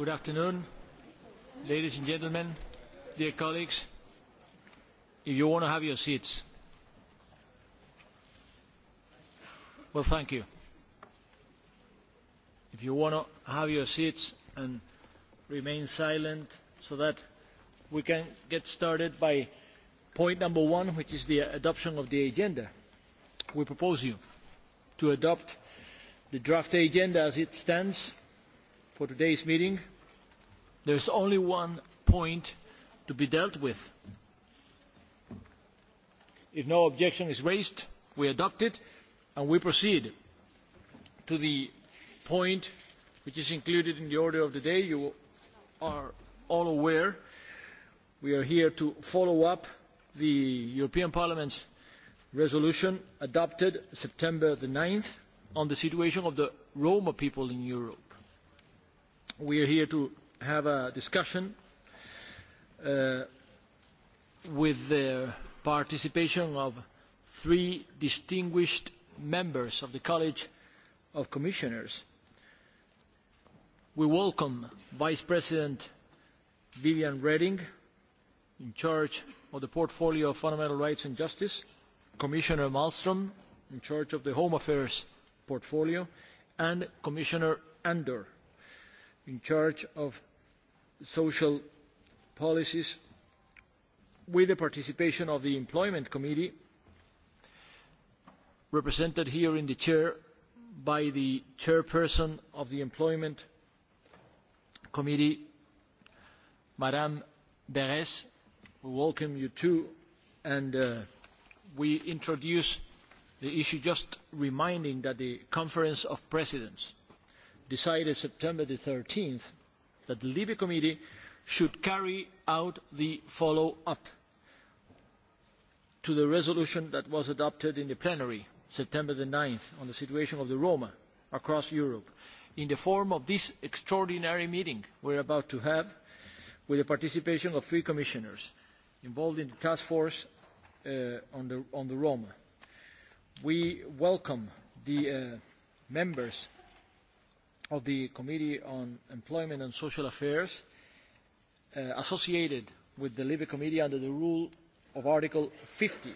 Good afternoon, ladies and gentlemen, dear colleagues. If you want to have your seats. Well, thank you. If you want to have your seats and remain silent so that we can get started by point number one, which is the adoption of the agenda. We propose you to adopt the draft agenda as it stands for today's meeting. There is only one point to be dealt with. If no objection is raised, we adopt it and we proceed to the point which is included in the order of the day. You are all aware we are here to follow up the European Parliament's resolution adopted September the 9th on the situation of the Roma people in Europe we are here to have a discussion uh, with the participation of three distinguished members of the College of Commissioners. We welcome Vice President Vivian Redding, in charge of the portfolio of fundamental rights and justice, Commissioner Malmstrm, in charge of the Home Affairs portfolio, and Commissioner Andor, in charge of social policies with the participation of the Employment Committee, represented here in the chair by the chairperson of the Employment Committee, Madame Beres. We welcome you too, and uh, we introduce the issue just reminding that the Conference of Presidents decided september thirteen that the libe committee should carry out the follow up to the resolution that was adopted in the plenary september nine on the situation of the roma across europe in the form of this extraordinary meeting we are about to have with the participation of three commissioners involved in the task force uh, on, the, on the Roma. We welcome the uh, members of the Committee on Employment and Social Affairs uh, associated with the Libre Committee under the rule of Article 50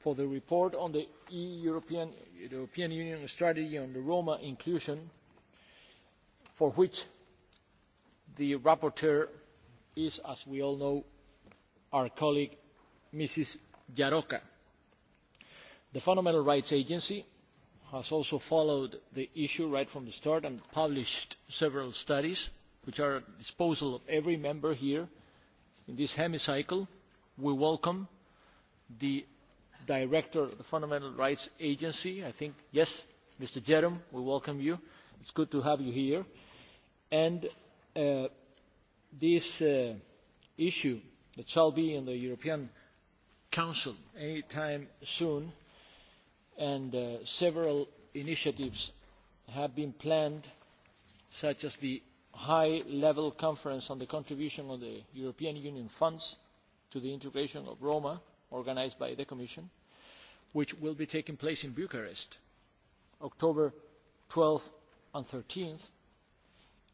for the report on the EU European, European Union strategy on the Roma inclusion for which the rapporteur is, as we all know, our colleague Mrs. Jaroka. The Fundamental Rights Agency has also followed the issue right from the start and published several studies which are at the disposal of every member here in this hemicycle. We welcome the director of the Fundamental Rights Agency, I think, yes, Mr. Jerem, we welcome you. It's good to have you here. And uh, this uh, issue that shall be in the European Council anytime soon uh, and uh, several initiatives have been planned, such as the high-level conference on the contribution of the European Union funds to the integration of Roma, organized by the Commission, which will be taking place in Bucharest, October 12th and 13th,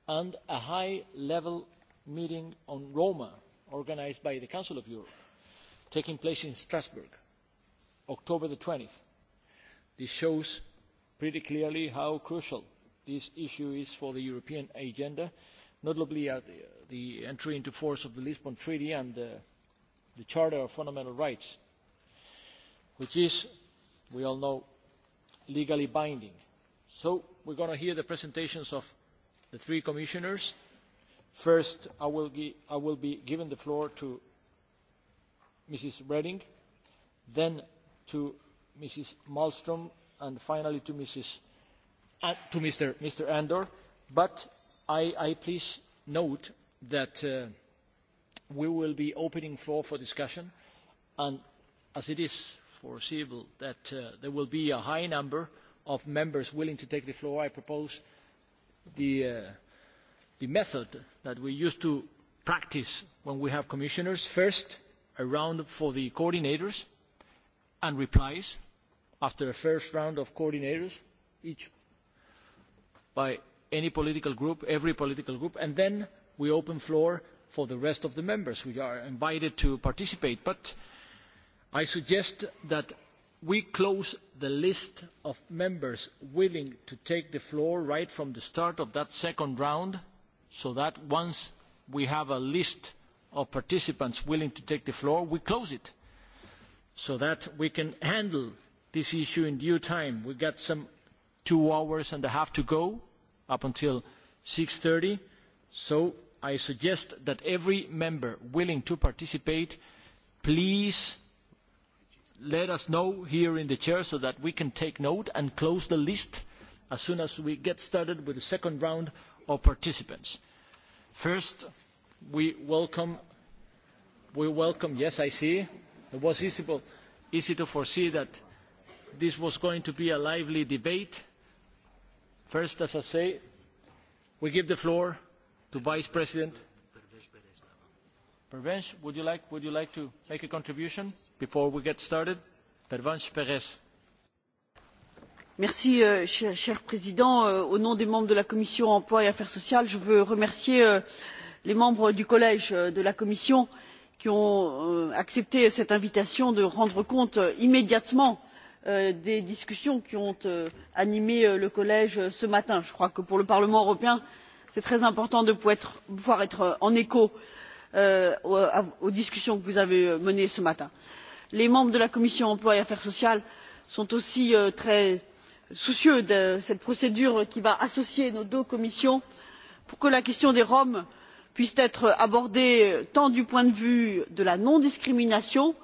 and a high-level meeting on Roma, organized by the Council of Europe, taking place in Strasbourg, October the 20th This shows pretty clearly how crucial this issue is for the European agenda, notably at uh, the, the entry into force of the Lisbon Treaty and the, uh, the Charter of Fundamental Rights, which is, we all know, legally binding. So we're going to hear the presentations of the three commissioners. First, I will, gi I will be giving the floor to Mrs. Redding, then to Mrs. Malmstrm and finally to, Mrs., uh, to Mr. Mr. Andor. But I, I please note that uh, we will be opening floor for discussion, and as it is foreseeable that uh, there will be a high number of members willing to take the floor, I propose the, uh, the method that we used to practice when we have commissioners. First, a round for the coordinators and replies after a first round of coordinators each by any political group, every political group, and then we open floor for the rest of the members. We are invited to participate, but I suggest that we close the list of members willing to take the floor right from the start of that second round, so that once we have a list of participants willing to take the floor, we close it, so that we can handle this issue in due time. We've got some two hours and a half to go up until 6.30, so I suggest that every member willing to participate, please let us know here in the chair so that we can take note and close the list as soon as we get started with the second round of participants. First, we welcome, we welcome, yes, I see, it was easy, easy to foresee that this was going to be a lively debate. First, as I say, we give the floor to Vice President. Pervenche, would you like, would you like to make a contribution before we get started? Pervenche Perez. Merci, euh, cher, cher Président. Euh, au nom des membres de la Commission emploi et affaires sociales, je veux remercier euh, les membres du collège euh, de la Commission qui ont euh, accepté cette invitation de rendre compte euh, immédiatement Euh, des discussions qui ont euh, animé euh, le collège ce matin. je crois que pour le parlement européen c'est très important de pouvoir être en écho aux discussions que vous avez menées ce matin. les membres de la commission de l'emploi et des affaires sociales sont aussi très soucieux de cette procédure qui va associer nos deux commissions pour que la question des roms puisse être abordée tant du point de vue de la non discrimination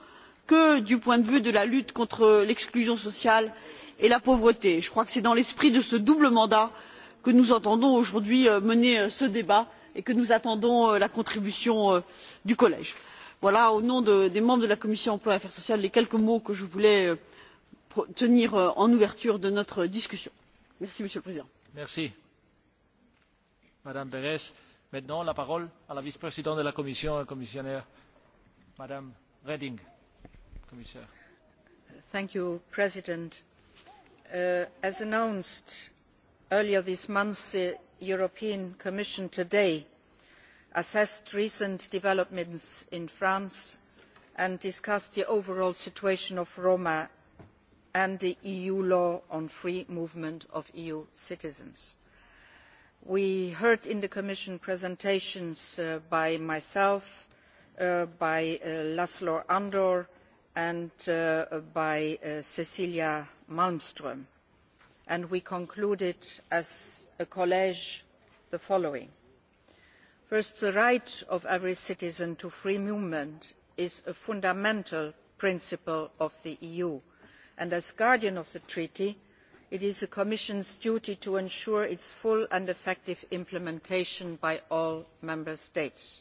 que du point de vue de la lutte contre l'exclusion sociale et la pauvreté. je crois que c'est dans l'esprit de ce double mandat que nous entendons aujourd'hui euh, mener euh, ce débat et que nous attendons euh, la contribution du collège. voilà au nom des membres de la commission de l'emploi et des affaires sociales les quelques mots que je voulais tenir en ouverture de notre discussion. merci monsieur le président. merci madame berès. maintenant la parole à la vice présidente de la commission et commissaire mme reding commissaire. You, president uh, as announced earlier this month the european commission today assessed recent developments in france and discussed the overall situation of roma and the eu law on free movement of eu citizens. we heard in the commission presentations uh, by myself uh, by uh, lszl andor and uh, by uh, cecilia malmstrm and we concluded as a college the following first the right of every citizen to free movement is a fundamental principle of the eu and as guardian of the treaty it is the commission's duty to ensure its full and effective implementation by all member states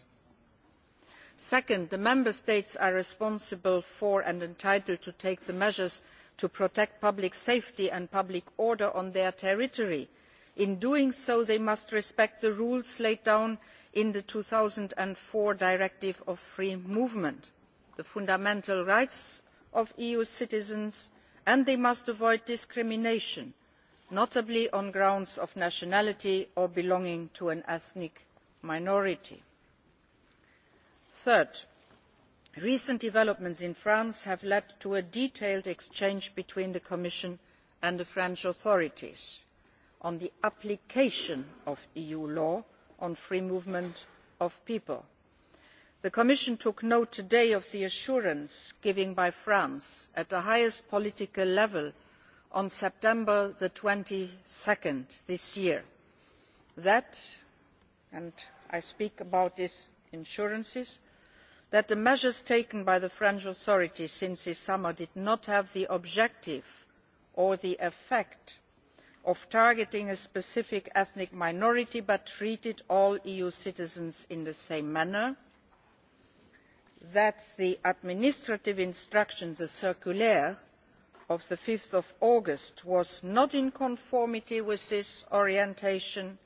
second the member states are responsible for and entitled to take the measures to protect public safety and public order on their territory. in doing so they must respect the rules laid down in the two thousand and four directive on free movement the fundamental rights of eu citizens and they must avoid discrimination notably on grounds of nationality or belonging to an ethnic minority third recent developments in france have led to a detailed exchange between the commission and the french authorities on the application of eu law on free movement of people. the commission took note today of the assurance given by france at the highest political level on twenty september this year that and i speak about these assurances that the measures taken by the french authorities since this summer did not have the objective or the effect of targeting a specific ethnic minority but treated all eu citizens in the same manner; that the administrative instruction the circular of five august was not in conformity with this orientation;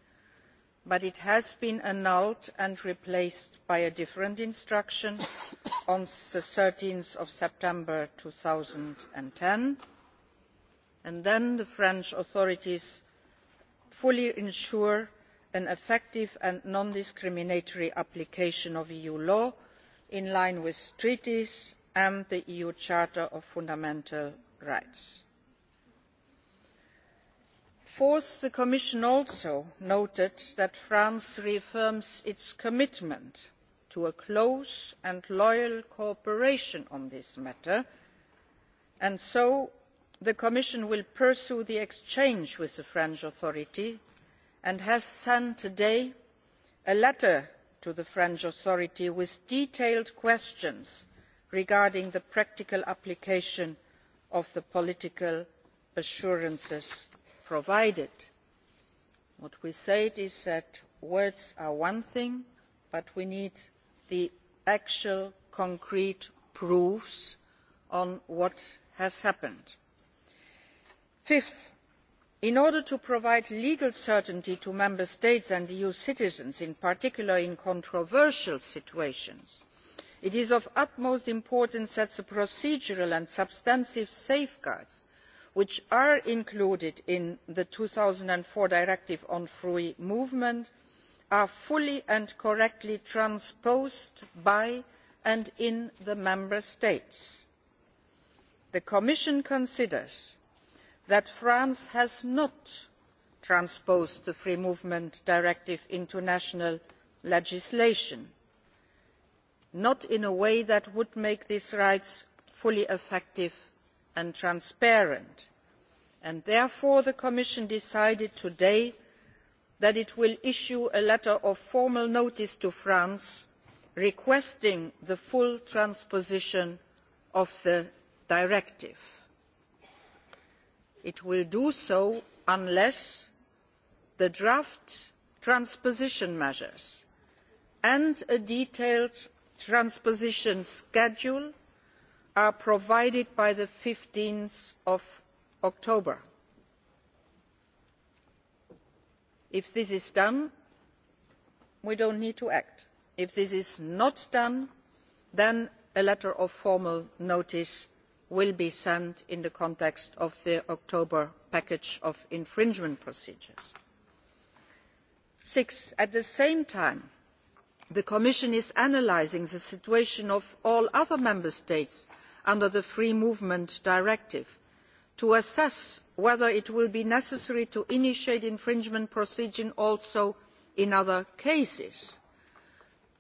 but it has been annulled and replaced by a different instruction on thirteen september two thousand and ten and then the french authorities fully ensure an effective and non discriminatory application of eu law in line with the treaties and the eu charter of fundamental rights fourth the commission also noted that france reaffirms its commitment to close and loyal cooperation on this matter and so the commission will pursue the exchange with the french authorities and has sent today a letter to the french authorities with detailed questions regarding the practical application of the political assurances provided. what we said is that words are one thing but we need the actual concrete proof of what has happened. fifth in order to provide legal certainty to member states and eu citizens in particular in controversial situations it is of the utmost importance that the procedural and substantive safeguards which are included in the two thousand and four directive on free movement are fully and correctly transposed by and in the member states. the commission considers that france has not transposed the free movement directive into national legislation not in a way that would make these rights fully effective and transparent and therefore the commission decided today that it will issue a letter of formal notice to france requesting the full transposition of the directive. it will do so unless the draft transposition measures and a detailed transposition schedule are provided by fifteen october. if this is done we do not need to act. if this is not done then a letter of formal notice will be sent in the context of the october package of infringement procedures. sixthly at the same time the commission is analysing the situation of all other member states under the free movement directive to assess whether it will be necessary to initiate infringement proceedings also in other cases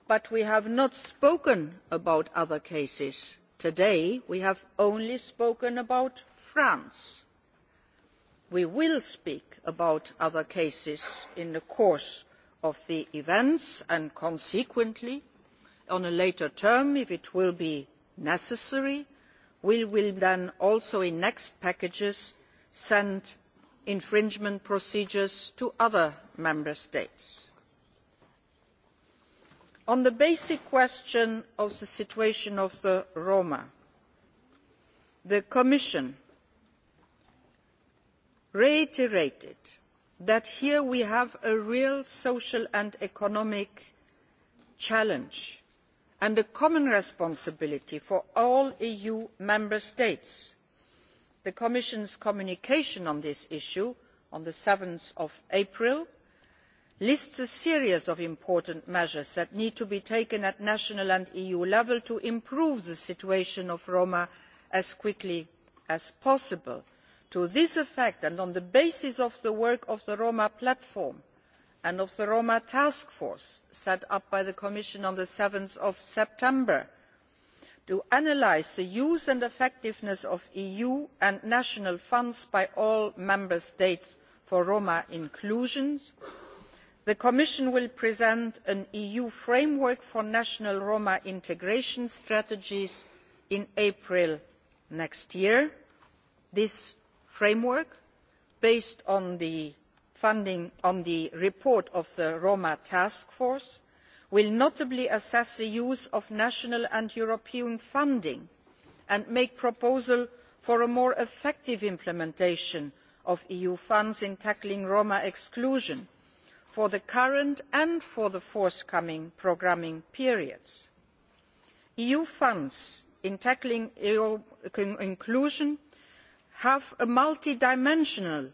but we have not spoken about other cases today we have only spoken about france. we will speak about other cases in the course of events and consequently at a later time if it is necessary we will then also in next packages send infringement procedures to other member states. on the basic question of the situation of the roma the commission reiterated that here we have a real social and economic challenge and a common responsibility for all eu member states. the commission's communication on this issue on seven april lists a series of important measures that need to be taken at national and eu level to improve the situation of roma as quickly as possible. to this effect and on the basis of the work of the roma platform and of the roma task force set up by the commission on seven september to analyse the use and effectiveness of eu and national funds by all member states for roma inclusion the commission will present an eu framework for national roma integration strategies in april next year. this framework based on funding on the report of the roma task force will notably assess the use of national and european funding and make proposals for a more effective implementation of eu funds in tackling roma exclusion for the current and for the forthcoming programming periods. eu funds in tackling e inclusion have a multi dimensional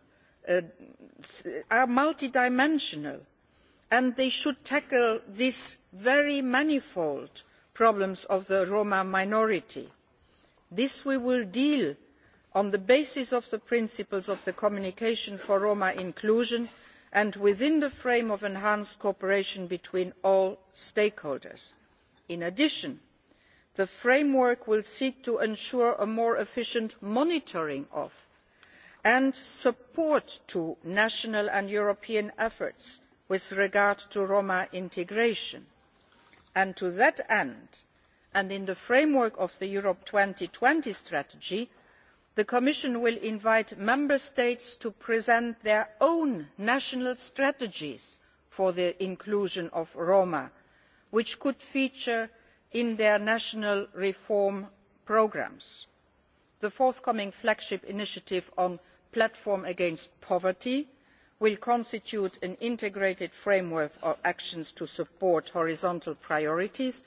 uh, are multi dimensional and they should tackle these very manifold problems of the roma minority. this we will deal with on the basis of the principles of the communication for roma inclusion and within the frame of enhanced cooperation between all stakeholders. in addition the framework will seek to ensure a more efficient monitoring of and support to national and european efforts with regard to roma integration and to that end and in the framework of the europe two thousand and twenty strategy the commission will invite member states to present their own national strategies for the inclusion of roma which could feature in their national reform programmes. the forthcoming flagship initiative platform against poverty will constitute an integrated framework of actions to support horizontal priorities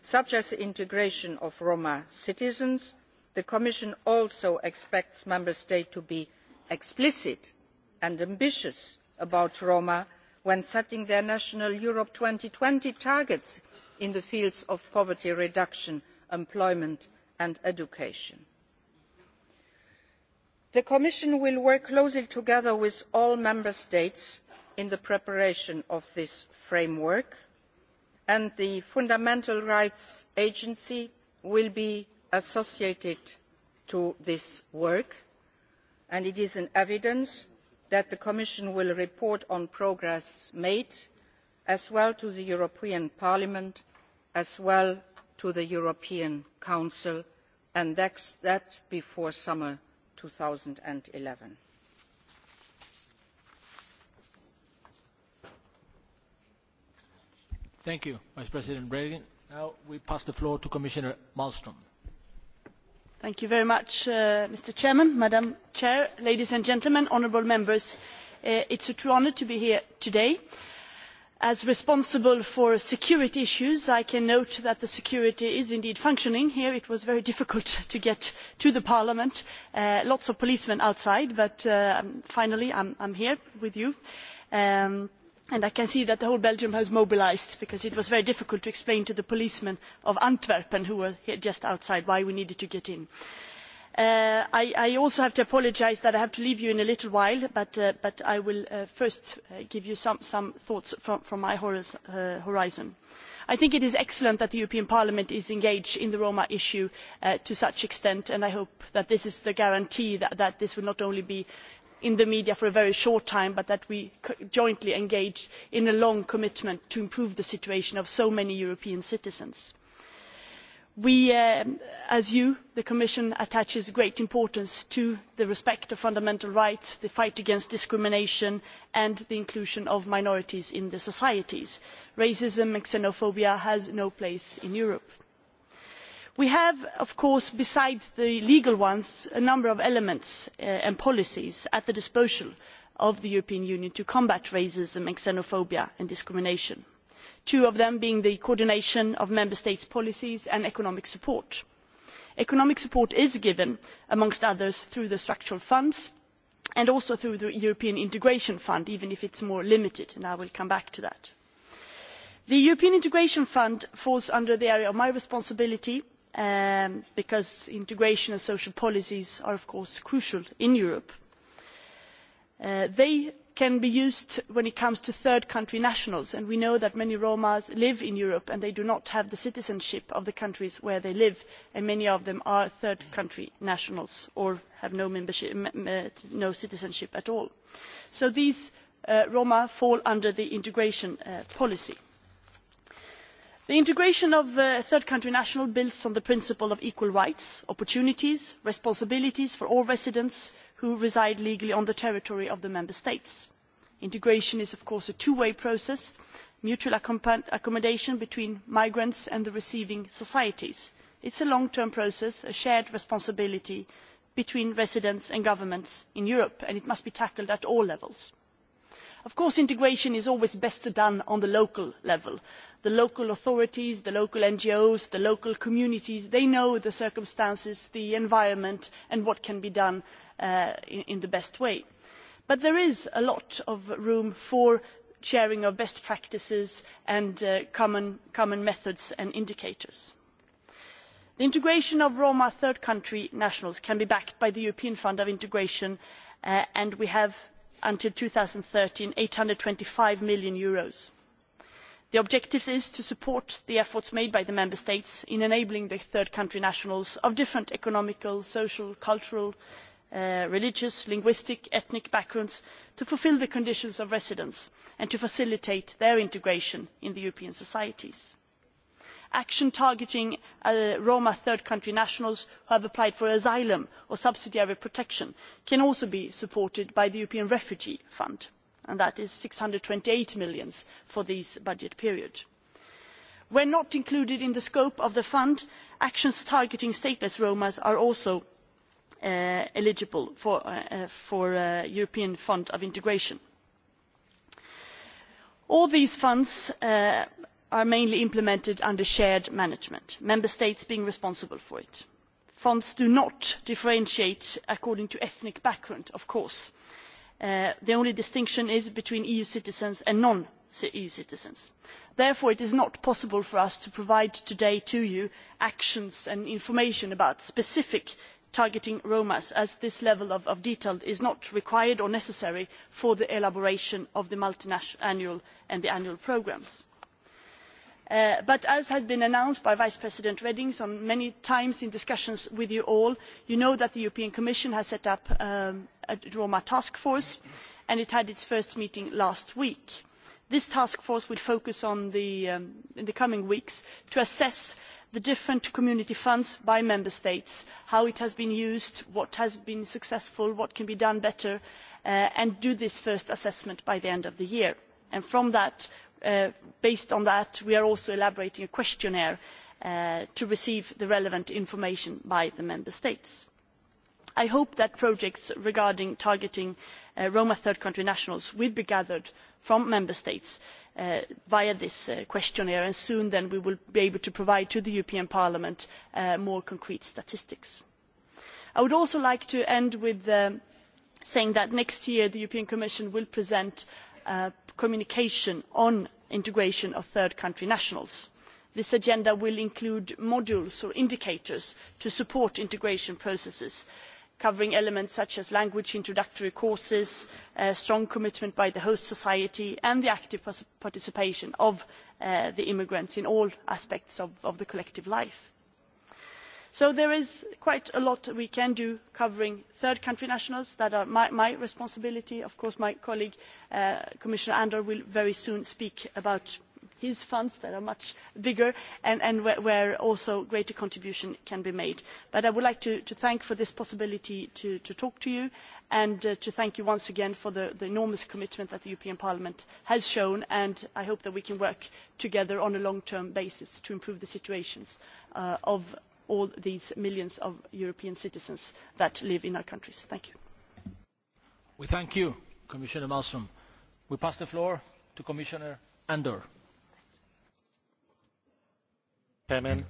such as the integration of roma citizens. the commission also expects member states to be explicit and ambitious about roma when setting their national europe two thousand and twenty targets in the fields of poverty reduction employment and education the commission will work closely together with all member states in the preparation of this framework and the fundamental rights agency will be associated in this work and it is in evidence that the commission will report on progress made as well to the european parliament as well as to the european council and that before summer two thousand and eleven thank you vice president reding. now we pass the floor to commissioner malmstrm. Much, uh, mr president madam chair ladies and gentlemen honourable members uh, it is a true honour to be here today as responsible for security issues i can note that the security is indeed functioning here. it was very difficult to get to parliament uh, lots of policemen outside but uh, um, finally i am here with you um, and i can see that the whole of belgium has mobilised because it was very difficult to explain to the policemen of antwerp who were just outside why we needed to get in. Uh, I, i also have to apologise that i have to leave you in a little while but, uh, but i will uh, first uh, give you some, some thoughts from, from my uh, horizon. i think it is excellent that the european parliament is engaged in the roma issue uh, to such an extent and i hope that this is the guarantee that, that this will not only be in the media for a very short time but that we jointly engage in a long commitment to improve the situation of so many european citizens We, um, as you the commission attaches great importance to respect for fundamental rights the fight against discrimination and the inclusion of minorities in society. racism and xenophobia have no place in europe. we have of course besides the legal ones a number of elements uh, and policies at the disposal of the european union to combat racism and xenophobia and discrimination two of them being the coordination of member states' policies and economic support. economic support is given amongst others through the structural funds and also through the european integration fund even if it is more limited and i will come back to that. the european integration fund falls under the area of my responsibility um, because integration and social policies are of course crucial in europe. Uh, they can be used when it comes to third country nationals and we know that many roma live in europe and they do not have the citizenship of the countries where they live and many of them are third country nationals or have no uh, citizenship at all. so these uh, roma fall under the integration uh, policy. the integration of third country nationals builds on the principle of equal rights opportunities and responsibilities for all residents who reside legally on the territory of the member states. integration is of course a two way process mutual accommodation between migrants and the receiving societies. it is a long term process a shared responsibility between residents and governments in europe and it must be tackled at all levels of course integration is always best done at the local level. the local authorities the local ngos the local communities they know the circumstances the environment and what can be done uh, in the best way. but there is a lot of room for sharing of best practices and uh, common methods and indicators. the integration of roma third country nationals can be backed by the european fund for integration uh, and we until two thousand and thirteen eur eight hundred and twenty five million. the objective is to support the efforts made by the member states in enabling third country nationals of different economic social cultural uh, religious linguistic and ethnic backgrounds to fulfil the conditions of residence and to facilitate their integration into european societies action targeting uh, roma third country nationals who have applied for asylum or subsidiary protection can also be supported by the european refugee fund and that is eur six hundred and twenty eight million for this budget period. when not included in the scope of the fund actions targeting stateless roma are also uh, eligible for the uh, european fund of integration. all these funds are mainly implemented under shared management member states being responsible for it. funds do not differentiate according to ethnic background of course uh, the only distinction is between eu citizens and non eu citizens. therefore it is not possible for us to provide today to you actions and information about specific targeting roma as this level of, of detail is not required or necessary for the elaboration of the multiannual and the annual programmes Uh, but as has been announced by vice president reding many times in discussions with you all you know that the european commission has set up um, a roma task force and it had its first meeting last week. this task force will focus the, um, in the coming weeks on assessing the different community funds by member states how it has been used what has been successful what can be done better uh, and do this first assessment by the end of the year and from that uh, based on that we are also elaborating a questionnaire uh, to receive the relevant information by the member states. i hope that projects regarding targeting uh, roma third country nationals will be gathered from member states uh, via this uh, questionnaire and soon then we will be able to provide to the european parliament uh, more concrete statistics. i would also like to end with um, saying that next year the european commission will present Uh, communication on integration of third country nationals. this agenda will include modules or indicators to support integration processes covering elements such as language introductory courses a uh, strong commitment by the host society and the active participation of uh, the immigrants in all aspects of, of the collective life so there is quite a lot we can do covering third country nationals that is my responsibility. of course my colleague uh, commissioner andor will very soon speak about his funds that are much bigger and where also greater contributions can be made. but i would like to thank you for this possibility to talk to you and uh, to thank you once again for the enormous commitment that the european parliament has shown and i hope that we can work together on a long term basis to improve the situations uh, all these millions of European citizens that live in our countries. Thank you. We thank you, Commissioner Malmström. We pass the floor to Commissioner Andor. Chairman,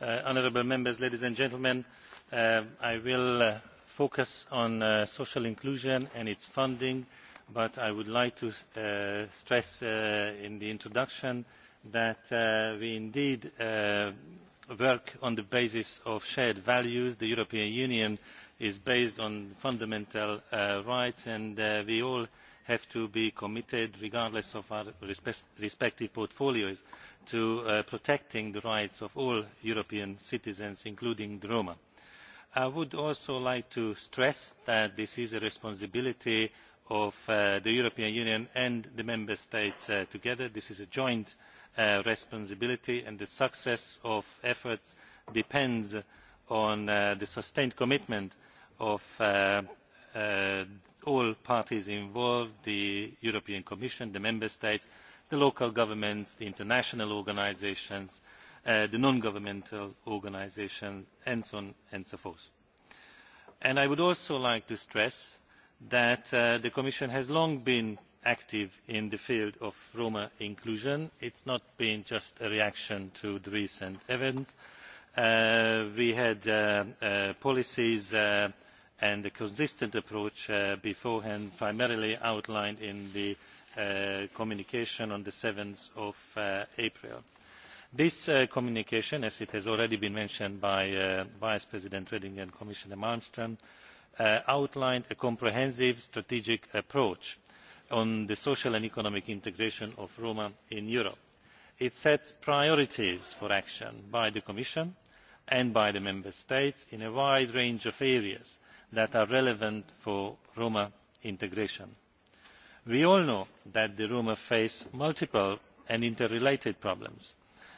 uh, honourable members, ladies and gentlemen, uh, I will uh, focus on uh, social inclusion and its funding, but I would like to uh, stress uh, in the introduction that uh, we indeed uh, work on the basis of shared values. the european union is based on fundamental uh, rights and uh, we all have to be committed regardless of our respective portfolios to uh, protecting the rights of all european citizens including the roma. i would also like to stress that this is a responsibility of uh, the european union and the member states uh, together. this is a joint uh, responsibility and the success of efforts depends on uh, the sustained commitment of uh, uh, all parties involved the european commission the member states the local governments the international organisations the non governmental organisations and so on and so forth. And i would also like to stress that the commission has long been active in the field of roma inclusion. it has not been just a reaction to the recent events. Uh, we had uh, uh, policies uh, and a consistent approach uh, beforehand primarily outlined in the uh, communication on seven april. this communication as has already been mentioned by vice president reding and commissioner malmstrm outlined a comprehensive strategic approach on the social and economic integration of roma in europe. it sets priorities for action by the commission and by the member states in a wide range of areas that are relevant for roma integration. we all know that the roma face multiple and interrelated problems.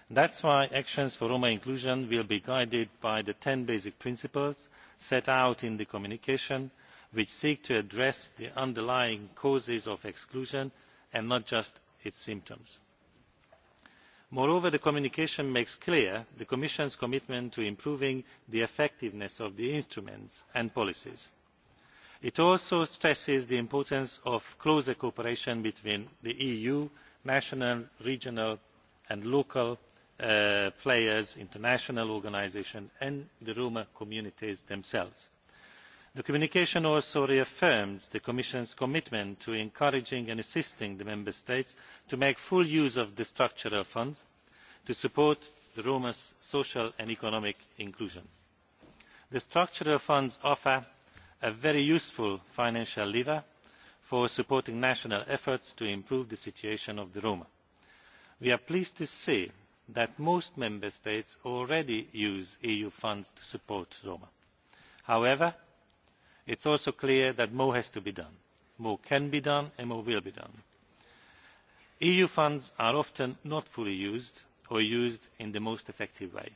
that is why actions for roma inclusion will be guided by the ten basic principles set out in the communication which seek to address the underlying causes of exclusion and not just its symptoms. moreover the communication makes clear the commission's commitment to improving the effectiveness of the instruments and policies. it also stresses the importance of closer cooperation between the eu national regional and local uh, players international organisations and the roma communities themselves the communication also reaffirms the commission's commitment to encouraging and assisting the member states to make full use of the structural funds to support roma's social and economic inclusion. the structural funds offer a very useful financial lever for supporting national efforts to improve the situation of the roma. we are pleased to see that most member states already use eu funds to support the roma. however it is also clear that more has to be done more can be done and more will be done. eu funds are often not fully used or used in the most effective way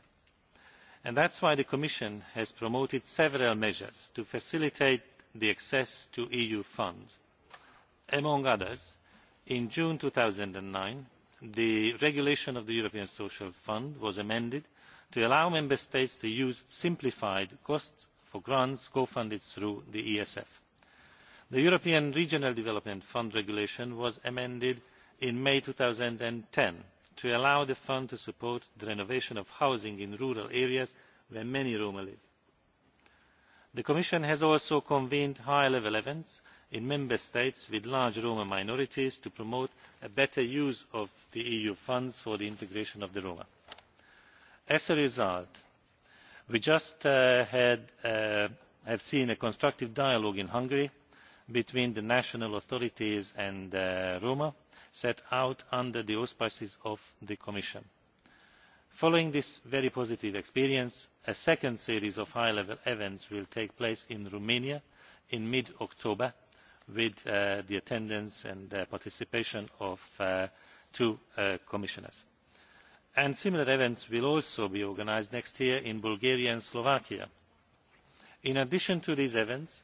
and that is why the commission has promoted several measures to facilitate access to eu funds. among others in june two thousand and nine the regulation of the european social fund was amended to allow member states to use simplified cost for grants co funded through the esf. the european regional development fund regulation was amended in may two thousand and ten to allow the fund to support the renovation of housing in rural areas where many roma live. the commission has also convened high level events in member states with large roma minorities to promote a better use of the eu funds for the integration of the roma. as a result we uh, uh, have just seen a constructive dialogue in hungary between the national authorities and the uh, roma set out under the auspices of the commission. following this very positive experience a second series of high level events will take place in romania in mid october with the attendance and participation of two commissioners and similar events will also be organised next year in bulgaria and slovakia. in addition to these events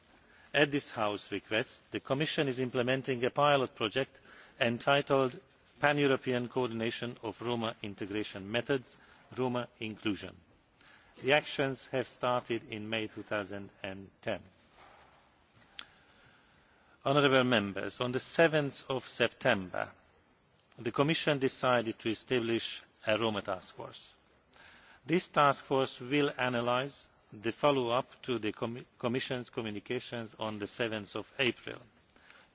at this house's request the commission is implementing a pilot project entitled pan european coordination of roma integration methods roma inclusion'. the actions have started in may. two thousand and ten on seven september the commission decided to establish a roma task force. this task force will analyse the follow up to the commission's communications on seven april.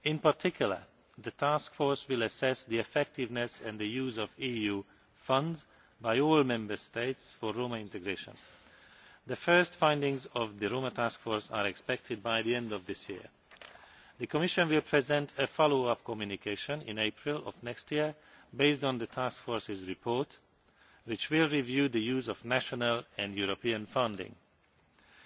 in particular the task force will assess the effectiveness and the use of eu funds by all member states for roma integration. the first findings of the roma task force are expected by the end of this year. the commission will present a follow up communication in april of next year based on the task force's report which will review the use of national and european funding.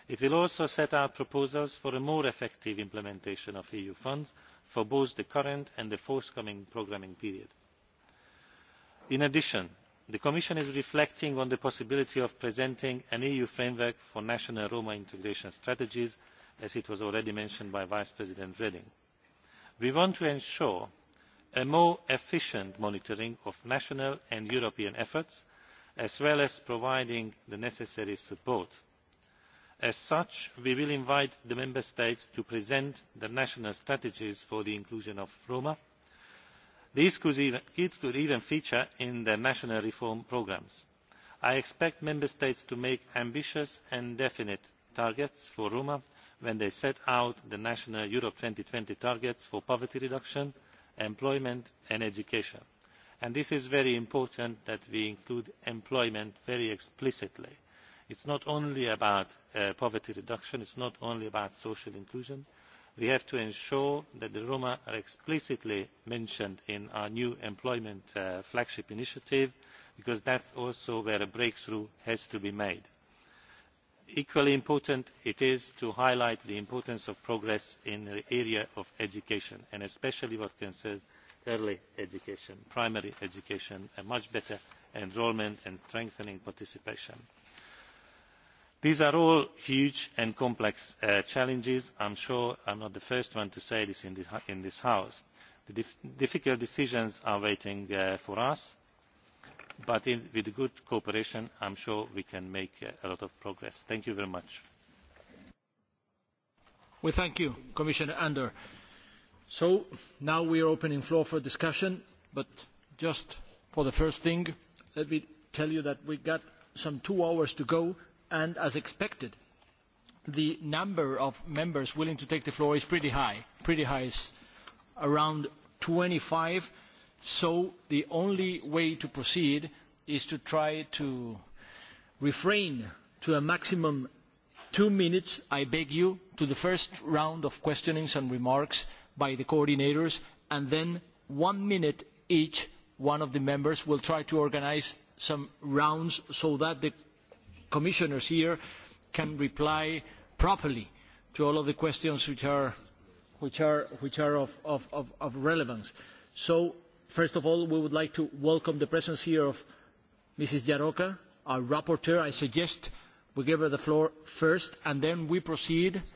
it will also set out proposals for a more effective implementation of eu funds for both the current and the forthcoming programming period. in addition the commission is reflecting on the possibility of presenting an eu framework for national roma integration strategies as was already mentioned by vice president reding. we want to ensure a more efficient monitoring of national and european efforts as well as providing the necessary support. as such we will invite the member states to present their national strategies for the inclusion of roma. these could even feature in their national reform programmes. i expect member states to make ambitious and definite targets for roma when they set out the national europe two thousand and twenty targets for poverty reduction employment and education and this is very important that we include employment very explicitly. it is not only about uh, poverty reduction it is not only about social inclusion we have to ensure that the roma are explicitly mentioned in our new employment uh, flagship initiative because that is also where a breakthrough has to be made. equally important it is to highlight the importance of progress in the area of education and especially what concerns early education primary education and much better enrolment and strengthening participation. these are all huge and complex uh, challenges i am sure i am not the first one to say this in, the, in this house. the dif difficult decisions are waiting uh, for us but in, with good cooperation i am sure we can make uh, a lot of progress. thank you very much. we well, thank you commissioner andor. So now we are opening floor for discussion, but just for the first thing, let me tell you that we got some two hours to go, and as expected, the number of members willing to take the floor is pretty high. Pretty high is around 25, so the only way to proceed is to try to refrain to a maximum two minutes, I beg you, to the first round of questionings and remarks, by the coordinators, and then one minute each, one of the members will try to organize some rounds so that the commissioners here can reply properly to all of the questions which are, which are, which are of, of, of, of relevance. So, first of all, we would like to welcome the presence here of Mrs. Jaroka, our rapporteur. I suggest we give her the floor first, and then we proceed –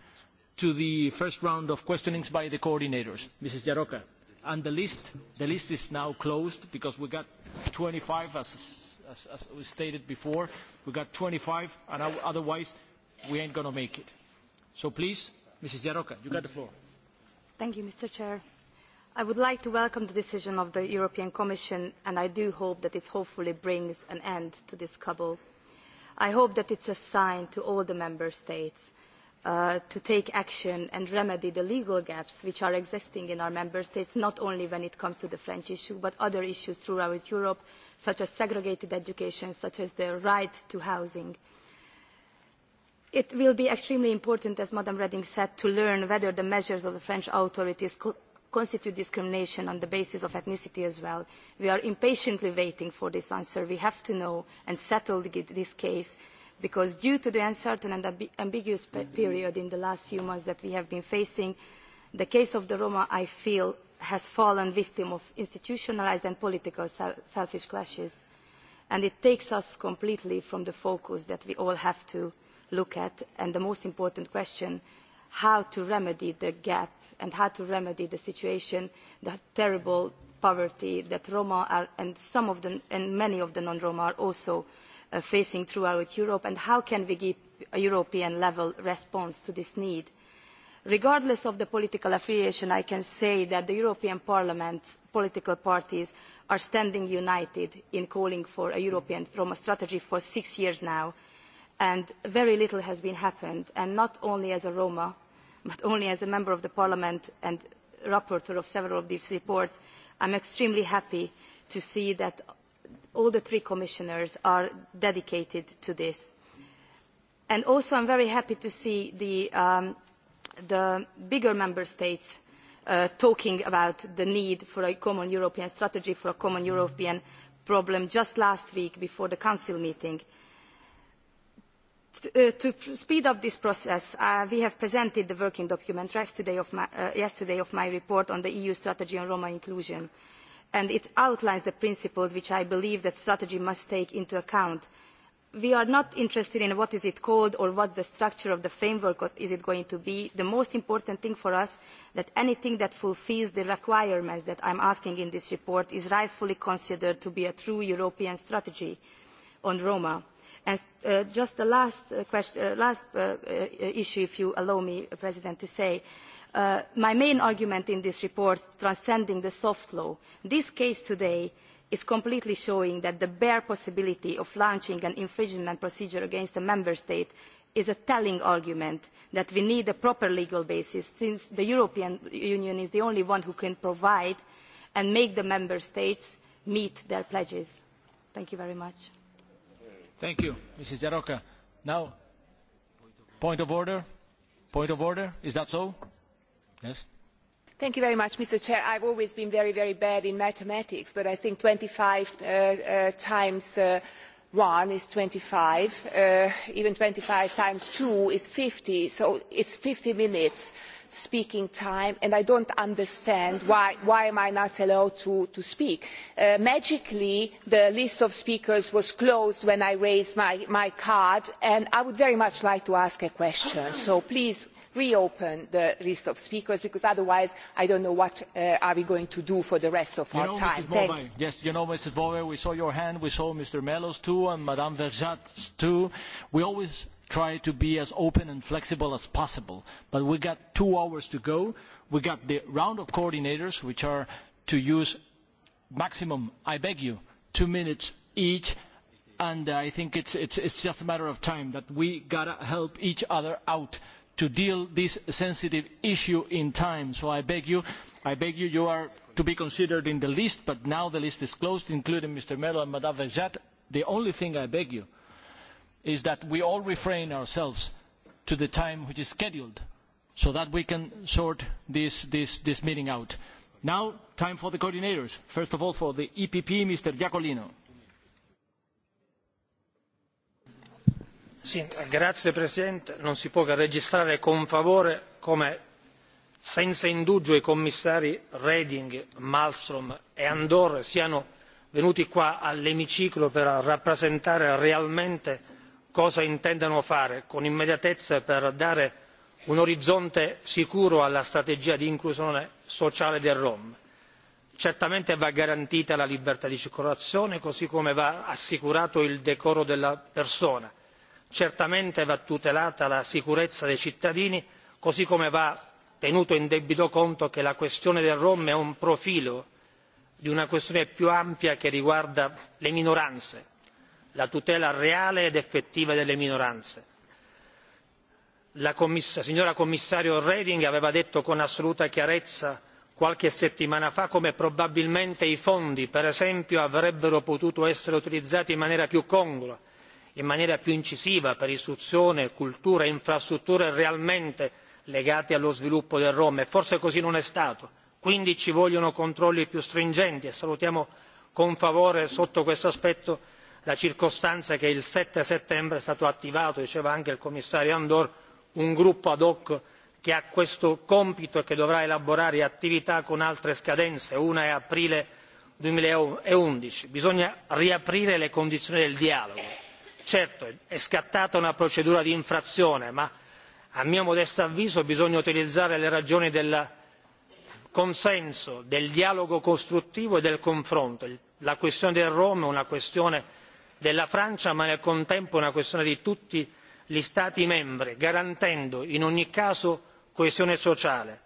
to the first round of questionings by the coordinators. Mrs. Jaroka. And the list, the list is now closed because we got 25, as, as, as was stated before. We got 25, and otherwise we ain't going to make it. So please, Mrs. Jaroka, you got the floor. Thank you, Mr. Chair. I would like to welcome the decision of the European Commission, and I do hope that it hopefully brings an end to this couple. I hope that it's a sign to all the member states uh, to take action and remedy the legal gaps which are existing in our member states, not only when it comes to the French issue, but other issues throughout Europe, such as segregated education, such as the right to housing. It will be extremely important, as Madam Redding said, to learn whether the measures of the French authorities co constitute discrimination on the basis of ethnicity as well. We are impatiently waiting for this answer. We have to know and settle the, this case because due to the uncertain and amb ambiguous pe period in the last few months that we have been facing, the case of the Roma, I feel, has fallen victim of institutionalized and political sel selfish clashes, and it takes us completely from the focus that we all have to look at, and the most important question, how to remedy the gap and how to remedy the situation, the terrible poverty that Roma are, and some of the, and many of the non-Roma are also uh, uh, facing throughout Europe and how can we give a European level response to this need. Regardless of the political affiliation, I can say that the European Parliament's political parties are standing united in calling for a European Roma strategy for six years now, and very little has been happened, and not only as a Roma, but only as a member of the Parliament and rapporteur of several of these reports, I'm extremely happy to see that all the three commissioners are dedicated to this. And also I'm very happy to see the, um, the bigger member states uh, talking about the need for a common European strategy, for a common European problem just last week before the Council meeting. To, uh, to speed up this process, uh, we have presented the working document yesterday of, my, uh, yesterday of my report on the EU strategy on Roma inclusion. Uh, and it outlines the principles which i believe that strategy must take into account. we are not interested in what is it called or what the structure of the framework is going to be. the most important thing for us is that anything that fulfils the requirements that i am asking in this report is rightfully considered to be a true european strategy on roma. And, uh, just the last, uh, question, uh, last uh, uh, issue if you allow me, uh, president, to say Uh, my main argument in this report, transcending the soft law, this case today is completely showing that the bare possibility of launching an infringement procedure against a member state is a telling argument that we need a proper legal basis since the European Union is the only one who can provide and make the member states meet their pledges. Thank you very much. Thank you, Mrs. Jaroka. Now, point of order. Point of order. Is that so? Yes. Thank you very much, Mr. Chair. I've always been very, very bad in mathematics, but I think 25 uh, uh, times uh, one is twenty five uh, even twenty five times two is fifty so it is fifty minutes speaking time and i do not understand why, why am i am not allowed to, to speak. Uh, magically the list of speakers was closed when i raised my, my card and i would very much like to ask a question so please reopen the list of speakers because otherwise i do not know what uh, are we are going to do for the rest of you our know, time. Morvay, yes you know ms bov we saw your hand we saw mr melos too and ms verzat too. we always try to be as open and flexible as possible. But we got two hours to go. We got the round of coordinators, which are to use maximum, I beg you, two minutes each. And I think it's, it's, it's just a matter of time that we got to help each other out to deal this sensitive issue in time. So I beg you, I beg you, you are to be considered in the list, but now the list is closed, including Mr. Melo and Madame Verjat. The only thing I beg you, is that we all refrain ourselves to the time which is scheduled so that we can sort this, this, this meeting out. Now, time for the coordinators. First of all, for the EPP, Mr. Giacolino. Sì, grazie Presidente. Non si può che registrare con favore come senza indugio i commissari Reding, Malmström e Andor siano venuti qua all'emiciclo per rappresentare realmente cosa intendano fare con immediatezza per dare un orizzonte sicuro alla strategia di inclusione sociale dei rom. certamente va garantita la libertà di circolazione così come va assicurato il decoro della persona certamente va tutelata la sicurezza dei cittadini così come va tenuto in debito conto che la questione dei rom è un profilo di una questione più ampia che riguarda le minoranze la tutela reale ed effettiva delle minoranze. la commissa, signora commissario reding aveva detto con assoluta chiarezza qualche settimana fa come probabilmente i fondi per esempio avrebbero potuto essere utilizzati in maniera più congrua in maniera più incisiva per istruzione cultura e infrastrutture realmente legate allo sviluppo del rom e forse così non è stato quindi ci vogliono controlli più stringenti e salutiamo con favore sotto questo aspetto la circostanza che il sette settembre è stato attivato diceva anche il commissario andor un gruppo ad hoc che ha questo compito e che dovrà elaborare attività con altre scadenze una è aprile. duemilaundici bisogna riaprire le condizioni del dialogo. certo è scattata una procedura di infrazione ma a mio modesto avviso bisogna utilizzare le ragioni del consenso del dialogo costruttivo e del confronto. la questione del rom è una questione della francia ma nel contempo è una questione di tutti gli stati membri garantendo in ogni caso coesione sociale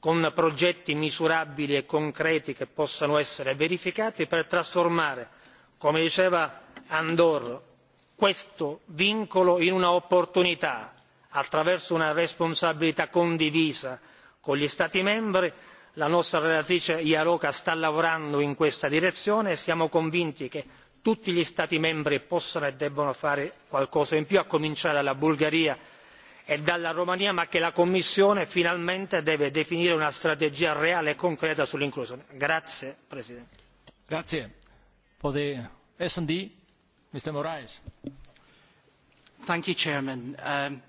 con progetti misurabili e concreti che possano essere verificati per trasformare come diceva andor questo vincolo in un'opportunità attraverso una responsabilità condivisa con gli stati membri la nostra relatrice jrka sta lavorando in questa direzione e siamo convinti che tutti gli stati membri possono e debbono fare qualcosa in più a cominciare dalla bulgaria e dalla romania ma che la commissione finalmente deve definire una strategia reale e concreta sull'inclusione. grazie presidente. Grazie. For the S&D, Mr. Moraes. Thank you, Chairman. Um,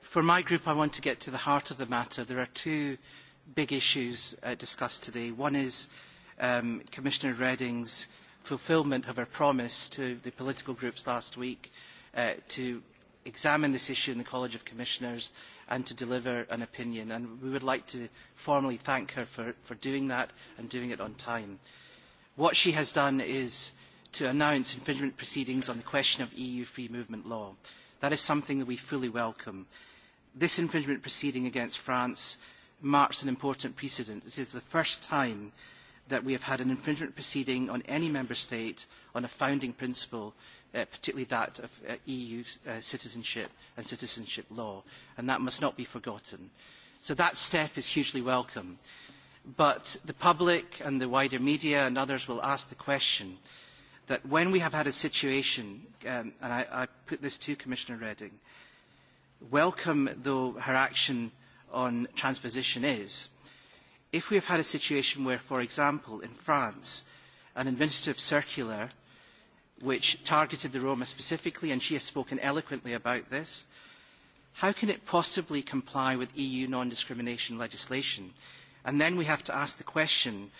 for my group, I want to get to the heart of the matter. There are two big issues uh, discussed today. One is um, Commissioner Reding's fulfilment of her promise to the political groups last week uh, to examine this issue in the College of Commissioners and to deliver an opinion. And we would like to formally thank her for, for doing that and doing it on time. What she has done is to announce infringement proceedings on the question of EU free movement law. That is something that we fully welcome. This infringement proceeding against France marks an important precedent. It is the first time uh, that we have had an infringement proceeding on any member state on a founding principle, uh, particularly that of uh, EU uh, citizenship and citizenship law, and that must not be forgotten. So that step is hugely welcome. But the public and the wider media and others will ask the question that when we have had a situation, um, and I, I put this to Commissioner Redding, welcome though her action on transposition is, If we have had a situation where, for example, in France, an administrative circular which targeted the Roma specifically, and she has spoken eloquently about this, how can it possibly comply with EU non-discrimination legislation? And then we have to ask the question,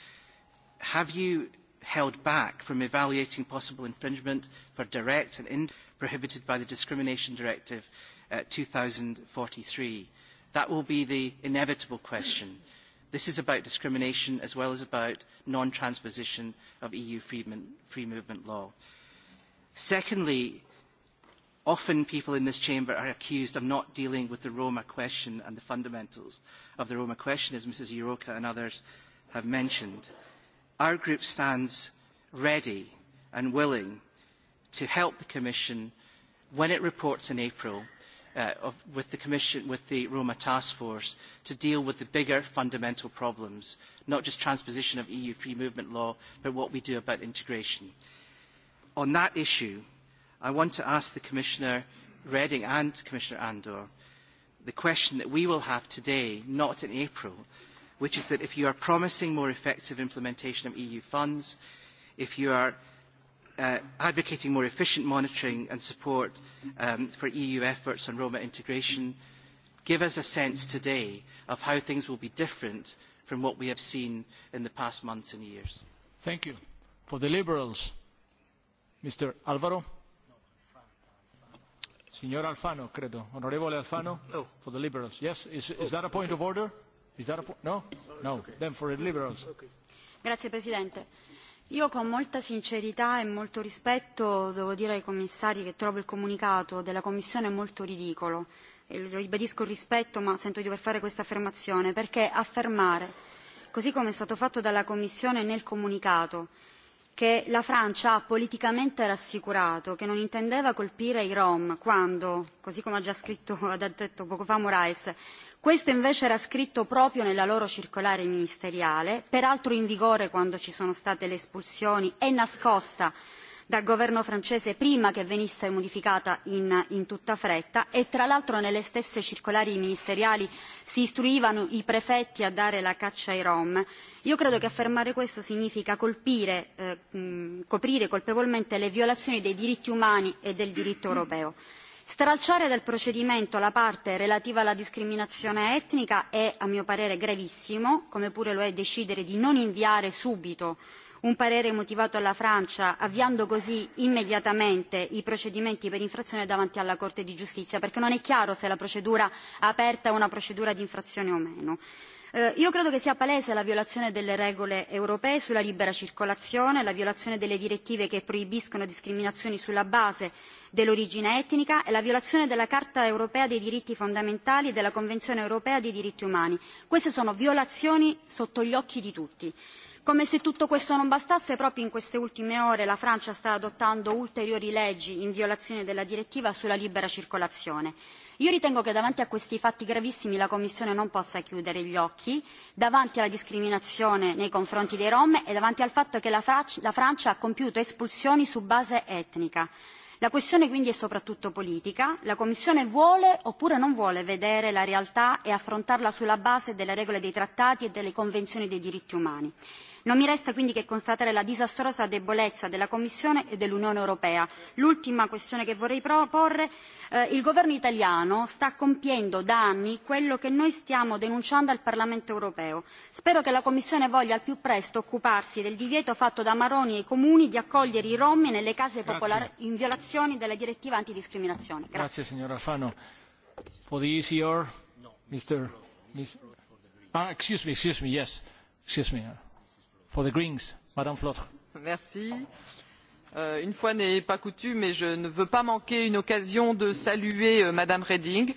have you held back from evaluating possible infringement for direct and in prohibited by the Discrimination Directive uh, 2043? That will be the inevitable question. This is about discrimination as well as about non-transposition of EU free, free movement law. Secondly, often people in this chamber are accused of not dealing with the Roma question and the fundamentals of the Roma question, as Mrs. Iroka and others have mentioned. Our group stands ready and willing to help the Commission when it reports in April uh, of, with the Commission, with the Roma Task Force, to deal with the bigger fundamental problems, not just transposition of EU free movement law, but what we do about integration. On that issue, I want to ask the Commissioner Reading and Commissioner Andor the question that we will have today, not in April, which is that if you are promising more effective implementation of EU funds, if you are uh, advocating more efficient monitoring and support um, for EU efforts on Roma integration give us a sense today of how things will be different from what we have seen in the past months and years. Thank you. For the Liberals, Mr. Alvaro. Signor Alfano, credo. Onorevole Alfano, no. Oh. for the Liberals. Yes, is, is oh. that a point okay. of order? Is that a po no? No, oh, no. Okay. then for the Liberals. Okay. Grazie Presidente. Io con molta sincerità e molto rispetto devo dire ai commissari che trovo il comunicato della Commissione molto ridicolo e lo ribadisco il rispetto ma sento di dover fare questa affermazione perché affermare, così come è stato fatto dalla Commissione nel comunicato, che la Francia ha politicamente rassicurato che non intendeva colpire i Rom quando, così come ha già scritto, ha detto poco fa Moraes, questo invece era scritto proprio nella loro circolare ministeriale, peraltro in vigore quando ci sono state le espulsioni e nascosta dal governo francese prima che venisse modificata in, in tutta fretta e tra l'altro nelle stesse circolari ministeriali si istruivano i prefetti a dare la caccia ai rom io credo che affermare questo significa colpire, eh, mh, coprire colpevolmente le violazioni dei diritti umani e del diritto europeo stralciare dal procedimento la parte relativa alla discriminazione etnica è a mio parere gravissimo come pure lo è decidere di non inviare subito un parere motivato alla Francia, avviando così immediatamente i procedimenti per infrazione davanti alla Corte di giustizia, perché non è chiaro se la procedura aperta è una procedura di infrazione o meno. Eh, io credo che sia palese la violazione delle regole europee sulla libera circolazione, la violazione delle direttive che proibiscono discriminazioni sulla base dell'origine etnica e la violazione della Carta europea dei diritti fondamentali e della Convenzione europea dei diritti umani. Queste sono violazioni sotto gli occhi di tutti come se tutto questo non bastasse proprio in queste ultime ore la francia sta adottando ulteriori leggi in violazione della direttiva sulla libera circolazione. io ritengo che davanti a questi fatti gravissimi la commissione non possa chiudere gli occhi davanti alla discriminazione nei confronti dei rom e davanti al fatto che la francia ha compiuto espulsioni su base etnica. la questione quindi è soprattutto politica la commissione vuole oppure non vuole vedere la realtà e affrontarla sulla base delle regole dei trattati e delle convenzioni dei diritti umani. Non mi resta quindi che constatare la disastrosa debolezza della Commissione e dell'Unione Europea. L'ultima questione che vorrei proporre, eh, il governo italiano sta compiendo da anni quello che noi stiamo denunciando al Parlamento europeo. Spero che la Commissione voglia al più presto occuparsi del divieto fatto da Maroni ai e comuni di accogliere i rom nelle case popolari in violazione della direttiva antidiscriminazione. Grazie. Grazie signora Alfano. For the ECR, no, Mr. Mr. Ah, excuse me, excuse me, yes, excuse me. Uh, for the Greens, Madame Flotre. Merci. Euh, une fois n'est pas coutume, et je ne veux pas manquer une occasion de saluer euh, Madame Reding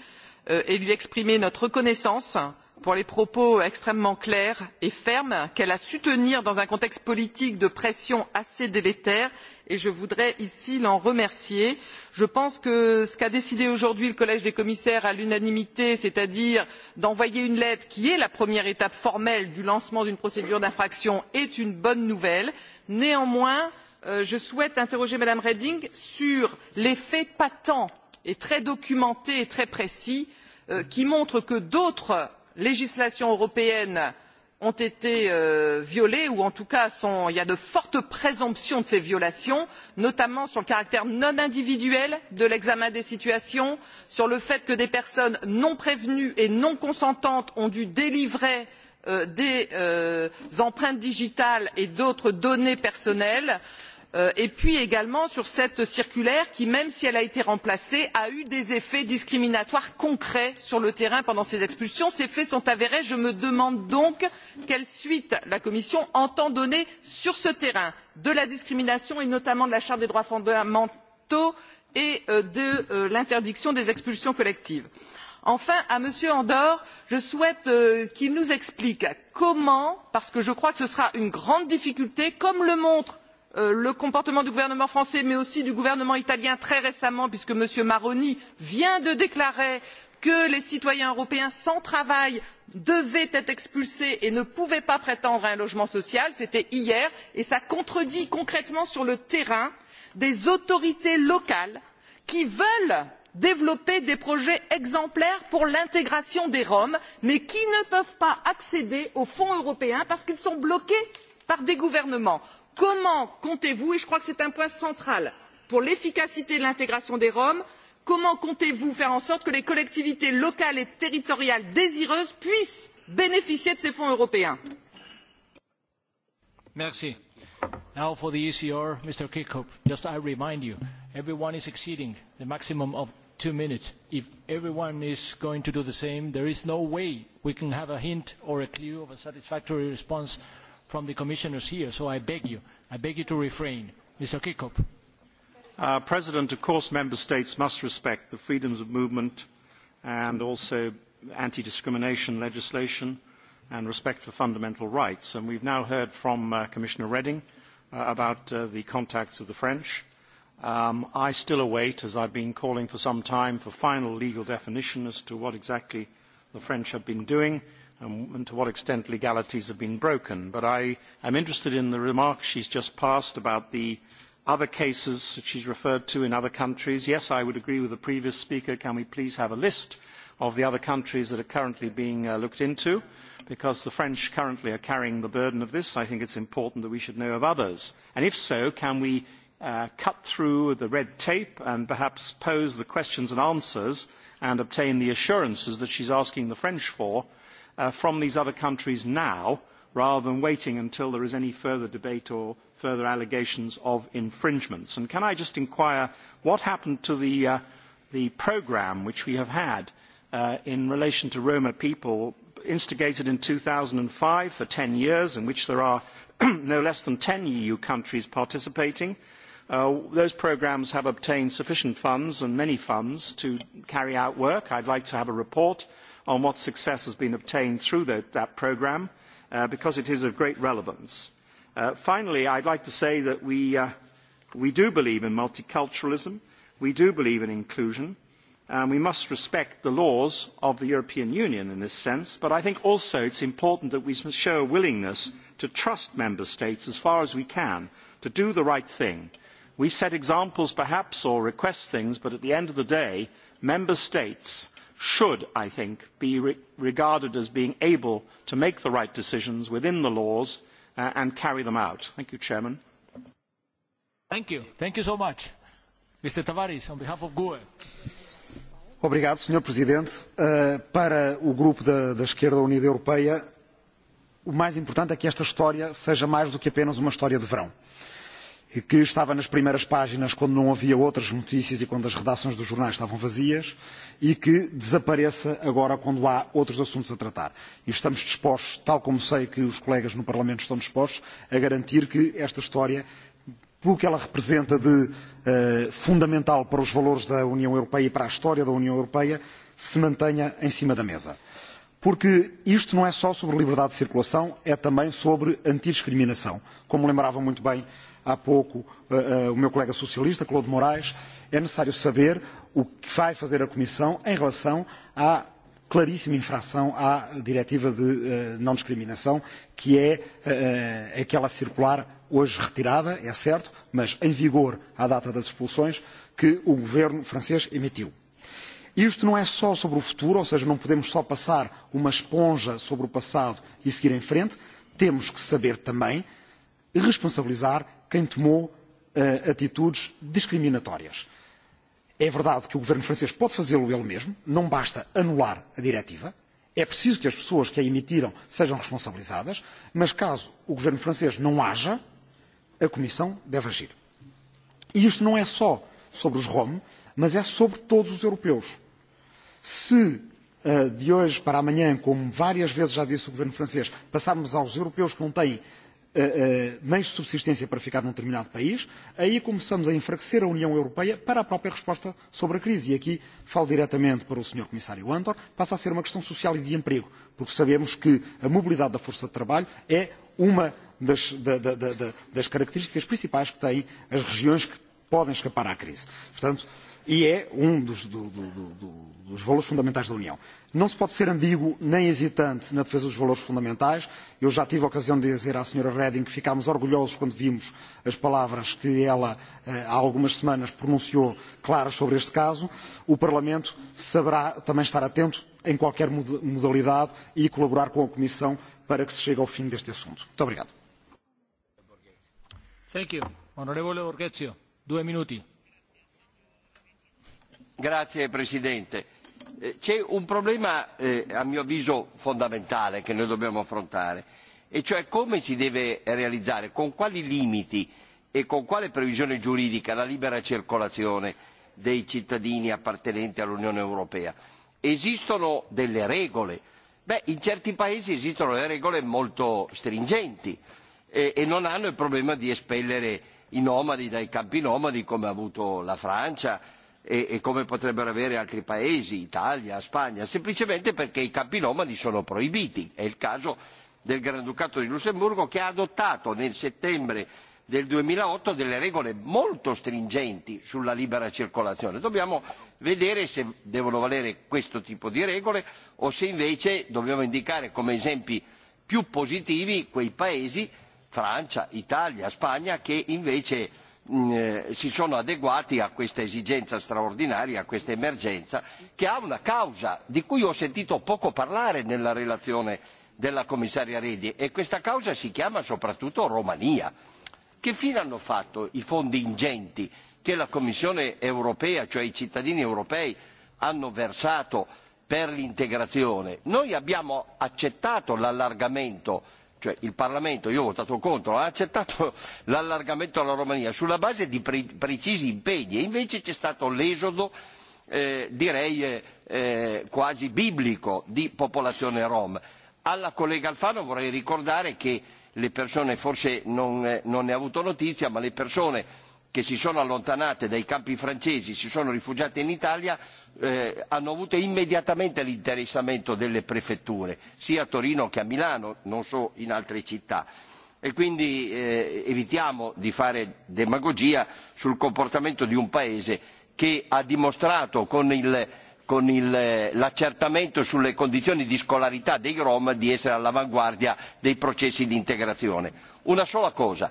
euh, et lui exprimer notre reconnaissance euh, pour les propos extrêmement clairs et fermes qu'elle a su tenir dans un contexte politique de pression assez délétère et je voudrais ici l'en remercier. je pense que ce qu'a décidé aujourd'hui le collège des commissaires à l'unanimité c'est à dire d'envoyer une lettre qui est la première étape formelle du lancement d'une procédure d'infraction est une bonne nouvelle. néanmoins euh, je souhaite interroger mme reding sur les faits patents et très documentés et très précis euh, qui montrent que d'autres législations européennes ont été euh, violées ou en tout cas sont, il y a de fortes présomptions de ces violations notamment sur le caractère non individuel de l'examen des situations sur le fait que des personnes non prévenues et non consentantes ont dû délivrer euh, des euh, empreintes digitales et d'autres données personnelles et Euh, et puis également sur cette circulaire qui même si elle a été remplacée a eu des effets discriminatoires concrets sur le terrain pendant ces expulsions. ces faits sont avérés je me demande donc quelle suite la commission entend donner sur ce terrain de la discrimination et notamment de la charte des droits fondamentaux et euh, de euh, l'interdiction des expulsions collectives. enfin à m. andor je souhaite qu'il nous explique comment parce que je crois que ce sera une grande difficulté comme le montrent Euh, le comportement du gouvernement français mais aussi du gouvernement italien très récemment puisque m. maroni vient de déclarer que les citoyens européens sans travail devaient être expulsés et ne pouvaient pas prétendre à un logement social c'était hier et cela contredit concrètement sur le terrain des autorités locales qui veulent développer des projets exemplaires pour l'intégration des roms mais qui ne peuvent pas accéder aux fonds européens parce qu'ils sont bloqués par des gouvernements comment comptez vous et je crois que c'est un point central pour l'efficacité de l'intégration des roms comment comptez vous faire en sorte que les collectivités locales et territoriales désireuses puissent bénéficier de ces fonds européens? Merci. Now for the ECR, Mr. Kirkhope, just I remind you, everyone is exceeding the maximum of two minutes. If everyone is going to do the same, there is no way we can have a hint or a clue of a satisfactory response from the commissioners here, so I beg you, I beg you to refrain. Mr. Kirkhope. Uh, President, of course member states must respect the freedoms of movement and also anti-discrimination legislation and respect for fundamental rights. And we've now heard from uh, Commissioner Redding uh, about uh, the contacts of the French. Um, I still await, as I've been calling for some time, for final legal definition as to what exactly the French have been doing. Uh, and, um, and to what extent legalities have been broken. But I am interested in the remark she's just passed about the other cases that she's referred to in other countries. Yes, I would agree with the previous speaker. Can we please have a list of the other countries that are currently being uh, looked into? Because the French currently are carrying the burden of this, I think it's important that we should know of others. And if so, can we uh, cut through the red tape and perhaps pose the questions and answers and obtain the assurances that she's asking the French for uh, from these other countries now rather than waiting until there is any further debate or further allegations of infringements. And can I just inquire what happened to the, uh, the programme which we have had uh, in relation to Roma people instigated in 2005 for 10 years in which there are no less than 10 EU countries participating. Uh, those programmes have obtained sufficient funds and many funds to carry out work. I'd like to have a report uh, on what success has been obtained through the, that programme, uh, because it is of great relevance. Uh, finally, I'd like to say that we, uh, we do believe in multiculturalism, we do believe in inclusion, and we must respect the laws of the European Union in this sense, but I think also it's important that we show a willingness to trust member states as far as we can to do the right thing. We set examples perhaps or request things, but at the end of the day, member states should, I think, be re regarded as being able to make the right decisions within the laws uh, and carry them out. Thank you, Chairman. Thank you. Thank you so much. Mr. Tavares, on behalf of GUE. Obrigado, Sr. Presidente. Uh, para o grupo da, da Esquerda Unida Europeia, o mais importante é que esta história seja mais do que apenas uma história de verão. Uh, e que estava nas primeiras páginas quando não havia outras notícias e quando as redações dos jornais estavam vazias e que desapareça agora quando há outros assuntos a tratar. E estamos dispostos, tal como sei que os colegas no Parlamento estão dispostos, a garantir que esta história, pelo que ela representa de uh, fundamental para os valores da União Europeia e para a história da União Europeia, se mantenha em cima da mesa. Porque isto não é só sobre liberdade de circulação, é também sobre antidiscriminação, como lembrava muito bem há pouco uh, uh, o meu colega socialista, Claude Moraes, é necessário saber o que vai fazer a Comissão em relação à claríssima infração à diretiva de uh, eh, não discriminação, que é uh, aquela circular hoje retirada, é certo, mas em vigor à data das expulsões, que o governo francês emitiu. Isto não é só sobre o futuro, ou seja, não podemos só passar uma esponja sobre o passado e seguir em frente, temos que saber também responsabilizar quem tomou uh, atitudes discriminatórias. É verdade que o governo francês pode fazê-lo ele mesmo, não basta anular a diretiva, é preciso que as pessoas que a emitiram sejam responsabilizadas, mas caso o governo francês não haja, a Comissão deve agir. E isto não é só sobre os ROM, mas é sobre todos os europeus. Se eh, de hoje para amanhã, como várias vezes já disse o governo francês, passarmos aos europeus que não têm Eh, eh, meios de subsistência para ficar num determinado país, aí começamos a enfraquecer a União Europeia para a própria resposta sobre a crise. E aqui falo diretamente para o Sr. Comissário Andor, passa a ser uma questão social e de emprego, porque sabemos que a mobilidade da força de trabalho é uma das, da, da, da, das características principais que têm as regiões que podem escapar à crise. Portanto, uh, e é um dos, do, do, do, dos valores fundamentais da União. Não se pode ser ambíguo nem hesitante na defesa dos valores fundamentais. Eu já tive a ocasião de dizer à Sra. Reding que ficámos orgulhosos quando vimos as palavras que ela, eh, há algumas semanas, pronunciou claras sobre este caso. O Parlamento saberá também estar atento em qualquer modalidade e colaborar com a Comissão para que se chegue ao fim deste assunto. Muito obrigado. Thank you. Honorable Borghezio, due minuti. Grazie Presidente. Eh, c'è un problema, eh, a mio avviso, fondamentale che noi dobbiamo affrontare, e cioè come si deve realizzare, con quali limiti e con quale previsione giuridica la libera circolazione dei cittadini appartenenti all'Unione Europea. Esistono delle regole. Beh, in certi paesi esistono le regole molto stringenti eh, e non hanno il problema di espellere i nomadi dai campi nomadi come ha avuto la Francia e, e come potrebbero avere altri paesi, Italia, Spagna, semplicemente perché i campi nomadi sono proibiti. È il caso del Granducato di Lussemburgo che ha adottato nel settembre del 2008 delle regole molto stringenti sulla libera circolazione. Dobbiamo vedere se devono valere questo tipo di regole o se invece dobbiamo indicare come esempi più positivi quei paesi, Francia, Italia, Spagna, che invece mh, eh, si sono adeguati a questa esigenza straordinaria, a questa emergenza, che ha una causa di cui ho sentito poco parlare nella relazione della commissaria Redi e questa causa si chiama soprattutto Romania. Che fine hanno fatto i fondi ingenti che la Commissione europea, cioè i cittadini europei, hanno versato per l'integrazione? Noi abbiamo accettato l'allargamento cioè il Parlamento, io ho votato contro, ha accettato l'allargamento alla Romania sulla base di pre- precisi impegni e invece c'è stato l'esodo eh, direi eh, eh, quasi biblico di popolazione rom. Alla collega Alfano vorrei ricordare che le persone, forse non, eh, non ne ha avuto notizia, ma le persone che si sono allontanate dai campi francesi, si sono rifugiate in Italia, eh, hanno avuto immediatamente l'interessamento delle prefetture, sia a Torino che a Milano, non so in altre città. E quindi eh, evitiamo di fare demagogia sul comportamento di un Paese che ha dimostrato con il con il, eh, l'accertamento sulle condizioni di scolarità dei Rom di essere all'avanguardia dei processi di integrazione. Una sola cosa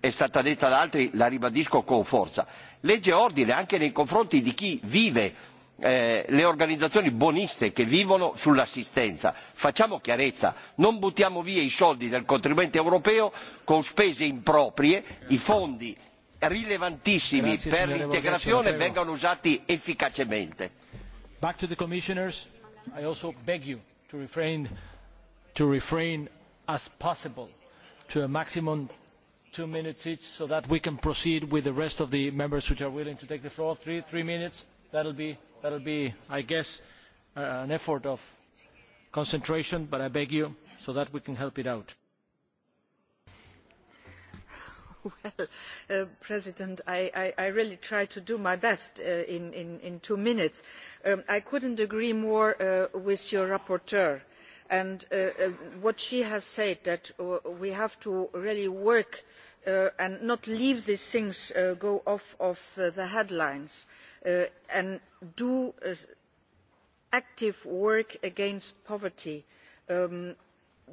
è stata detta da altri, la ribadisco con forza legge e ordine anche nei confronti di chi vive eh, le organizzazioni buoniste che vivono sull'assistenza. Facciamo chiarezza, non buttiamo via i soldi del contribuente europeo con spese improprie, i fondi rilevantissimi Grazie, per l'integrazione vengano usati efficacemente. Back to the commissioners. I also beg you to refrain, to refrain as possible to a maximum two minutes each so that we can proceed with the rest of the members which are willing to take the floor. Three, three minutes that will be, that'll be I guess, uh, an effort of concentration, but I beg you, so that we can help it out. Well, uh, President, I, I, I really try to do my best uh, in, in, in two minutes. Um, I couldn't agree more uh, with your rapporteur and uh, uh, what she has said that uh, we have to really work uh, and not leave these things uh, go off of uh, the headlines uh, and do uh, active work against poverty um,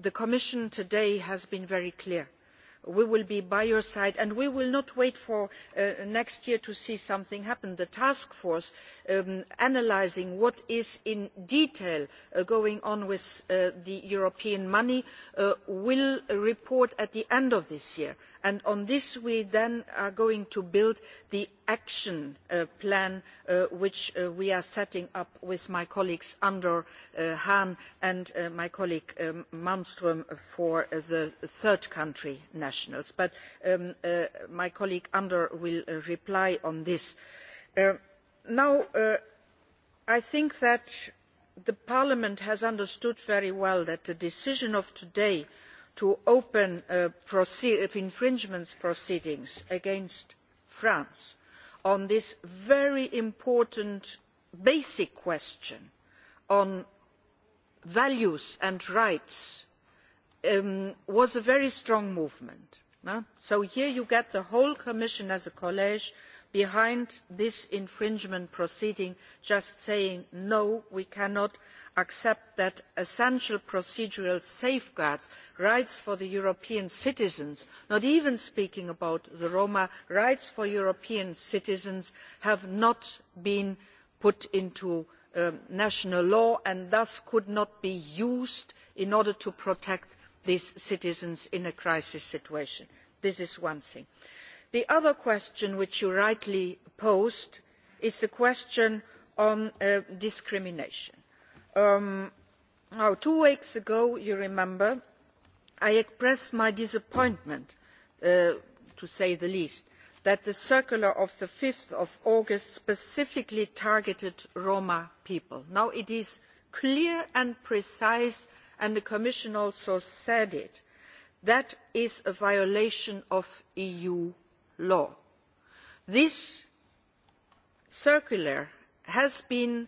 the commission today has been very clear we will be by your side and we will not wait for uh, next year to see something happen. the task force um, analysing what is in detail uh, going on with uh, the european money uh, will report at the end of this year and on this we then are going to build the action uh, plan uh, which uh, we are setting up with my colleagues andor uh, hahn and uh, my colleague um, malmstrm for the third country nationals but um, uh, my colleague andor will reply on this. now i think that parliament has understood very well that the decision of today to open uh, proceed infringement proceedings against france on this very important basic question on values and rights um, was a very strong movement. Eh? so here you get the whole commission as a college behind this infringement proceeding just saying no we cannot accept that essential procedural safeguards rights for european citizens not even speaking about the roma rights for european citizens have not been put into um, national law and thus could not be used in order to protect these citizens in a crisis situation. this is one thing the other question which you rightly posed is the question on uh, discrimination. Um, now, two weeks ago you remember i expressed my disappointment uh, to say the least that the circular of five august specifically targeted roma people. now it is clear and precise and the commission also said it that is a violation of eu law. this circular has been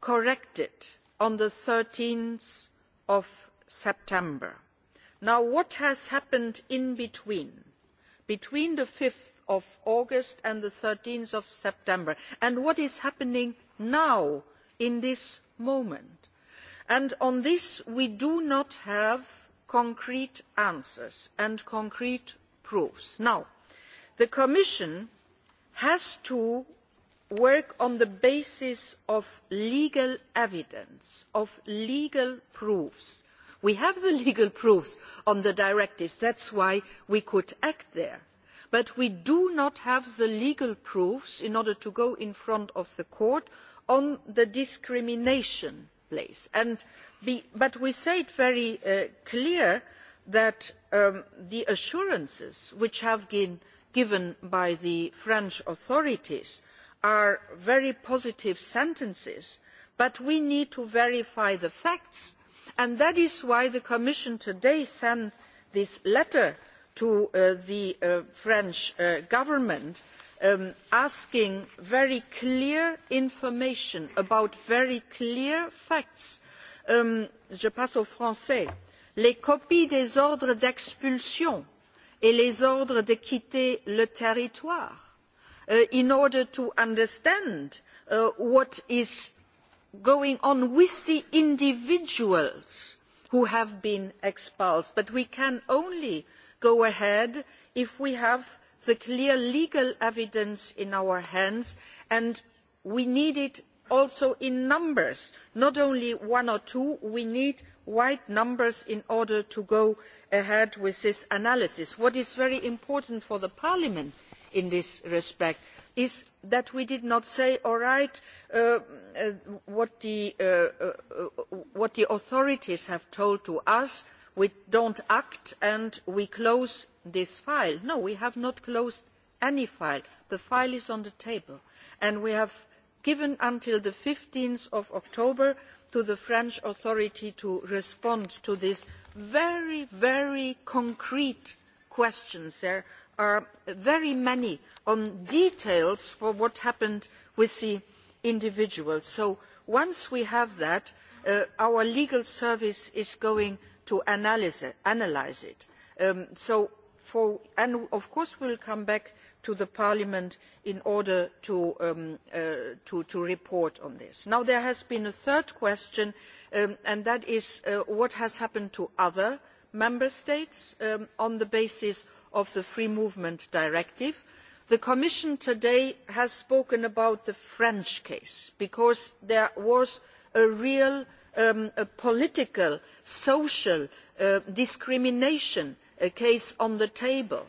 corrected on thirteen september. now what has happened in between between five august and thirteen september and what is happening now at this moment? And on this we do not have concrete answers and concrete proofs. now the commission has to work on the basis of legal evidence of legal proofs. we have the legal proofs on the directives that is why we could act there but we do not have the legal proofs in order to go in front of the court on the discrimination place. Be, but we said very uh, clearly that um, the assurances which have been given by the french authorities are very positive sentences but we need to verify the facts and that is why the commission today sent this letter to uh, the uh, french uh, government um, asking for very clear information about very clear facts. Um, je passe au franais les copies des ordres d'expulsion et les ordres de quitter le territoire uh, in order to understand uh, what is going on with the individuals who have been expelled but we can only go ahead if we have the clear legal evidence in our hands and we need it also in numbers not only one or two we need wide numbers in order to go ahead with this analysis. what is very important for parliament in this respect is that we did not say all right uh, uh, what, the, uh, uh what the authorities have told to us we do not act and we close this file. no we have not closed any file. the file is on the table and we have given until fifteen october to the french authority to respond to this very, very concrete questions. There are very many on details for what happened with the individuals. So once we have that, uh, our legal service is going to analyze it. Analyze it. Um, so for, and of course we will come back to parliament in order to, um, uh, to, to report on this. Now, there has been a third question um, and that is uh, what has happened to other member states um, on the basis of the free movement directive. the commission today has spoken about the french case because there was a real um, a political and social uh, discrimination uh, case on the table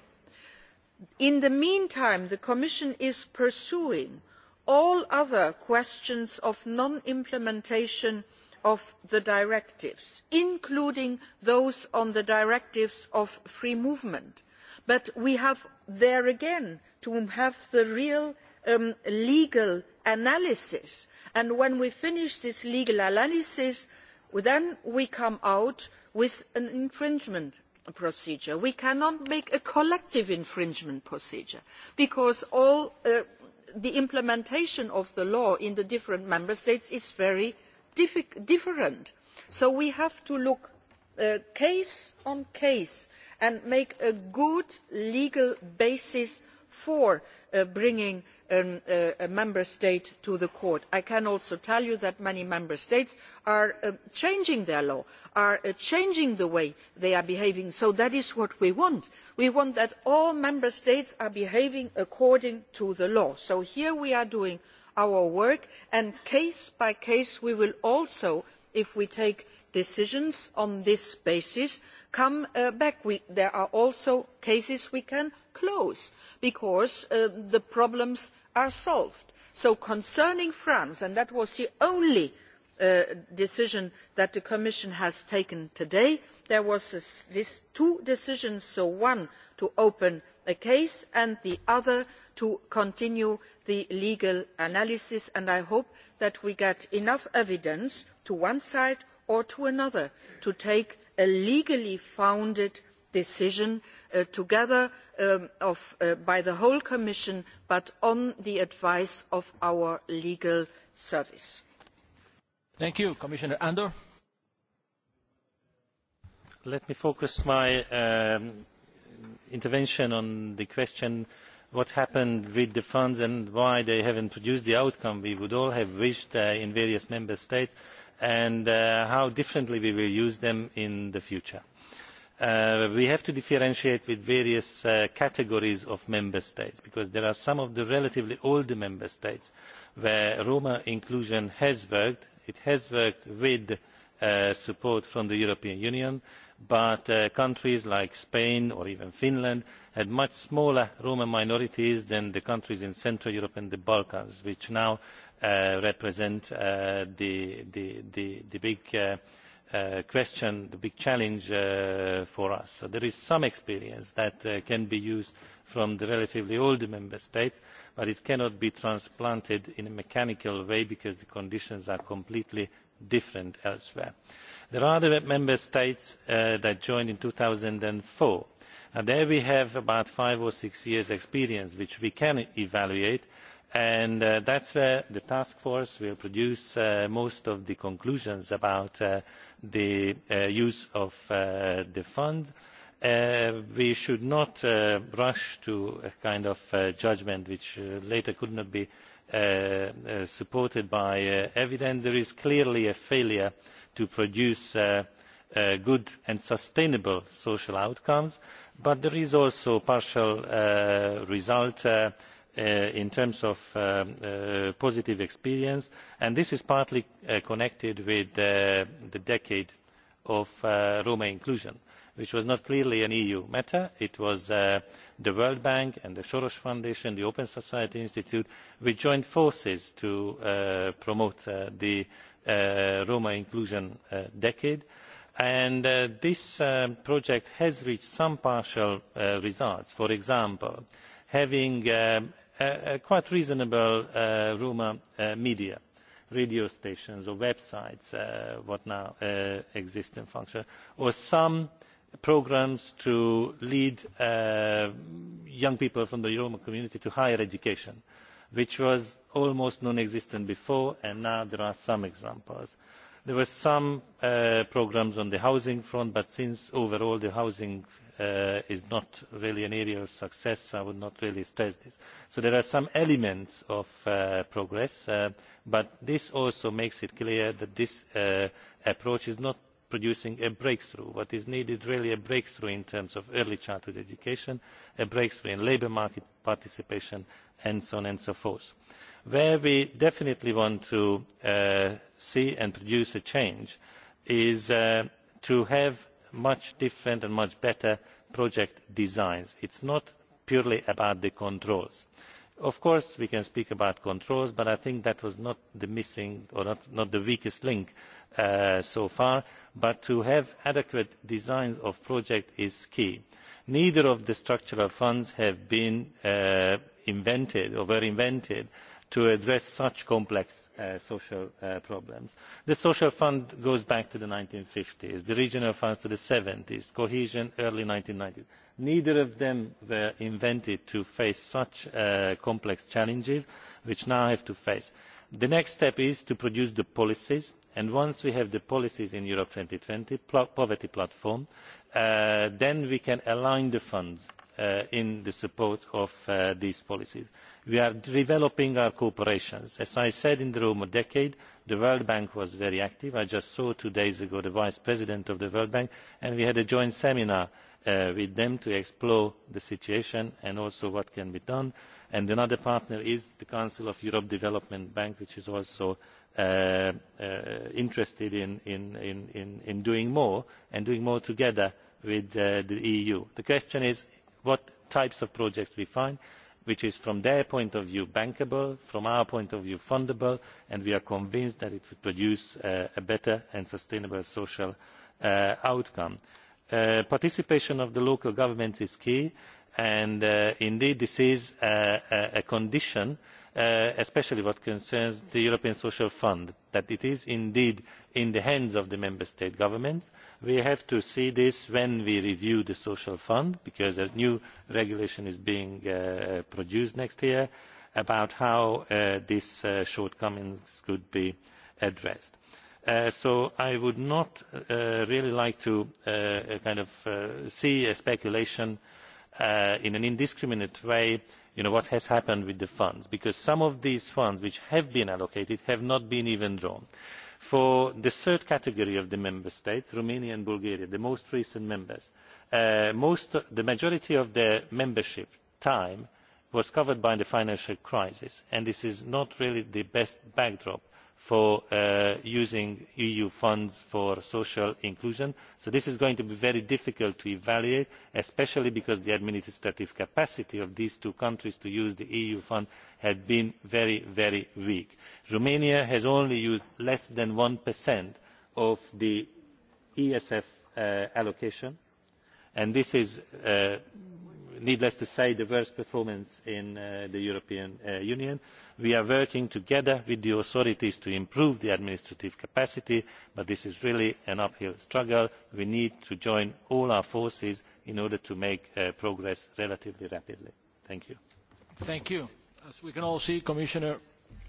in the meantime the commission is pursuing all other questions of non implementation of the directives including those on the directives on free movement but we have there again to have the real um, legal analysis and when we finish this legal analysis then we come out with an infringement procedure. we cannot make a collective infringement procedure because all, uh, the implementation of the law in the different member states is very different so we have to look uh, case by case and make a good legal basis for uh, bringing um, uh, a member state to the court. i can also tell you that many member states are uh, changing their law are uh, changing the way they are behaving so that is what we want. we want all member states to behave according to the law so here we are doing our work and case by case we will also if we take decisions on this basis come uh, back. We, there are also cases we can close because uh, the problems are solved. so concerning france and that was the only uh, decision that the commission has taken today there were two decisions one to open a case and the other to continue the legal analysis and i hope that we get enough evidence to one side or to another to take a legally founded decision uh, together um, of, uh, by the whole commission but on the advice of our legal service. thank you commissioner andor. let me focus my um, intervention on the question what happened with the funds and why they have not produced the outcome we would all have wished uh, in various member states and uh, how differently we will use them in the future Uh, we have to differentiate between various uh, categories of member states because there are some of the relatively older member states where roma inclusion has worked it has worked with uh, support from the european union but uh, countries like spain or even finland had much smaller roma minorities than the countries in central europe and the balkans which now uh, represent uh, the, the, the, the big Uh, question the big challenge uh, for us. so there is some experience that uh, can be used from the relatively older member states but it cannot be transplanted in a mechanical way because the conditions are completely different elsewhere. there are other member states uh, that joined in two thousand and four and there we have about five or six years' experience which we can evaluate and uh, that is where the task force will produce uh, most of the conclusions about uh, the uh, use of uh, the fund. Uh, we should not rush to a kind of judgment which later could not be supported by evidence. there is clearly a failure to produce good and sustainable social outcomes but there is also a partial result Uh, in terms of um, uh, positive experience and this is partly uh, connected with the decade of roma inclusion which was not clearly an eu matter it was the world bank and the soros foundation the open society institute which joined forces to promote the roma inclusion decade and this project has reached some partial results for example having um, quite reasonable uh, roma uh, media radio stations or websites that uh, now exist and function or some programmes to lead young people from the roma community to higher education which was almost non existent before and now there are some examples. there were some programmes on the housing front but since overall the housing uh, is not really an area of success i would not really stress this. so there are some elements of uh, progress uh, but this also makes it clear that this uh, approach is not producing a breakthrough. what is needed is really a breakthrough in terms of early childhood education a breakthrough in labour market participation and so on and so forth. where we definitely want to uh, see and produce a change is uh, to have much different and much better project designs. it is not purely about the controls. of course we can speak about controls but i think that was not the missing or not the weakest link uh, so far but to have adequate designs of projects is key. neither of the structural funds have been uh, invented or were invented uh, to address such complex uh, social uh, problems. the social fund goes back to the one thousand nine hundred and fifty s the regional funds to the seventy s cohesion early. one thousand nine hundred and ninety s neither of them were invented to face such uh, complex challenges which we now have to face. the next step is to produce the policies and once we have the policies in the europe two thousand and twenty poverty platform uh, then we can align the funds uh, in the support of uh, these policies we are developing our cooperation. as i said in the roma decade the world bank was very active. i just saw two days ago the vice president of the world bank and we had a joint seminar uh, with them to explore the situation and also what can be done. And another partner is the council of europe development bank which is also uh, uh, interested in, in, in, in doing more and doing more together with uh, the eu. the question is what types of projects we find which is from their point of view bankable from our point of view fundable and we are convinced that it will produce uh, a better and sustainable social uh, outcome. Uh, participation of the local governments is key and uh, indeed this is a, a condition for Uh, especially as concerns the european social fund that it is indeed in the hands of the member state governments. we have to see this when we review the social fund because a new regulation is being uh, produced next year about how uh, these shortcomings could be addressed. Uh, so i would not uh, really like to uh, kind of, see speculation in an indiscriminate way you know, what has happened with the funds because some of these funds which have been allocated have not been even drawn. for the third category of the member states romania and bulgaria the most recent members uh, most, the majority of their membership time was covered by the financial crisis and this is not really the best backdrop for uh, using eu funds for social inclusion so this is going to be very difficult to evaluate especially because the administrative capacity of these two countries to use the eu fund has been very very weak. romania has only used less than one of the esf uh, allocation and this is uh, needless to say the worst performance in uh, the european uh, union. we are working together with the authorities to improve the administrative capacity but this is really an uphill struggle. we need to join all our forces in order to make uh, progress relatively rapidly. Thank you. Thank you. as we can all see commissioner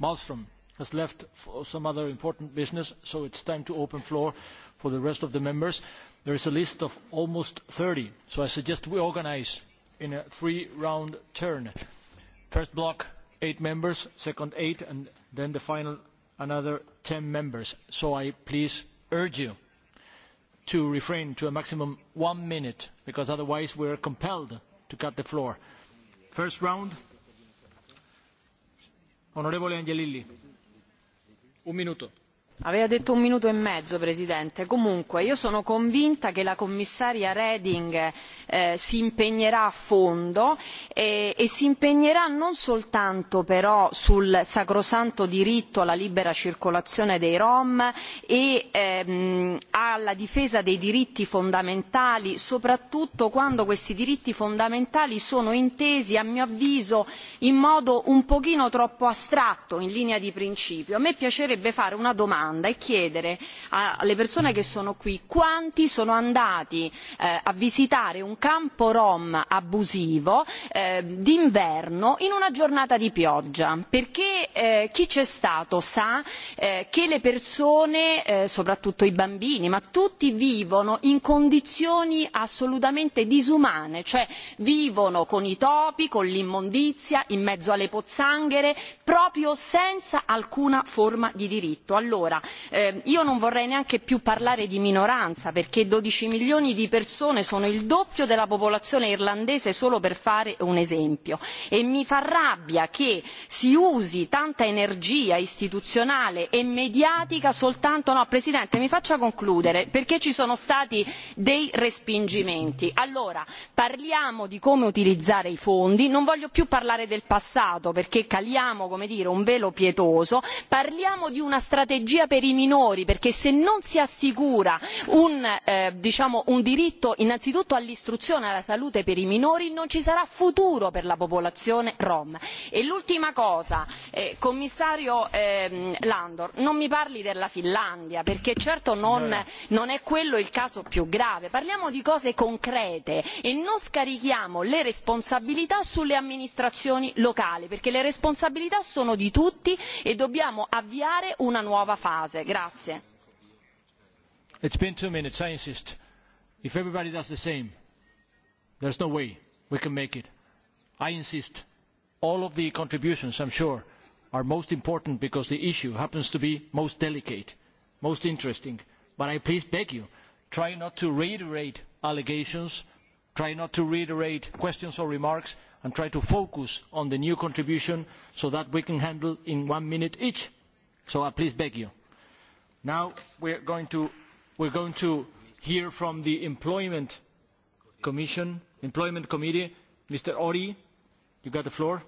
malmstrm has left for some other important business so it is time to open the floor for the rest of the members. there is a list of almost thirty so i suggest we organise in a three-round turn. First block, eight members, second eight, and then the final another 10 members. So I please urge you to refrain to a maximum one minute, because otherwise we are compelled to cut the floor. First round, Onorevole Angelilli. Un minuto aveva detto un minuto e mezzo presidente comunque io sono convinta che la commissaria reding eh, si impegnerà a fondo e, e si impegnerà non soltanto però sul sacrosanto diritto alla libera circolazione dei rom e ehm, alla difesa dei diritti fondamentali soprattutto quando questi diritti fondamentali sono intesi a mio avviso in modo un pochino troppo astratto in linea di principio. a me piacerebbe fare una domanda domanda e chiedere a, alle persone che sono qui quanti sono andati eh, a visitare un campo rom abusivo eh, d'inverno in una giornata di pioggia perché eh, chi c'è stato sa eh, che le persone eh, soprattutto i bambini ma tutti vivono in condizioni assolutamente disumane cioè vivono con i topi con l'immondizia in mezzo alle pozzanghere proprio senza alcuna forma di diritto. allora allora ehm, io non vorrei neanche più parlare di minoranza perché dodici milioni di persone sono il doppio della popolazione irlandese solo per fare un esempio e mi fa rabbia che si usi tanta energia istituzionale e mediatica soltanto no presidente mi faccia concludere perché ci sono stati dei respingimenti allora parliamo di come utilizzare i fondi non voglio più parlare del passato perché caliamo come dire un velo pietoso parliamo di una strategia sia per i minori perché se non si assicura un, eh, diciamo, un diritto innanzitutto all'istruzione e alla salute per i minori non ci sarà futuro per la popolazione rom. E l'ultima cosa, eh, commissario eh, Landor, non mi parli della Finlandia perché certo non, eh. non è quello il caso più grave, parliamo di cose concrete e non scarichiamo le responsabilità sulle amministrazioni locali perché le responsabilità sono di tutti e dobbiamo avviare una nuova fase fase. Grazie. It's been two minutes, I insist. If everybody does the same, there's no way we can make it. I insist. All of the contributions, I'm sure, are most important because the issue happens to be most delicate, most interesting. But I please beg you, try not to reiterate allegations, try not to reiterate questions or remarks, and try to focus on the new contribution so that we can handle in one minute each. So I please beg you. Now we're going to, we're going to hear from the Employment Commission, Employment Committee. Mr. Ori, you got the floor.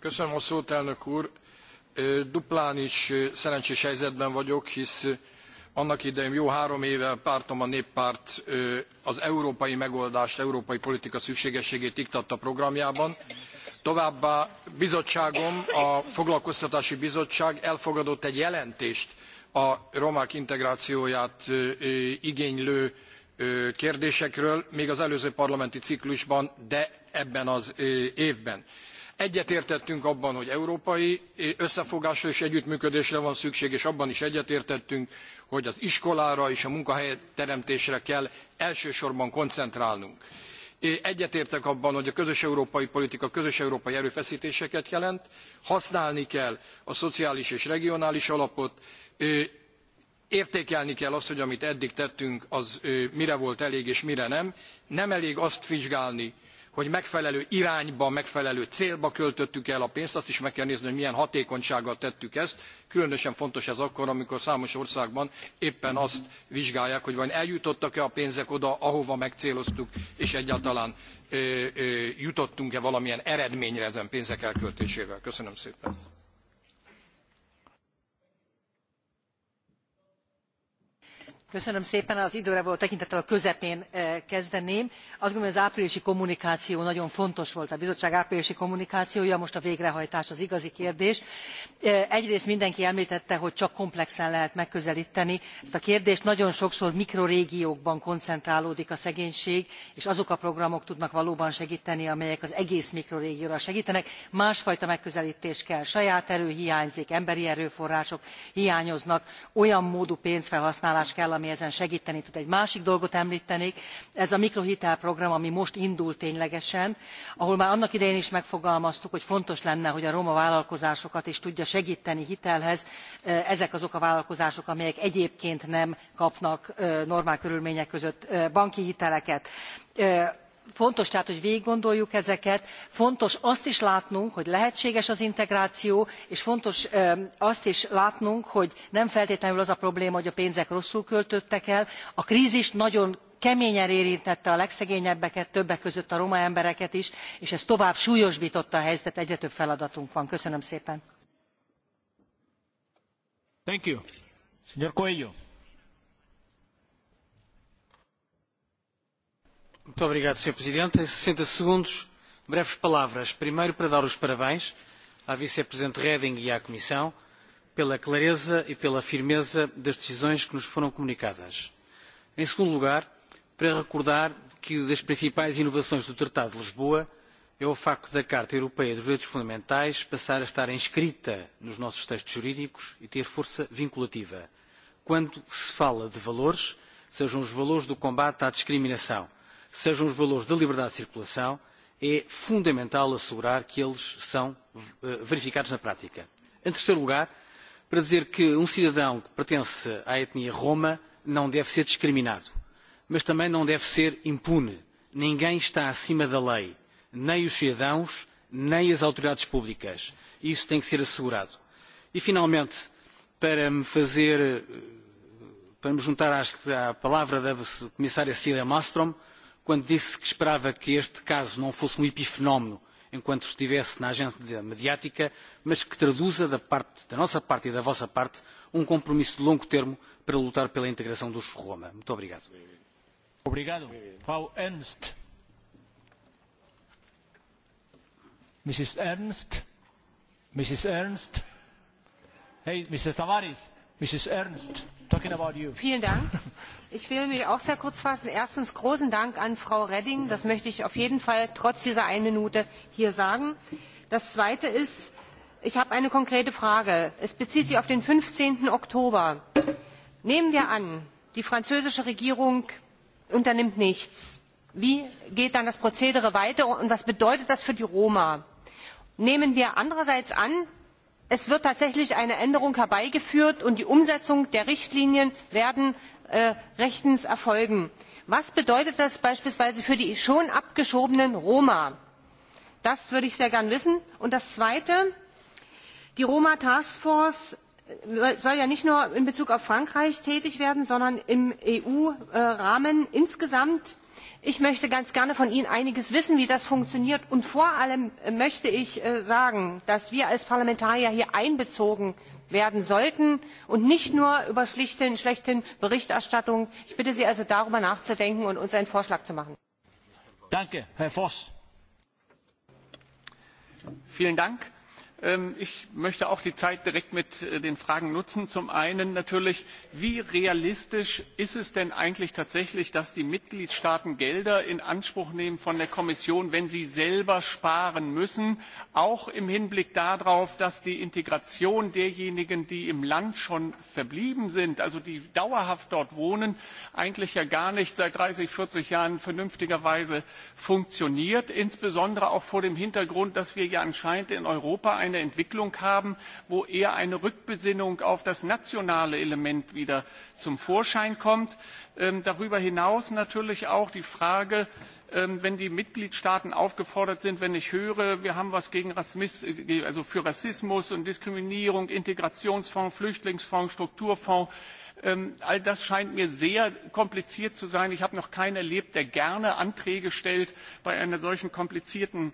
Köszönöm a szót, elnök úr. Duplán is szerencsés helyzetben vagyok, hisz annak idején jó három éve pártom a néppárt az európai megoldást, európai politika szükségességét iktatta programjában Továbbá bizottságom, a Foglalkoztatási Bizottság elfogadott egy jelentést a romák integrációját igénylő kérdésekről, még az előző parlamenti ciklusban, de ebben az évben. Egyetértettünk abban, hogy európai összefogásra és együttműködésre van szükség, és abban is egyetértettünk, hogy az iskolára és a munkahelyteremtésre kell elsősorban koncentrálnunk Egyetértek abban, hogy a közös európai politika közös európai erőfeszítéseket jelent, használni kell a szociális és regionális alapot, értékelni kell azt, hogy amit eddig tettünk, az mire volt elég és mire nem. Nem elég azt vizsgálni, hogy megfelelő irányba, megfelelő célba költöttük el a pénzt, azt is meg kell nézni, hogy milyen hatékonysággal tettük ezt. Különösen fontos ez akkor, amikor számos országban éppen azt vizsgálják, hogy vajon eljutottak-e a pénzek oda, ahova megcéloztuk, és egyáltalán jutottunk-e valamilyen eredményre ezen pénzek elköltésével. Köszönöm szépen! köszönöm szépen az időre való tekintettel a közepén eh, kezdeném. azt gondolom hogy az áprilisi kommunikáció nagyon fontos volt a bizottság áprilisi kommunikációja most a végrehajtás az igazi kérdés. Eh, egyrészt mindenki emltette hogy csak komplexen lehet megközelteni ezt a kérdést nagyon sokszor mikrorégiókban koncentrálódik a szegénység és azok a programok tudnak valóban segteni amelyek az egész mikrorégióra segtenek. másfajta megközeltés kell saját erő hiányzik emberi erőforrások hiányoznak olyan módú pénzfelhasználás kell ami ezen segteni tud. egy másik dolgot emltenék ez a mikrohitelprogram ami most indul ténylegesen ahol már annak idején is megfogalmaztuk hogy fontos lenne hogy a roma vállalkozásokat is tudja segteni hitelhez ezek azok a vállalkozások amelyek egyébként nem kapnak normál körülmények között banki hiteleket fontos tehát hogy végiggondoljuk ezeket fontos azt is látnunk hogy lehetséges az integráció és fontos azt is látnunk hogy nem feltétlenül az a probléma hogy a pénzek rosszul költöttek el a krzis nagyon keményen érintette a legszegényebbeket többek között a roma embereket is és ez tovább súlyosbtotta a helyzetet egyre több feladatunk van. köszönöm szépen! Muito obrigado, Sr. Presidente. Em 60 segundos, breves palavras. Primeiro, para dar os parabéns à Vice-Presidente Reding e à Comissão pela clareza e pela firmeza das decisões que nos foram comunicadas. Em segundo lugar, para recordar que das principais inovações do Tratado de Lisboa é o facto da Carta Europeia dos Direitos Fundamentais passar a estar inscrita nos nossos textos jurídicos e ter força vinculativa. Quando se fala de valores, sejam os valores do combate à discriminação, sejam os valores da liberdade de circulação, é fundamental assegurar que eles são eh, verificados na prática. Em terceiro lugar, para dizer que um cidadão que pertence à etnia Roma não deve ser discriminado, mas também não deve ser impune. Ninguém está acima da lei, nem os cidadãos, nem as autoridades públicas. Isso tem que ser assegurado. E, finalmente, para me fazer, eh, para me juntar à, à palavra da Comissária Cida Malmström, quando disse que esperava que este caso não fosse um epifenómeno enquanto estivesse na agenda mediática, mas que traduza da, parte, da nossa parte e da vossa parte um compromisso de longo termo para lutar pela integração dos Roma. Muito obrigado. Obrigado. Frau Ernst. Mrs. Ernst. Mrs. Ernst. Hey, Mr. Tavares. Mrs. Ernst, talking about you. Vielen Dank. Ich will mich auch sehr kurz fassen. Erstens großen Dank an Frau Redding. Das möchte ich auf jeden Fall trotz dieser einen Minute hier sagen. Das Zweite ist, ich habe eine konkrete Frage. Es bezieht sich auf den 15. Oktober. Nehmen wir an, die französische Regierung unternimmt nichts. Wie geht dann das Prozedere weiter und was bedeutet das für die Roma? Nehmen wir andererseits an, es wird tatsächlich eine änderung herbeigeführt und die umsetzung der richtlinien wird äh, rechtens erfolgen. was bedeutet das beispielsweise für die schon abgeschobenen roma? das würde ich sehr gern wissen. und das zweite die roma task force äh, soll ja nicht nur in bezug auf frankreich tätig werden sondern im eu äh, rahmen insgesamt ich möchte ganz gerne von ihnen einiges wissen wie das funktioniert und vor allem äh, möchte ich äh, sagen dass wir als parlamentarier hier einbezogen werden sollten und nicht nur über schlechthin berichterstattung. ich bitte sie also darüber nachzudenken und uns einen vorschlag zu machen. danke herr voss! vielen dank. Ähm, ich möchte auch die Zeit direkt mit äh, den Fragen nutzen. Zum einen natürlich, wie realistisch ist es denn eigentlich tatsächlich, dass die Mitgliedstaaten Gelder in Anspruch nehmen von der Kommission, wenn sie selber sparen müssen, auch im Hinblick darauf, dass die Integration derjenigen, die im Land schon verblieben sind, also die dauerhaft dort wohnen, eigentlich ja gar nicht seit 30, 40 Jahren vernünftigerweise funktioniert, insbesondere auch vor dem Hintergrund, dass wir ja anscheinend in Europa eine Entwicklung haben, wo eher eine Rückbesinnung auf das nationale Element wieder zum Vorschein kommt. Ähm, darüber hinaus natürlich auch die Frage, ähm, wenn die Mitgliedstaaten aufgefordert sind, wenn ich höre, wir haben was gegen Rassismus, äh, also für Rassismus und Diskriminierung, Integrationsfonds, Flüchtlingsfonds, Strukturfonds, ähm, all das scheint mir sehr kompliziert zu sein. Ich habe noch keinen erlebt, der gerne Anträge stellt bei einer solchen komplizierten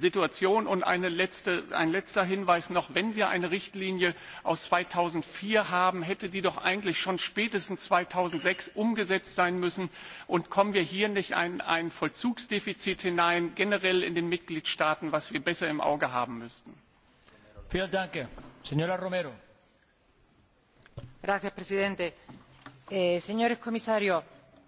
situation und letzte, ein letzter hinweis noch wenn wir eine richtlinie aus zweitausendvier haben hätte die doch eigentlich schon spätestens zweitausendsechs umgesetzt sein müssen und kommen wir hier nicht in ein vollzugsdefizit hinein generell in den mitgliedstaaten das wir besser im auge haben müssten? señor presidente eh, señores comisarios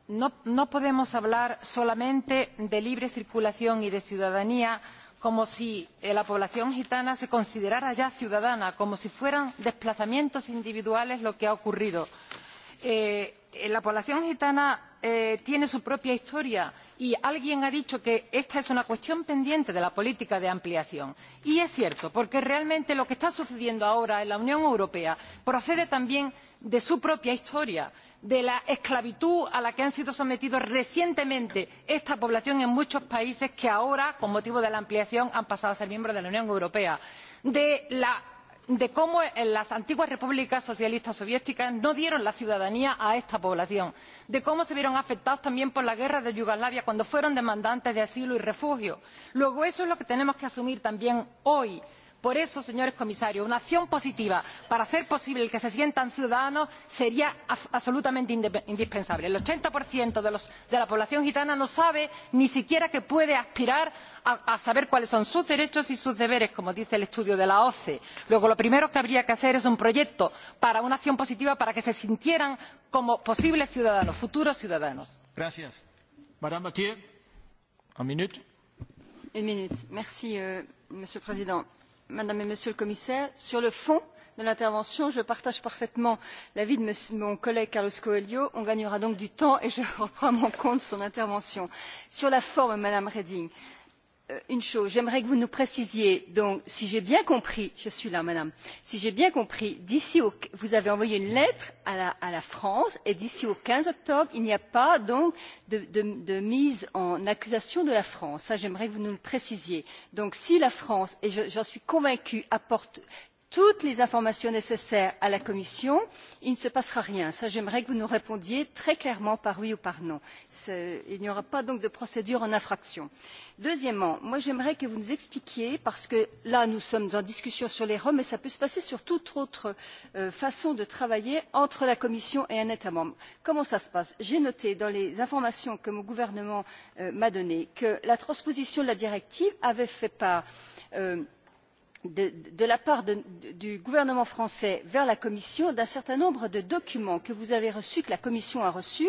no, no podemos hablar solamente de libre circulación y de ciudadanía como si eh, la población gitana se considerara ya ciudadana como si fueran desplazamientos individuales lo que ha ocurrido. Eh, eh, la población gitana eh, tiene su propia historia y alguien ha dicho que esta es una cuestión pendiente de la política de ampliación y es cierto porque realmente lo que está sucediendo ahora en la unión europea procede también de su propia historia de la esclavitud a la que ha sido sometida recientemente esta población en muchos países que ahora con motivo de la ampliación han pasado a ser miembros de la unión europea de la de cómo en las antiguas repúblicas socialistas soviéticas no dieron la ciudadanía a esta población de cómo se vieron afectados también por la guerra de yugoslavia cuando fueron demandantes de asilo y refugio. luego eso es lo que tenemos que asumir también hoy por eso señores comisarios una acción positiva para hacer posible que se sientan ciudadanos sería absolutamente indispensable. el ochenta de la población gitana no sabe ni siquiera que puede aspirar a saber cuáles son sus derechos y sus deberes como dice el estudio de la osce. luego lo primero que habría que hacer es un proyecto para una acción positiva para que se sintieran como posibles ciudadanos futuros ciudadanos. Gracias. Madame Mathieu, une minute. Une minute. Merci, euh, Monsieur le Président madame et monsieur le commissaire sur le fond de l'intervention je partage parfaitement l'avis de mon collègue carlos coelho on gagnera donc du temps et je reprends à mon compte son intervention. sur la forme madame reding Euh, une chose j'aimerais que vous nous précisiez donc si j'ai bien compris je suis là madame si j'ai bien compris au, vous avez envoyé une lettre à la, à la france et d'ici au quinze octobre il n'y a pas donc de, de, de mise en accusation de la france. j'aimerais que vous nous le précisiez. donc si la france et j'en suis convaincue apporte toutes les informations nécessaires à la commission il ne se passera rien. j'aimerais que vous nous répondiez très clairement par oui ou par non. il n'y aura pas donc de procédure en infraction. deuxièmement j'aimerais que vous nous expliquiez parce que là nous sommes en discussion sur les roms mais cela peut se passer sur toute autre euh, façon de travailler entre la commission et un état membre comment cela se passe? j'ai noté dans les informations que mon gouvernement euh, m'a données que la transposition de la directive avait fait part euh, de, de la part de, du gouvernement français vers la commission d'un certain nombre de documents que vous avez reçus que la commission a reçus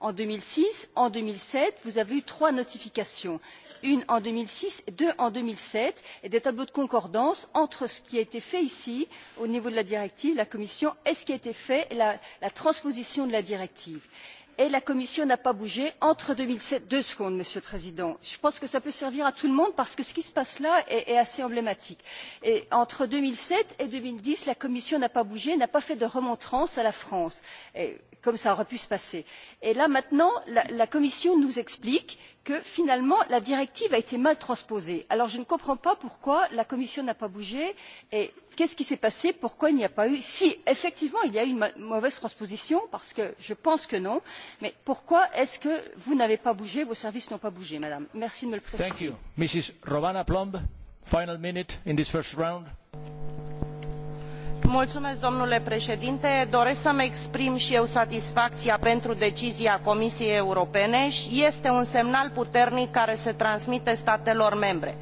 en deux mille six en deux mille sept vous avez eu trois notifications une en deux mille six deux en deux mille sept et des tableaux de concordance entre ce qui a été fait ici au niveau de la directive la commission et ce qui a été fait la, la transposition de la directive. il et la commission n'a pas bougé entre deux mille sept deux secondes monsieur le président je pense que cela peut servir à tout le monde parce que ce qui se passe là est, est assez emblématique et entre deux mille sept et deux mille dix la commission n'a pas bougé n'a pas fait de remontrances à la france et comme cela aurait pu se passer. et là maintenant la, la commission nous explique que finalement la directive a été mal transposée. alors je ne comprends pas pourquoi la commission n'a pas bougé et qu'est ce qui s'est passé pourquoi il n'y a pas eu si effectivement il y a eu une mauvaise transposition parce que je pense que non mais pourquoi est ce que vous n'avez pas bougé vos services n'ont pas bougé madame? merci de me le préciser doresc să mi exprim i eu satisfacia pentru decizia comisiei europene este un semnal puternic care se transmite statelor membre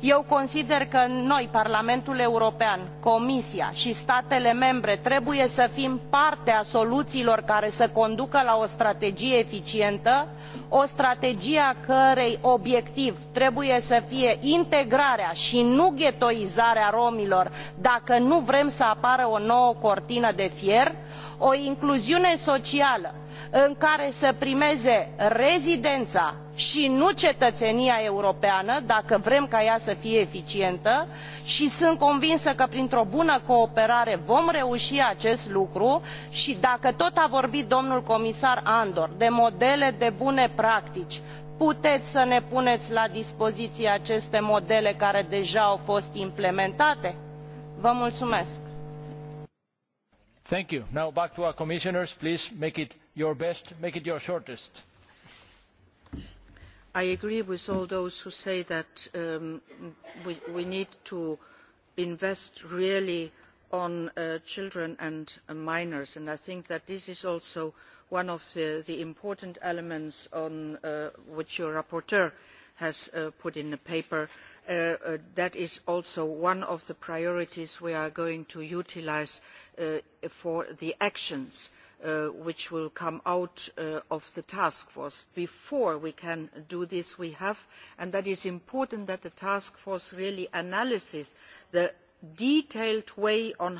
eu consider că noi parlamentul european comisia i statele membre trebuie să fim parte a soluiilor care să conducă la o strategie eficientă o strategie a cărei obiectiv trebuie să fie integrarea i nu ghetoizarea romilor dacă nu vrem să apară o nouă cortină de fier i o incluziune socială în care să primeze rezidena i nu cetăenia europeană dacă vrem ca ea să fie eficientă i sunt convinsă că printr o bună cooperare vom reui acest lucru i dacă tot a vorbit domnul comisar andor de modele de bune practici putei să ne punei la dispoziie aceste modele care deja au fost implementate? vă mulumesc. Thank you. Now back to our commissioners. Please make it your best, make it your shortest. I agree with all those who say that um, we, we need to invest really on uh, children and uh, minors, and I think that this is also one of the, the important elements on uh, which your rapporteur has uh, put in the paper. Uh, uh, that is also one of the priorities we are going to utilize uh, Uh, for the actions uh, which will come out uh, of the task force. before we can do this we have and it is important that the task force really analyses the detailed way in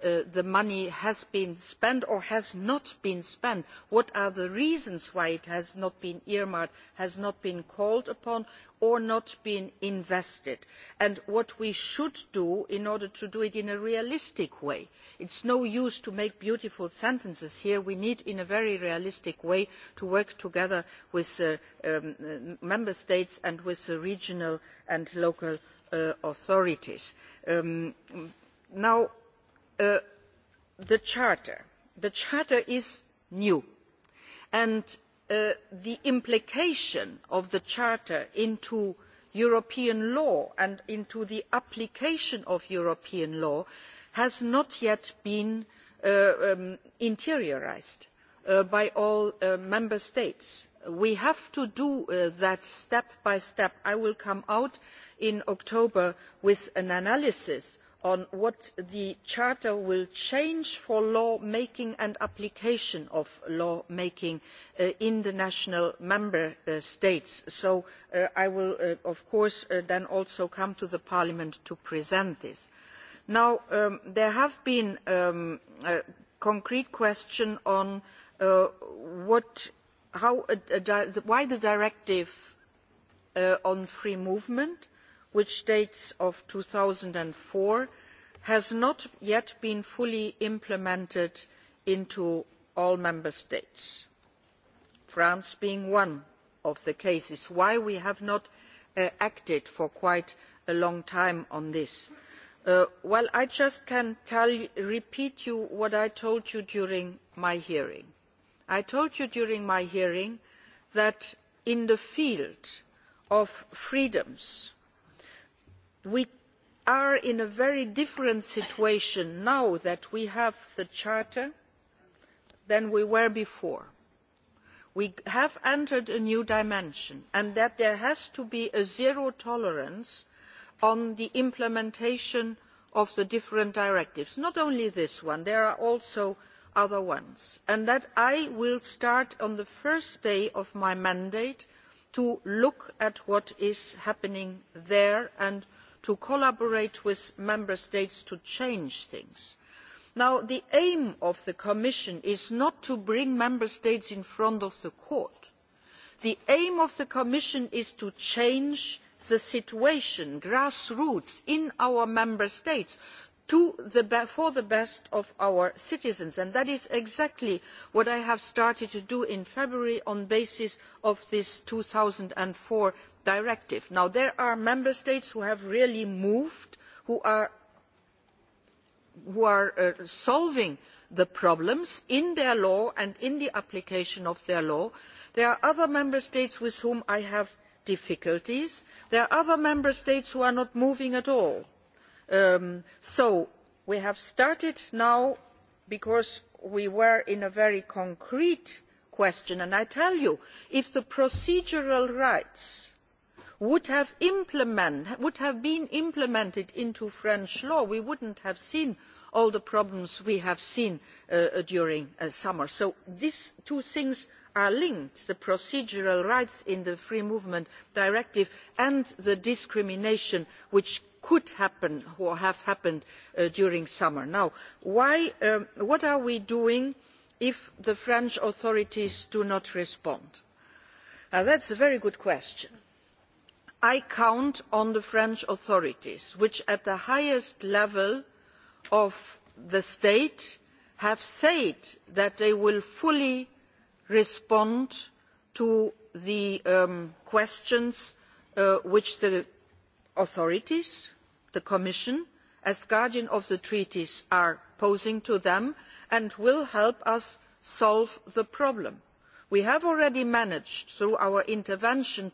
Uh, the money has been spent or has not been spent what are the reasons why it has not been earmarked has not been called upon or not been invested and what we should do in order to do it in a realistic way. it is no use to make beautiful sentences here we need in a very realistic way to work together with uh, um, uh, member states and with the regional and local uh, authorities. Um, now Uh, the charter the charter is new and uh, the implication of the charter into european law and into the application of european law has not yet been uh, um, interiorised uh, by all uh, member states. we have to do uh, that step by step. i will come out in october with an analysis on what the charter will change for law making and application of law making uh, in the national member uh, states so uh, i will uh, of course uh, then also come to parliament to present this. Now, um, there have been um, concrete questions on uh, what, how, why the directive on free movement which dates back to two thousand and four has not yet been fully implemented in all member states france being one of the cases. this is why we have not uh, acted for quite a long time on this. Uh, well i can just repeat what i told you during my hearing. i told you during my hearing that in the field of freedoms we are in a very different situation now that we have the charter than we were before. we have entered a new dimension and that there has to be zero tolerance on the implementation of the different directives not only this one there are also other ones and that i will start on the first day of my mandate to look at what is happening there and to collaborate with member states to change things. Now, the aim of the commission is not to bring member states in front of the court. the aim of the commission is to change the situation grassroots in our member states the, for the best of our citizens and that is exactly what i started to do in february on the basis of this two thousand and four directive. Now, there are member states who have really moved who are, who are uh, solving the problems in their law and in the application of their law. there are other member states with whom i have difficulties. there are other member states who are not moving at all. Um, so we have started now because we were in a very concrete question and i tell you if the procedural rights would have, would have been implemented into french law we would not have seen all the problems we have seen uh, uh during the uh, summer. so these two things are linked the procedural rights in the free movement directive and the discrimination which could happen or has happened uh, during the summer. now why, um, what are we doing if the french authorities do not respond? that is a very good question i count on the french authorities which at the highest level of the state have said that they will fully respond to the um, questions uh, which the authorities the commission as guardian of the treaties are posing to them and will help us solve the problem. we have already managed through our intervention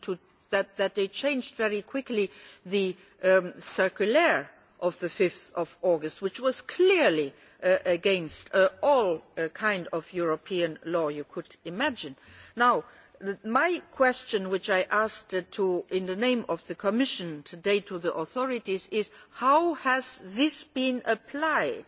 that, that they changed very quickly the um, circular of five august which was clearly uh, against uh, all uh, kinds of european law you could imagine. now the, my question which i asked uh, to, in the name of the commission today to the authorities is how has this been applied?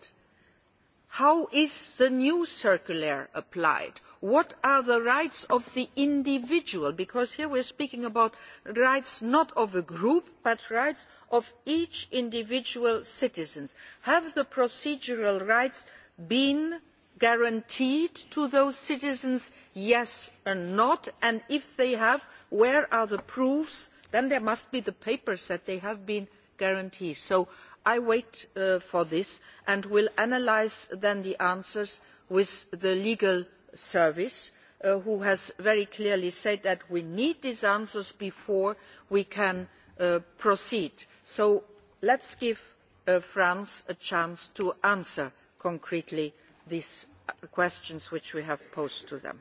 how is the new circular applied? what are the rights of the individual because here we are speaking about rights not of a group but rights of each individual citizen. have the procedural rights been guaranteed to those citizens yes or no and if they have where are the proofs? then there must be the papers that they have been guaranteed. so i wait uh, for this and will analyse then the answers with the legal service uh, who has very clearly said that we need these answers before we can uh, proceed so let us give uh, france a chance to answer concretely these questions which we have posed to them.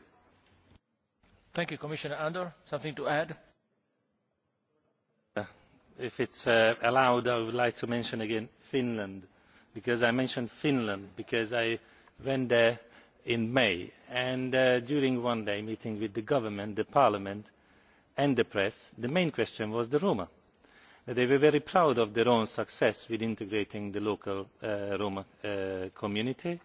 thank you commissioner andor something to add? Uh, if it is uh, allowed i would like to mention again finland because i mentioned finland because i went there in may and uh, during one day meeting with the government the parliament and the press the main question was the roma. they were very proud of their own success with integrating the local uh, roma uh, community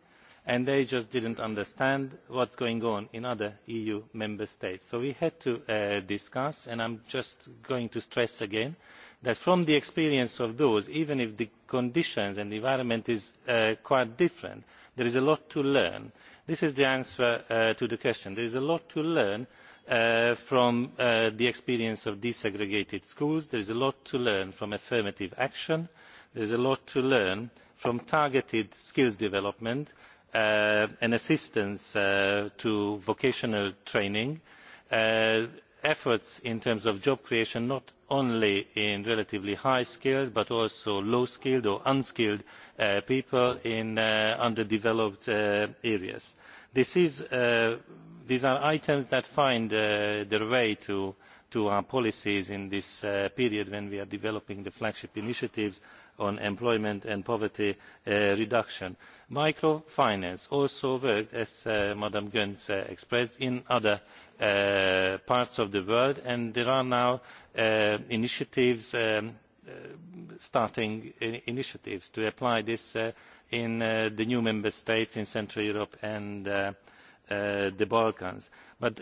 and they just did not understand what is going on in other eu member states. so we had to uh, discuss and i am just going to stress again that from the experience of those even if the conditions and the environment are uh, quite different there is a lot to learn this is the answer uh, to the question. there is a lot to learn uh, from uh, the experience of desegregated schools there is a lot to learn from affirmative action there is a lot to learn from targeted skills development uh, and assistance uh, to vocational training uh, efforts in terms of job creation not only in relatively high skilled but also low skilled or unskilled people in underdeveloped areas Is, uh, these are items that find uh, their way to, to our policies in this uh, period when we are developing the flagship initiatives on employment and poverty reduction. microfinance also worked as ms göncz expressed in other parts of the world and there are now initiatives um, starting initiatives to apply this in uh, the new member states in central europe and uh, uh, the balkans. but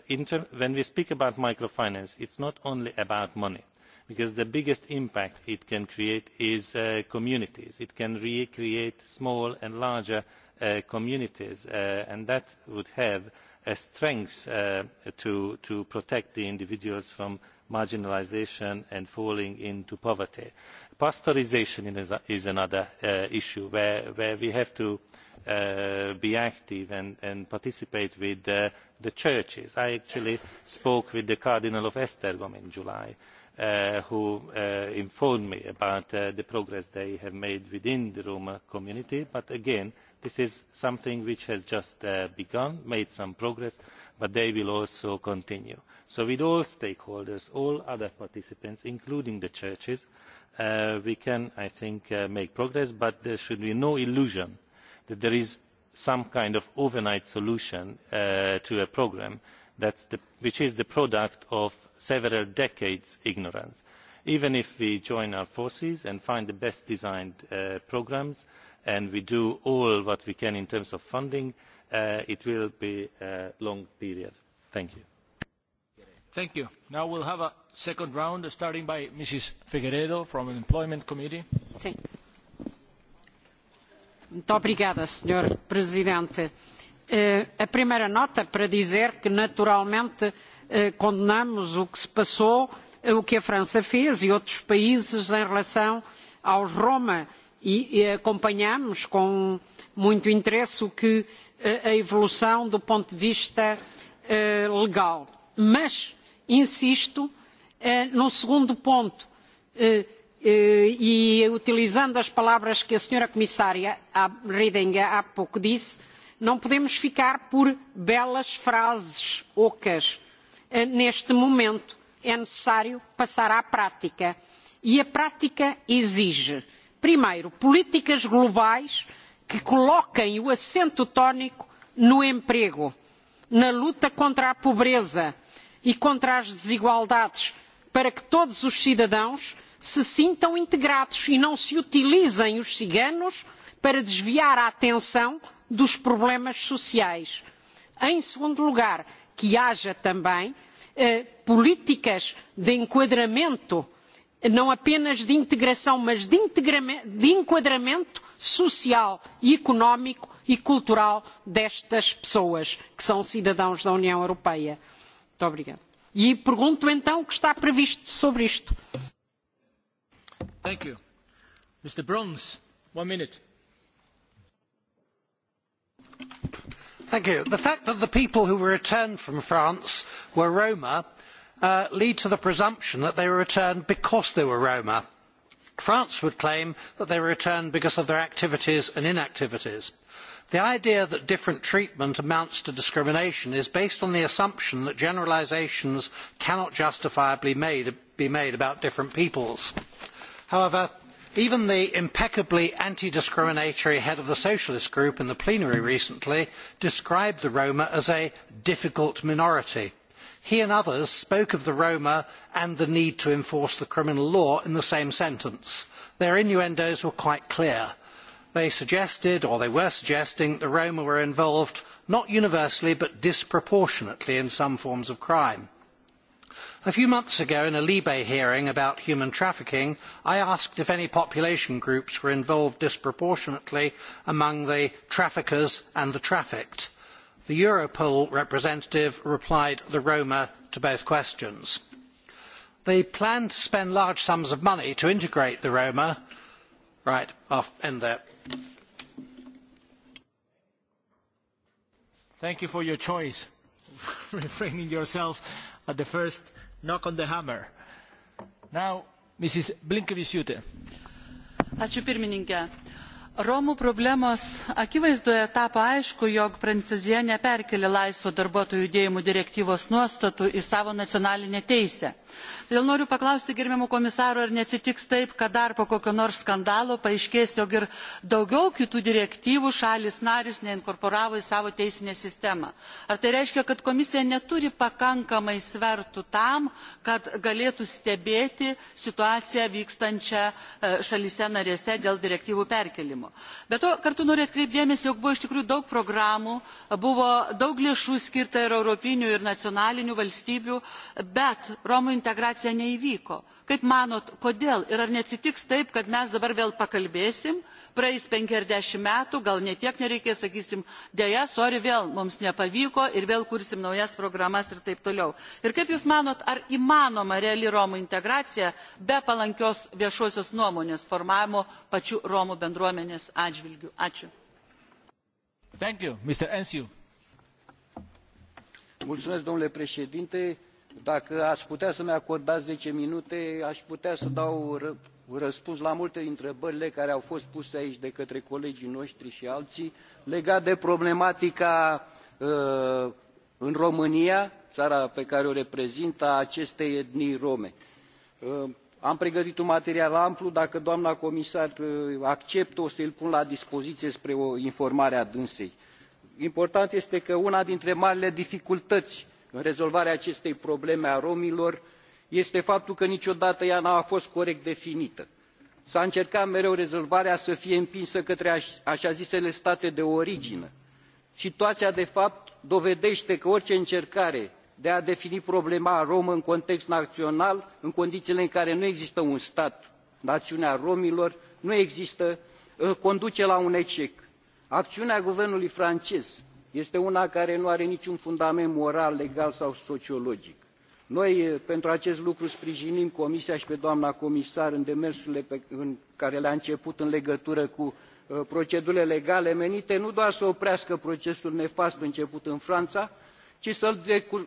when we speak about microfinance it is not only about money because the biggest impact it can create is uh, communities. it can recreate small and larger uh, communities uh, and that would have a strength to, to protect the individuals from marginalisation and falling into poverty. pastorisation is, is another uh, issue where, where we have to uh, be active and, and participate with uh, the churches. i actually spoke with the cardinal of esztergom in july uh, who uh, informed me about uh, the progress they have made within the roma community but again this is something which has just uh, begun made some progress but they will also continue. so with all stakeholders all other participants including the churches uh, we can i think uh, make progress but there should be no illusion that there is some kind of overnight solution uh, to a problem the, which is the product of several decades' ignorance. even if we join our forces and find the best designed uh, programmes and we do all that we can in terms of funding uh, it will be a long period. thank you. thank you. now we will have a second round starting by mrs figueiredo from the employment committee. Sim. Muito obrigada, Sr. Presidente. Eh, a primeira nota para dizer que, naturalmente, eh, condenamos o que se passou, o que a França fez e outros países em relação aos Roma e, e acompanhamos com muito interesse o que eh, a evolução do ponto de vista eh, legal. Mas insisto eh, no segundo ponto eh, eh e utilizando as palavras que a senhora comissária Reding há pouco disse, não podemos ficar por belas frases ocas. Eh, neste momento é necessário passar à prática e a prática exige uh, primeiro políticas globais que coloquem o acento tónico no emprego na luta contra a pobreza e contra as desigualdades para que todos os cidadãos se sintam integrados e não se utilizem os ciganos para desviar a atenção dos problemas sociais. Em segundo lugar, que haja também eh, políticas de enquadramento eh, não apenas de integração, mas de, de enquadramento social, económico e cultural destas pessoas que são cidadãos da União Europeia. Muito obrigada. E pergunto então o que está previsto sobre isto. Thank you. Mr. Bruns, one minute. Thank you. The fact that the people who were returned from France were Roma uh, lead to the presumption that they were returned because they were Roma. France would claim that they were returned because of their activities and inactivities. The idea that different treatment amounts to discrimination is based on the assumption that generalisations cannot justifiably made, be made about different peoples. However, even the impeccably anti-discriminatory head of the socialist group in the plenary recently described the Roma as a difficult minority he and others spoke of the roma and the need to enforce the criminal law in the same sentence. their innuendos were quite clear. they suggested or they were suggesting that the roma were involved not universally but disproportionately in some forms of crime. a few months ago in a libe hearing about human trafficking i asked if any population groups were involved disproportionately among the traffickers and the trafficked. The Europol representative replied the Roma to both questions. They plan to spend large sums of money to integrate the Roma. Right, I'll end there. Thank you for your choice, refraining yourself at the first knock on the hammer. Now, Mrs. Blinkevičiūtė. Ačiū pirmininkė romų problemos akivaizdoje tapo aišku jog prancūzija neperkėlė laisvo darbuotojų judėjimo direktyvos nuostatų į savo nacionalinę teisę. todėl noriu paklausti gerbiamo komisaro ar neatsitiks taip kad dar po kokio nors skandalo paaiškės jog ir daugiau kitų direktyvų šalys narės neinkorporavo į savo teisinę sistemą. ar tai reiškia kad komisija neturi pakankamai svertų tam kad galėtų stebėti situaciją vykstančią e, šalyse narėse dėl direktyvų perkėlimo? sprendimų. Be to, kartu noriu atkreipdėmės, jog buvo iš tikrųjų daug programų, buvo daug lėšų skirta ir europinių, ir nacionalinių valstybių, bet Romų integracija neįvyko. Kaip manot, kodėl ir ar neatsitiks taip, kad mes dabar vėl pakalbėsim, praeis 50 metų, gal netiek nereikės, sakysim, dėja, sorry, vėl mums nepavyko ir vėl kursim naujas programas ir taip toliau. Ir kaip Jūs manot, ar įmanoma reali Romų integracija be palankios viešosios nuomonės formavimo pačių Romų bendruomenės? visuomenės atžvilgių. Ačiū. Thank you, Mr. Ensiu. Mulțumesc, domnule președinte. Dacă ați putea să-mi acordați 10 minute, aș putea să dau ră răspuns la multe întrebările care au fost puse aici de către colegii noștri și alții legat de problematica uh, în România, țara pe care o reprezint, a acestei etnii rome. Uh, am pregătit un material amplu dacă doamna comisar uh, acceptă o să îl pun la dispoziție spre informarea dânsei. important este că una dintre marile dificultăți în rezolvarea acestei probleme a romilor este faptul că niciodată ea nu a fost corect definită. s a încercat mereu rezolvarea să fie împinsă către așa zisele state de origine. situația de fapt dovedește că orice încercare de a defini problema romă în context național în condițiile în care nu există un stat națiunea romilor nu există conduce la un eșec. acțiunea guvernului francez este una care nu are niciun fundament moral legal sau sociologic. noi pentru acest lucru sprijinim comisia și pe doamna comisar în demersurile pe care le a început în legătură cu procedurile legale menite nu doar să oprească procesul nefast început în franța ci să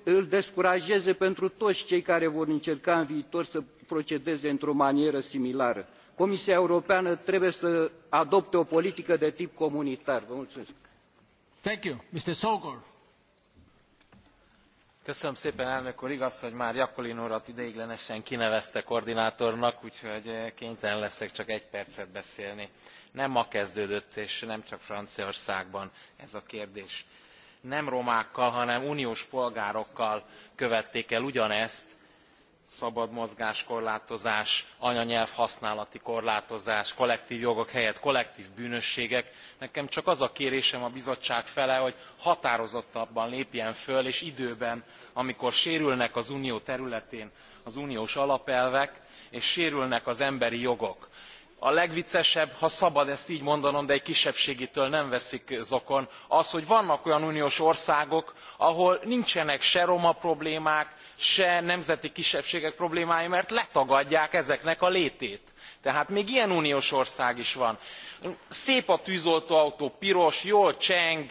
îl descurajeze pentru toi cei care vor încerca în viitor să procedeze într o manieră similară. comisia europeană trebuie să adopte o politică de tip comunitar. Vă mulțumesc. Thank you. Mr. Sogor. Köszönöm szépen, elnök úr! Igaz, hogy már Jakolin urat ideiglenesen kinevezte koordinátornak, úgyhogy kénytelen leszek csak egy percet beszélni. Nem ma kezdődött, és nem csak Franciaországban ez a kérdés nem romákkal hanem uniós polgárokkal követték el ugyanezt szabad mozgás korlátozás anyanyelvhasználati korlátozás kollektv jogok helyett kollektv bűnösségek. nekem csak az a kérésem a bizottság felé hogy határozottabban lépjen föl és időben amikor sérülnek az unió területén az uniós alapelvek és sérülnek az emberi jogok a legviccesebb ha szabad ezt gy mondanom de egy kisebbségitől nem veszik zokon az hogy vannak olyan uniós országok ahol nincsenek se roma problémák se nemzeti kisebbségek problémái mert letagadják ezeknek a létét tehát még ilyen uniós ország is van. szép a tűzoltóautó piros jól cseng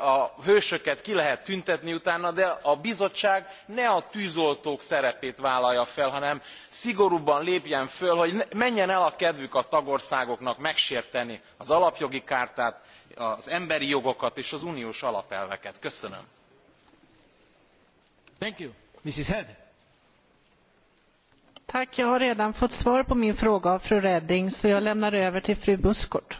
a hősöket ki lehet tüntetni utána de a bizottság ne a tűzoltók szerepét vállalja fel hanem szigorúbban lépjen föl hogy menjen el a kedvük a tagországoknak megsérteni az alapjogi chartát az emberi jogokat és az uniós alapelveket. köszönöm. Tack. Jag har redan fått svar på min fråga av fru Redding, så jag lämnar över till fru Buskort.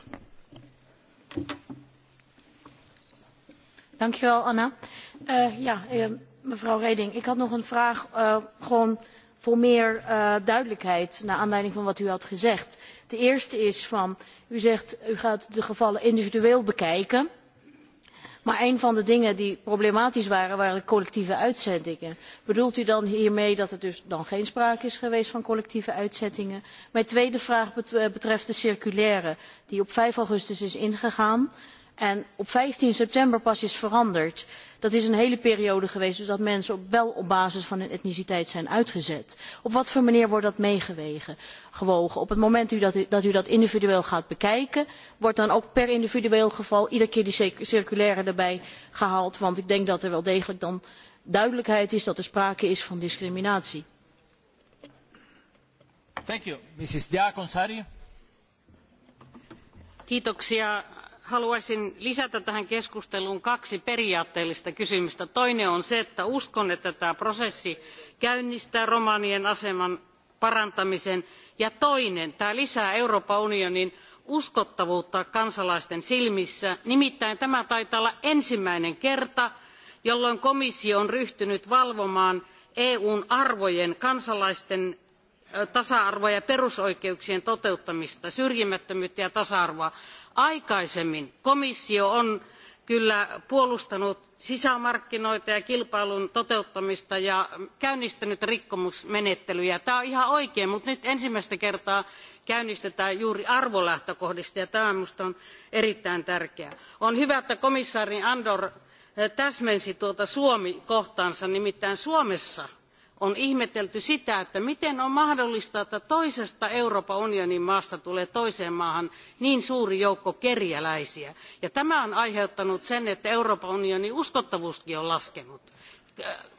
Dank u wel, Anna. Uh, ja, uh, mevrouw Reding, ik had nog een vraag uh, gewoon voor meer uh, duidelijkheid naar aanleiding van wat u had gezegd. De eerste is van, u zegt u gaat de gevallen individueel bekijken maar een van de dingen die problematisch waren waren collectieve uitzettingen. bedoelt u dan hiermee dat er dus dan geen sprake is geweest van collectieve uitzettingen? mijn tweede vraag eh, betreft de circulaire die op vijf augustus is ingegaan en op vijftien september pas is veranderd dat is een hele periode geweest dus dat mensen op, wel op basis van hun etniciteit zijn uitgezet. Op wat voor manier wordt dat meegewogen? Op het moment u dat, u, dat u dat individueel gaat bekijken, wordt dan ook per individueel geval iedere keer die circulaire erbij gehaald. Want ik denk dat er wel degelijk dan duidelijkheid is dat er sprake is van discriminatie. Thank you. Mrs. Diakon-Sari. Kiitoksia haluaisin lisätä tähän keskusteluun kaksi periaatteellista kysymystä. toinen on se että uskon että tämä prosessi käynnistää romanien aseman parantamisen ja toinen tämä lisää euroopan unionin uskottavuutta kansalaisten silmissä. nimittäin tämä taitaa olla ensimmäinen kerta jolloin komissio on ryhtynyt valvomaan eun arvojen kansalaisten tasa arvoa ja perusoikeuksien toteuttamista syrjimättömyyttä ja tasa arvoa. aikaisemmin komissio on kyllä puolustanut sisämarkkinoita ja kilpailun toteuttamista ja käynnistänyt rikkomusmenettelyjä. tämä on ihan oikein mutta nyt ensimmäistä kertaa käynnistetään juuri arvolähtökohdista ja tämä minusta on erittäin tärkeää. on hyvä että komissaari andor täsmensi tuota suomi kohtaansa nimittäin suomessa on ihmetelty sitä, että miten on mahdollista, että toisesta Euroopan unionin maasta tulee toiseen maahan niin suuri joukko kerjäläisiä. Ja tämä on aiheuttanut sen, että Euroopan unionin uskottavuuskin on laskenut.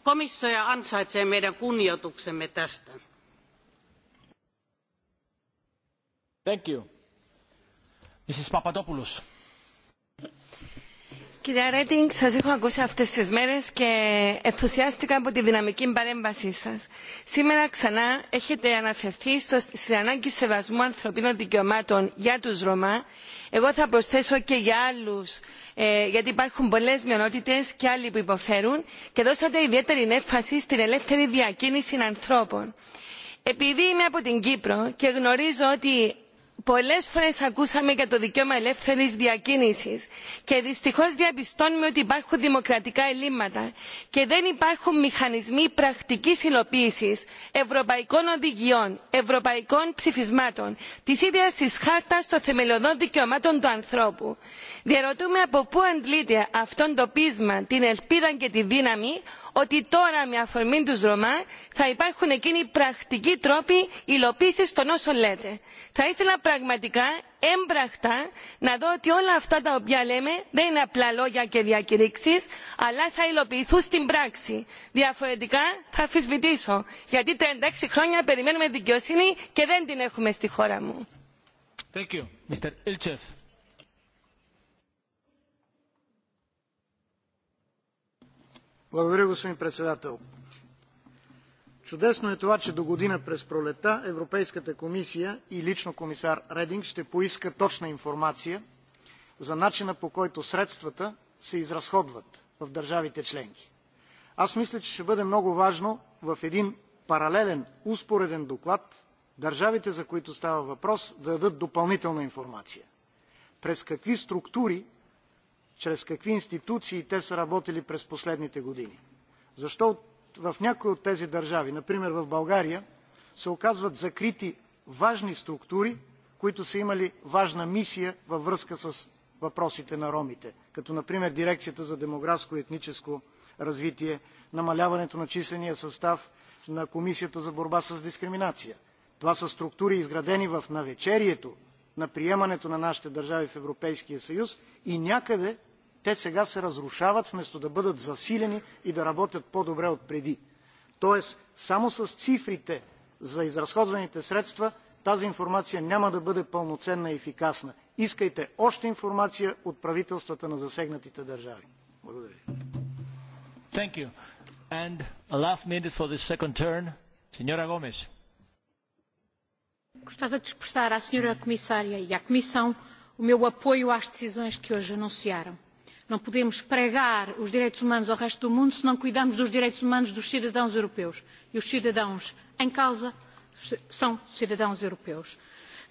Komissaja ansaitsee meidän kunnioituksemme tästä. Thank you. Mrs. Papadopoulos. Κυρία Ρέτινγκ, σας έχω ακούσει αυτές τις μέρες και ενθουσιάστηκα από τη δυναμική παρέμβασή σας. Σήμερα ξανά έχετε αναφερθεί στο, στην ανάγκη σεβασμού ανθρωπίνων δικαιωμάτων για τους Ρωμά. Εγώ θα προσθέσω και για άλλους, ε, γιατί υπάρχουν πολλές μειονότητες και άλλοι που υποφέρουν και δώσατε ιδιαίτερη έμφαση στην ελεύθερη διακίνηση ανθρώπων. Επειδή είμαι από την Κύπρο και γνωρίζω ότι πολλές φορές ακούσαμε για το δικαίωμα ελεύθερης διακίνησης και δυστυχώς διαπιστώνουμε ότι υπάρχουν δημοκρατικά ελλείμματα και δεν υπάρχουν μηχανισμοί πρακτικής υλοποίησης ευρωπαϊκών οδηγιών, ευρωπαϊκών ψηφισμάτων, της ίδιας της χάρτας των θεμελιωδών δικαιωμάτων του ανθρώπου διαρωτούμε από πού αντλείται αυτό το πείσμα την ελπίδα και τη δύναμη ότι τώρα με αφορμή τους ρωμά θα υπάρχουν εκείνοι πρακτικοί τρόποι υλοποίησης των όσων λέτε. θα ήθελα πραγματικά έμπρακτα να δω ότι όλα αυτά τα οποία λέμε δεν είναι απλά λόγια και διακηρύξεις αλλά θα υλοποιηθούν στην πράξη. διαφορετικά θα αμφισβητήσω γιατί 36 χρόνια περιμένουμε δικαιοσύνη και δεν την έχουμε στη χώρα μου. Thank you. Mr. Ilchev. Благодаря, господин председател. Чудесно е това, че до година през пролета Европейската комисия и лично комисар Рединг ще поиска точна информация за начина по който средствата се изразходват в държавите членки. Аз мисля, че ще бъде много важно в един паралелен, успореден доклад държавите, за които става въпрос, да дадат допълнителна информация. През какви структури чрез какви институции те са работили през последните години. Защо в някои от тези държави, например в България, се оказват закрити важни структури, които са имали важна мисия във връзка с въпросите на ромите, като например Дирекцията за демографско и етническо развитие, намаляването на числения състав на Комисията за борба с дискриминация. Това са структури, изградени в навечерието на приемането на нашите държави в Европейския съюз и някъде те сега се разрушават, вместо да бъдат засилени и да работят по-добре от преди. Тоест, само с цифрите за изразходваните средства тази информация няма да бъде пълноценна и ефикасна. Искайте още информация от правителствата на засегнатите държави. Благодаря. Thank you. And a last minute for the second turn, Senhora Gomes. Gostava de expressar à Senhora Comissária e à Comissão o meu apoio às decisões que hoje anunciaram Não podemos pregar os direitos humanos ao resto do mundo se não cuidarmos dos direitos humanos dos cidadãos europeus. E os cidadãos em causa são cidadãos europeus.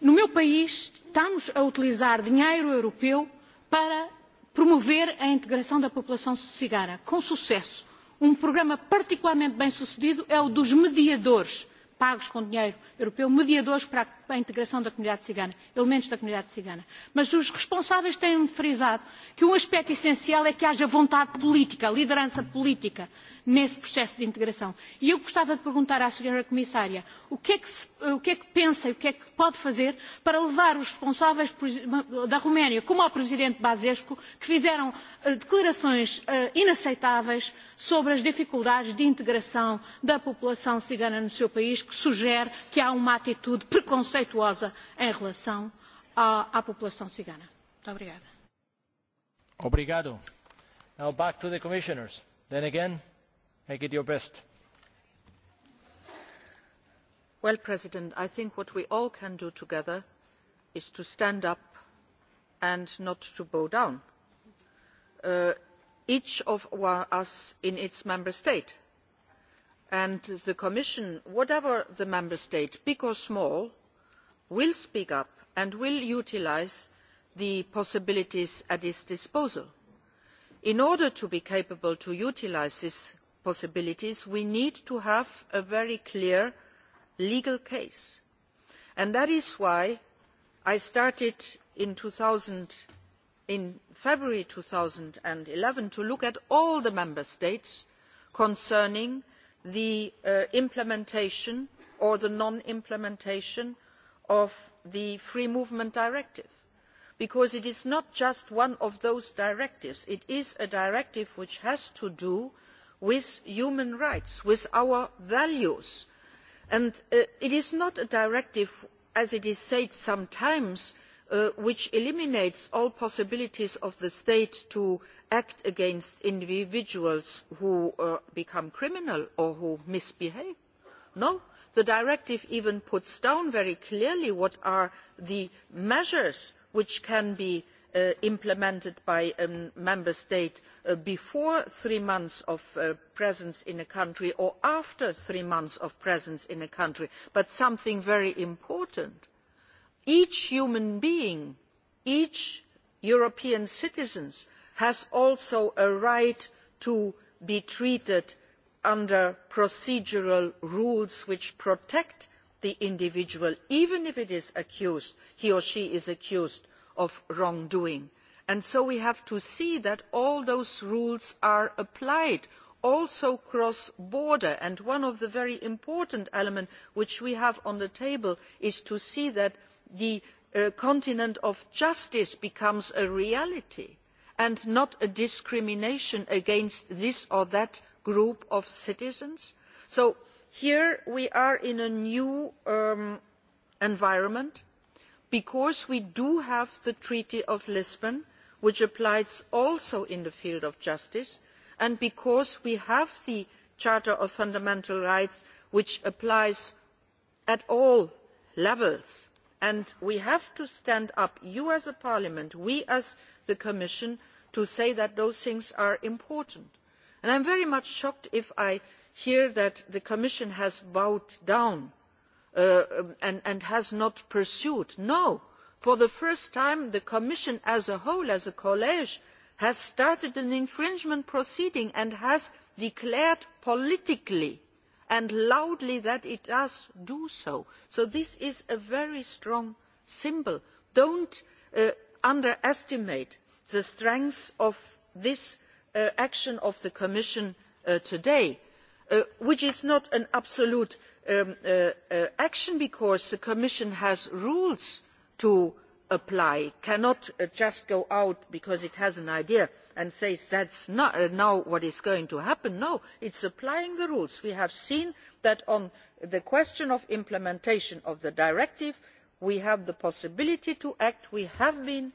No meu país, estamos a utilizar dinheiro europeu para promover a integração da população cigana, com sucesso. Um programa particularmente bem sucedido é o dos mediadores, pagos com dinheiro europeu, mediadores para a para a integração da comunidade cigana, elementos da comunidade cigana. Mas os responsáveis têm frisado que um aspecto essencial é que haja vontade política, liderança política nesse processo de integração. E eu gostava de perguntar à Sra. Comissária o que, é que se, o que é que pensa e o que é que pode fazer para levar os responsáveis da Roménia, como ao Presidente Basescu, que fizeram uh, declarações uh, inaceitáveis sobre as dificuldades de integração da população cigana no seu país, que sugere que há uma atitude preconceituosa preconceituosa em relação à, à população cigana. Muito obrigada. Obrigado. Now back to the commissioners. Then again, make it your best. Well, President, I think what we all can do together is to stand up and not to bow down. Uh, each of us in its member state and the commission whatever the member state big or small will speak up and will utilise the possibilities at its disposal. in order to be capable of utilising these possibilities we need to have a very clear legal case and that is why i started in, 2000, in february two thousand and eleven to look at all the member states concerning the uh, implementation or the non implementation of the free movement directive because it is not just one of those directives it is a directive which has to do with human rights with our values and uh, it is not a directive as is said sometimes uh, which eliminates all possibilities for the state to act against individuals who uh, become criminals or who misbehave no the directive even puts down very clearly what are the measures which can be uh, implemented by a um, member state uh, before three months of uh, presence in a country or after three months of presence in a country but something very important each human being each european citizen has also a right to be treated under procedural rules which protect the individual even if he or she is accused of wrongdoing and so we have to see that all those rules are applied also cross border and one of the very important elements which we have on the table is to see that the uh, continent of justice becomes a reality and not a discrimination against this or that group of citizens. so here we are in a new um, environment because we do have the treaty of lisbon which applies also in the field of justice and because we have the charter of fundamental rights which applies at all levels and we have to stand up you as a parliament we as the commission to say that those things are important i am very much shocked if i hear that the commission has bowed down uh, um, and, and has not pursued. no for the first time the commission as a whole as a college has started an infringement proceeding and has declared politically and loudly that it does do so. so this is a very strong symbol. do not uh, underestimate the strength of this uh, action of the commission uh, today uh, which is not an absolute um, uh, uh, action because the commission has rules to apply it cannot just go out because it has an idea and say that is now what is going to happen. no it is applying the rules. we have seen that on the question of implementation of the directive we have the possibility to act we have been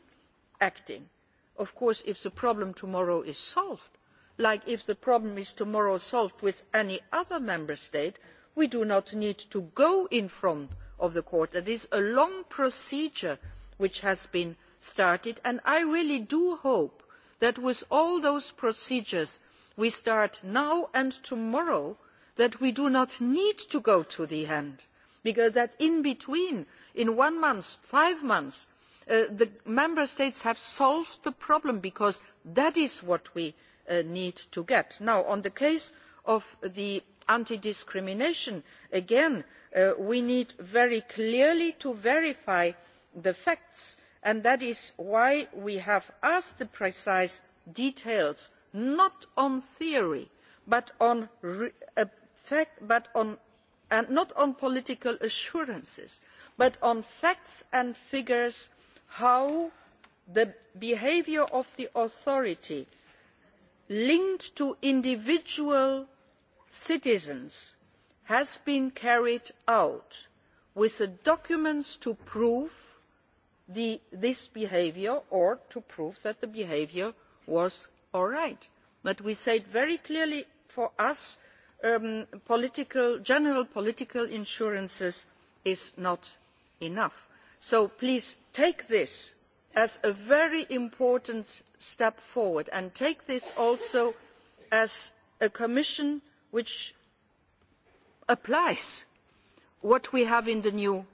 acting of course if the problem tomorrow is solved like if the problem is tomorrow solved with any other member state we do not need to go in front of the court. that is a long procedure which has been started and i really do hope that with all those procedures we start now and tomorrow that we do not need to go to the end because in between in one month five months Uh, the member states have solved the problem because that is what we uh, need to get. now on the case of the anti discrimination again uh, we need very clearly to verify the facts and that is why we have asked for precise details not on theory but on, uh, fact, but on not on political assurances but on facts and figures how the behaviour of the authority linked to individual citizens has been carried out with the documents to prove the, this behaviour or to prove that the behaviour was all right. but we said very clearly for us um, political, general political insurance is not enough so please take this as a very important step forward and take this also as a commission which applies what we have in the new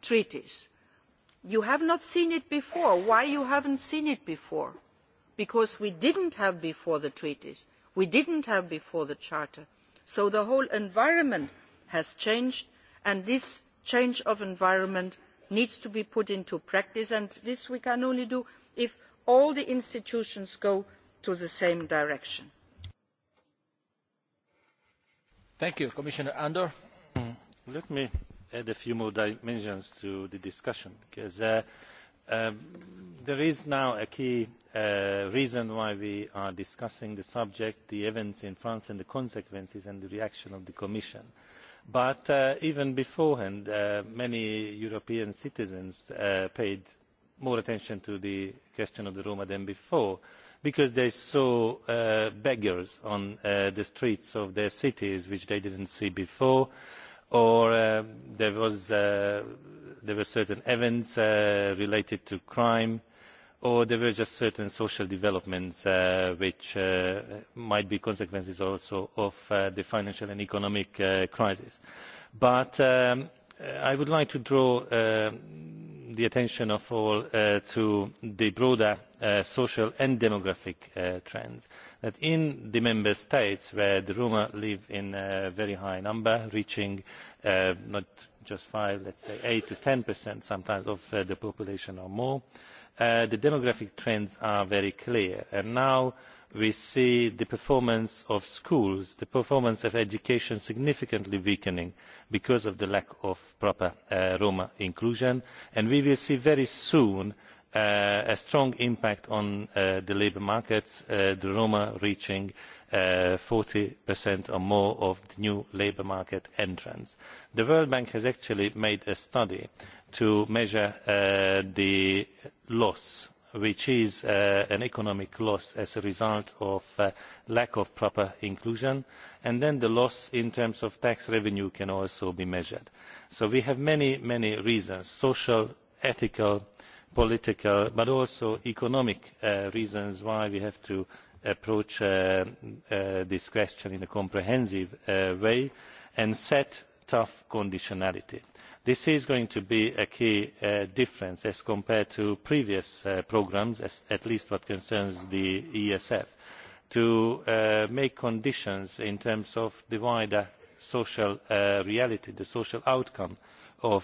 treaties. you have not seen it before. why have you not seen it before? because we did not have before the treaties we did not have before the charter so the whole environment has changed and this change of environment needs to be put into practice and this we can only do if all the institutions go in the same direction. thank you commissioner andor. Hmm. let me add a few more dimensions to the discussion because uh, um, there is now a key uh, reason why we are discussing the subject the events in france and the consequences and the reaction of the commission. Uh, but uh, even beforehand uh, many european citizens uh, paid more attention to the question of the roma than before because they saw uh, beggars on uh, the streets of their cities which they did not see before or uh, there, was, there were certain events related to crime or there were just certain social developments uh, which uh, might be consequences also of uh, the financial and economic uh, crisis. but um, i would like to draw um, the attention of all uh, to the broader uh, social and demographic trends that in the member states where the roma live in a very high number reaching not just five let us say eight to ten sometimes of the population or more Uh, the demographic trends are very clear and now we see the performance of schools the performance of education significantly weakening because of the lack of proper uh, roma inclusion and we will see very soon uh, a strong impact on uh, the labour markets uh, the roma reaching uh, forty or more of the new labour market entrants. the world bank has actually made a study to measure uh, the loss which is uh, an economic loss as a result of uh, lack of proper inclusion and then the loss in terms of tax revenue can also be measured. so we have many many reasons social ethical political but also economic reasons why we have to approach this question in a comprehensive way and set tough conditionality this is going to be a key uh, difference as compared to previous uh, programmes at least as concerns the esf to uh, make conditions in terms of the wider social reality the social outcome of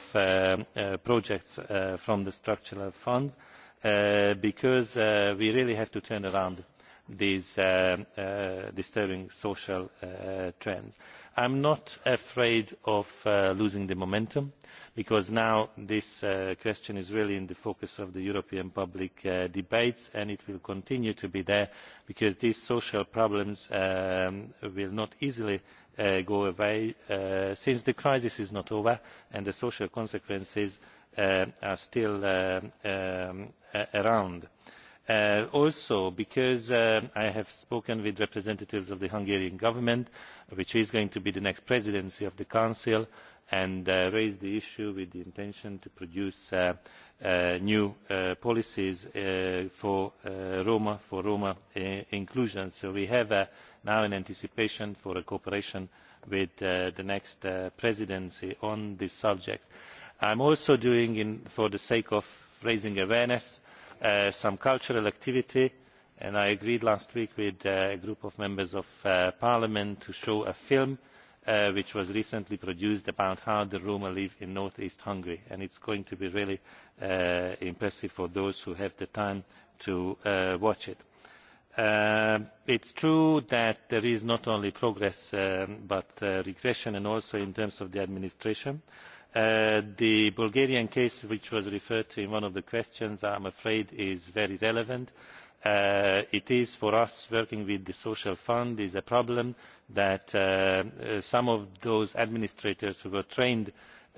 projects from the structural funds because we really have to turn around these uh, uh, disturbing social uh, trends. i am not afraid of losing momentum because now this question is really in the focus of the european public debates and it will continue to be there because these social problems um, will not easily go away since the crisis is not over and the social consequences are still um, um, around Uh, also because uh, i have spoken with representatives of the hungarian government which is going to be the next presidency of the council and uh, raised the issue with the intention to produce uh, uh, new uh, policies for roma, for roma inclusion so we have now an anticipation for cooperation with the next presidency on this subject. i am also doing in, for the sake of raising awareness uh, some cultural activity and i agreed last week with uh, a group of members of uh, parliament to show a film uh, which was recently produced about how the roma live in north east hungary and it is going to be really impressive for those who have the time to watch it. Uh, it is true that there is not only progress uh, but uh, regression and also in terms of the administration. Uh, the bulgarian case which was referred to in one of the questions i am afraid is very relevant. Uh, it is for us working with the social fund a problem that uh, uh, some of those administrators who were trained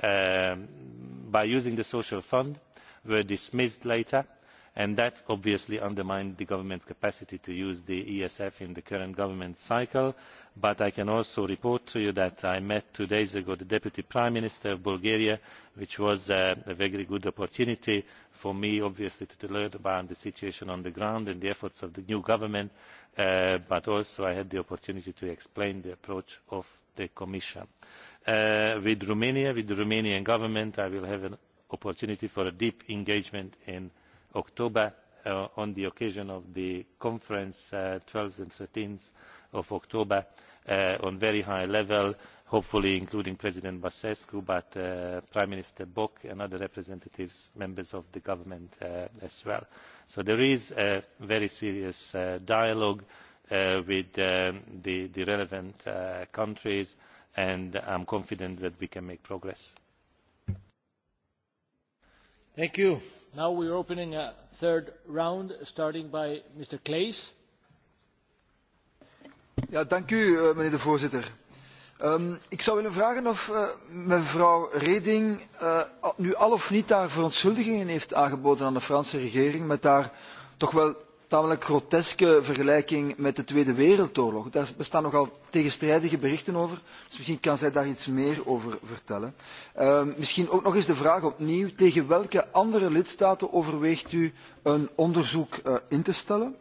um, by using the social fund were dismissed later and that obviously undermined the government's capacity to use the esf in the current government cycle but i can also report to you that i met two days ago the deputy prime minister of bulgaria which was a very good opportunity for me obviously to learn about the situation on the ground and the efforts of the new government uh, but also i had the opportunity to explain the approach of the commission. Uh, with romania with the romanian government i will have an opportunity for a deep engagement in october uh, on the occasion of the conference on uh, twelve and thirteen october at uh, a very high level hopefully including president bsescu but uh, prime minister bok and other representatives members of the government uh, as well. so there is a very serious uh, dialogue uh, with um, the, the relevant uh, countries and i am confident that we can make progress. thank you. now we are opening a third round starting by mr claeys Ja, dank u, uh, meneer de voorzitter. Um, ik zou willen vragen of uh, mevrouw Reding uh, nu al of niet haar verontschuldigingen heeft aangeboden aan de Franse regering met haar toch wel tamelijk groteske vergelijking met de Tweede Wereldoorlog. Daar bestaan nogal tegenstrijdige berichten over, dus misschien kan zij daar iets meer over vertellen. Uh, misschien ook nog eens de vraag opnieuw, tegen welke andere lidstaten overweegt u een onderzoek uh, in te stellen?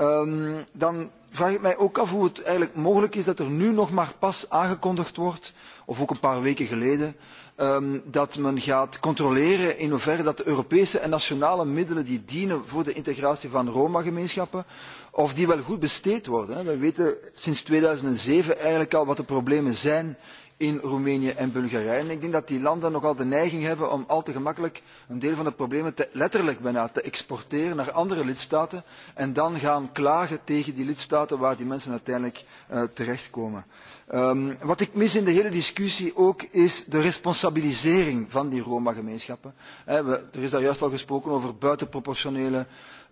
Um, dan vraag ik mij ook af hoe het eigenlijk mogelijk is dat er nu nog maar pas aangekondigd wordt, of ook een paar weken geleden, um, dat men gaat controleren in hoeverre dat de Europese en nationale middelen die dienen voor de integratie van Roma-gemeenschappen, of die wel goed besteed worden. Hè. We weten sinds 2007 eigenlijk al wat de problemen zijn in Roemenië en Bulgarije. En ik denk dat die landen nogal de neiging hebben om al te gemakkelijk een deel van de problemen te, letterlijk bijna te exporteren naar andere lidstaten en dan gaan klagen tegen die lidstaten waar die mensen uiteindelijk uh, terechtkomen. Um, wat ik mis in de hele discussie ook is de responsabilisering van die Roma-gemeenschappen. Eh, er is daar juist al gesproken over buitenproportionele uh,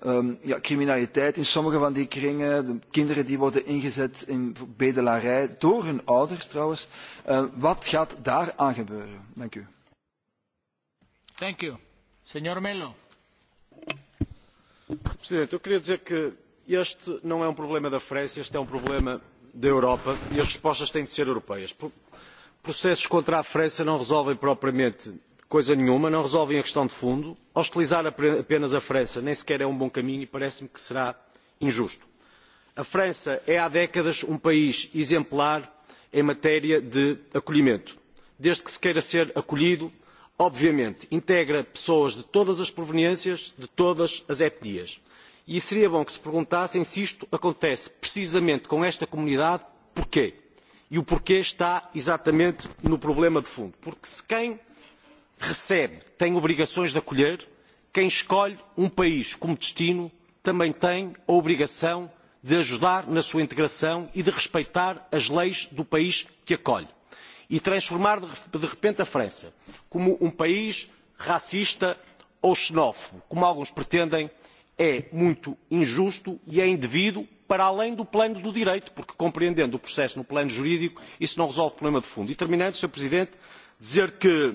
um, ja, criminaliteit in sommige van die kringen, de kinderen die worden ingezet in bedelarij, door hun ouders trouwens. Uh, wat gaat daar aan gebeuren? Dank u. Thank you. Senhor Melo. Presidente, eu queria dizer que este não é um problema da França, este é um problema da Europa e as respostas têm de ser europeias. Processos contra a França não resolvem propriamente coisa nenhuma, não resolvem a questão de fundo. Hostilizar apenas a França nem sequer é um bom caminho e parece-me que será injusto. A França é há décadas um país exemplar em matéria de acolhimento. Desde que se queira ser acolhido, obviamente, integra pessoas de todas as proveniências, de todas as etnias. E seria bom que se perguntassem se isto acontece precisamente com esta comunidade, porquê? E o porquê está exatamente no problema de fundo. Porque se quem recebe, tem obrigações de acolher. Quem escolhe um país como destino também tem a obrigação de ajudar na sua integração e de respeitar as leis do país que acolhe. E transformar de repente a França como um país racista ou xenófobo, como alguns pretendem, é muito injusto e é indevido para além do plano do direito, porque compreendendo o processo no plano jurídico, isso não resolve o problema de fundo. E terminando, Sr. Presidente, dizer que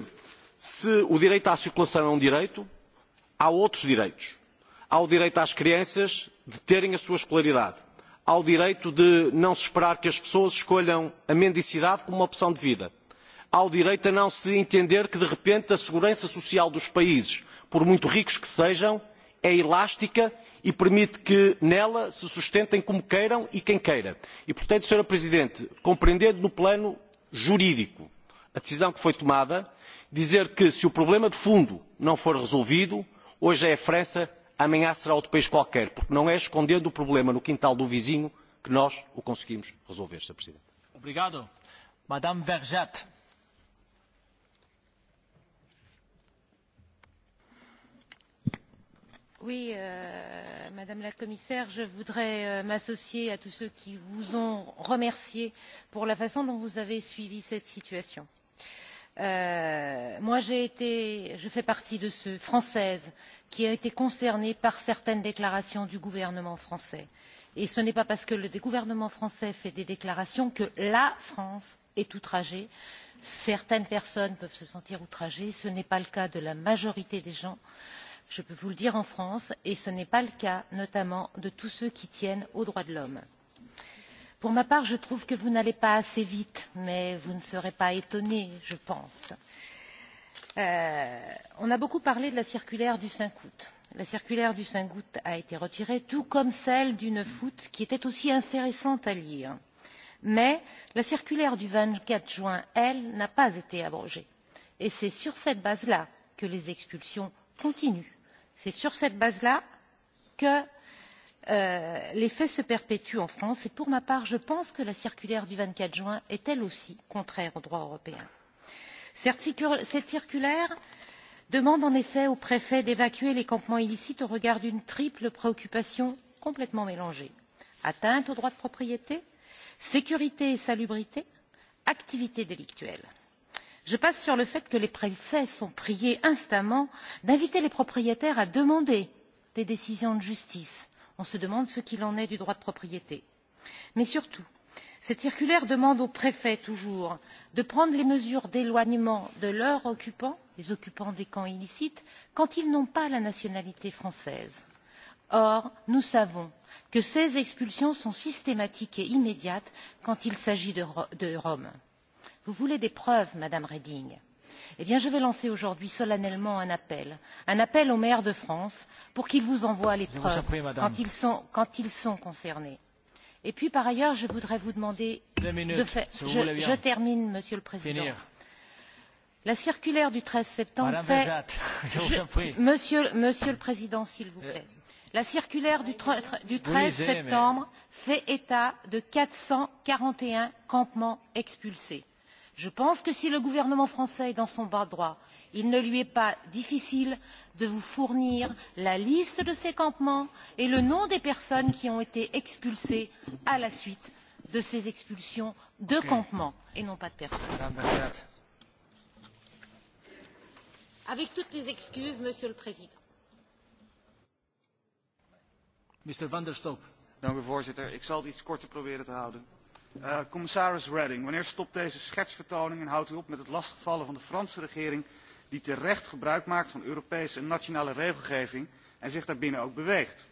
se o direito à circulação é um direito, há outros direitos. Há o direito às crianças de terem a sua escolaridade. Há o direito de não se esperar que as pessoas escolham a mendicidade como uma opção de vida. Há o direito a não se entender que, de repente, a segurança social dos países, por muito ricos que sejam, é elástica e permite que nela se sustentem como queiram e quem queira. E, portanto, Sra. Presidente, compreendendo no plano jurídico a decisão que foi tomada, dizer que se o problema de fundo não for resolvido, hoje é a França, amanhã será outro país qualquer, porque não é escondendo o problema no quintal do vizinho que nós o conseguimos resolver, Sr. Presidente. Obrigado. Madame Verjat. Oui, euh, madame la commissaire je voudrais euh, m'associer à tous ceux qui vous ont remercié pour la façon dont vous avez suivi cette situation. Euh, moi, été, je fais partie de ceux françaises qui ont été concernés par certaines déclarations du gouvernement français et ce n'est pas parce que le gouvernement français fait des déclarations que la france est outragée. certaines personnes peuvent se sentir outragées ce n'est pas le cas de la majorité des gens je peux vous le dire en france et ce n'est pas le cas notamment de tous ceux qui tiennent aux droits de l'homme pour ma part je trouve que vous n'allez pas assez vite mais vous ne serez pas étonnée je pense. Euh, on a beaucoup parlé de la circulaire du cinq août. la circulaire du cinq août a été retirée tout comme celle du neuf août qui était aussi intéressante à lire mais la circulaire du vingt quatre juin elle n'a pas été abrogée et c'est sur cette base là que les expulsions continuent c'est sur cette base là que Euh, les faits se perpétuent en france et pour ma part je pense que la circulaire du vingt quatre juin est elle aussi contraire au droit européen. cette circulaire demande en effet aux préfets d'évacuer les campements illicites au regard d'une triple préoccupation complètement mélangée atteinte au droit de propriété sécurité et salubrité activité délictuelle. je passe sur le fait que les préfets sont priés instamment d'inviter les propriétaires à demander des décisions de justice on se demande ce qu'il en est du droit de propriété. mais surtout cette circulaire demande aux préfets toujours de prendre les mesures d'éloignement de leurs occupants les occupants des camps illicites quand ils n'ont pas la nationalité française. or nous savons que ces expulsions sont systématiques et immédiates quand il s'agit de roms. vous voulez des preuves madame reding eh bien je vais lancer aujourd'hui solennellement un appel un appel aux maires de france pour qu'ils vous envoient les preuves prie, quand, ils sont, quand ils sont concernés. et puis par ailleurs je voudrais vous demander minutes, de faire si je, je termine monsieur le président Finir. la circulaire du treize septembre Madame fait Bézat, je je, monsieur, monsieur le président s'il vous plaît la circulaire du treize septembre mais... fait état de quatre cent quarante et un campements expulsés je pense que si le gouvernement français est dans son bas droit il ne lui est pas difficile de vous fournir la liste de ces campements et le nom des personnes qui ont été expulsées à la suite de ces expulsions de campements et non pas de personnes. avec toutes mes excuses monsieur le président. voorzitter ik zal het iets korter proberen te houden. Uh, commissaris Redding, wanneer stopt deze schetsvertoning en houdt u op met het lastigvallen van de Franse regering die terecht gebruik maakt van Europese en nationale regelgeving en zich daarbinnen ook beweegt?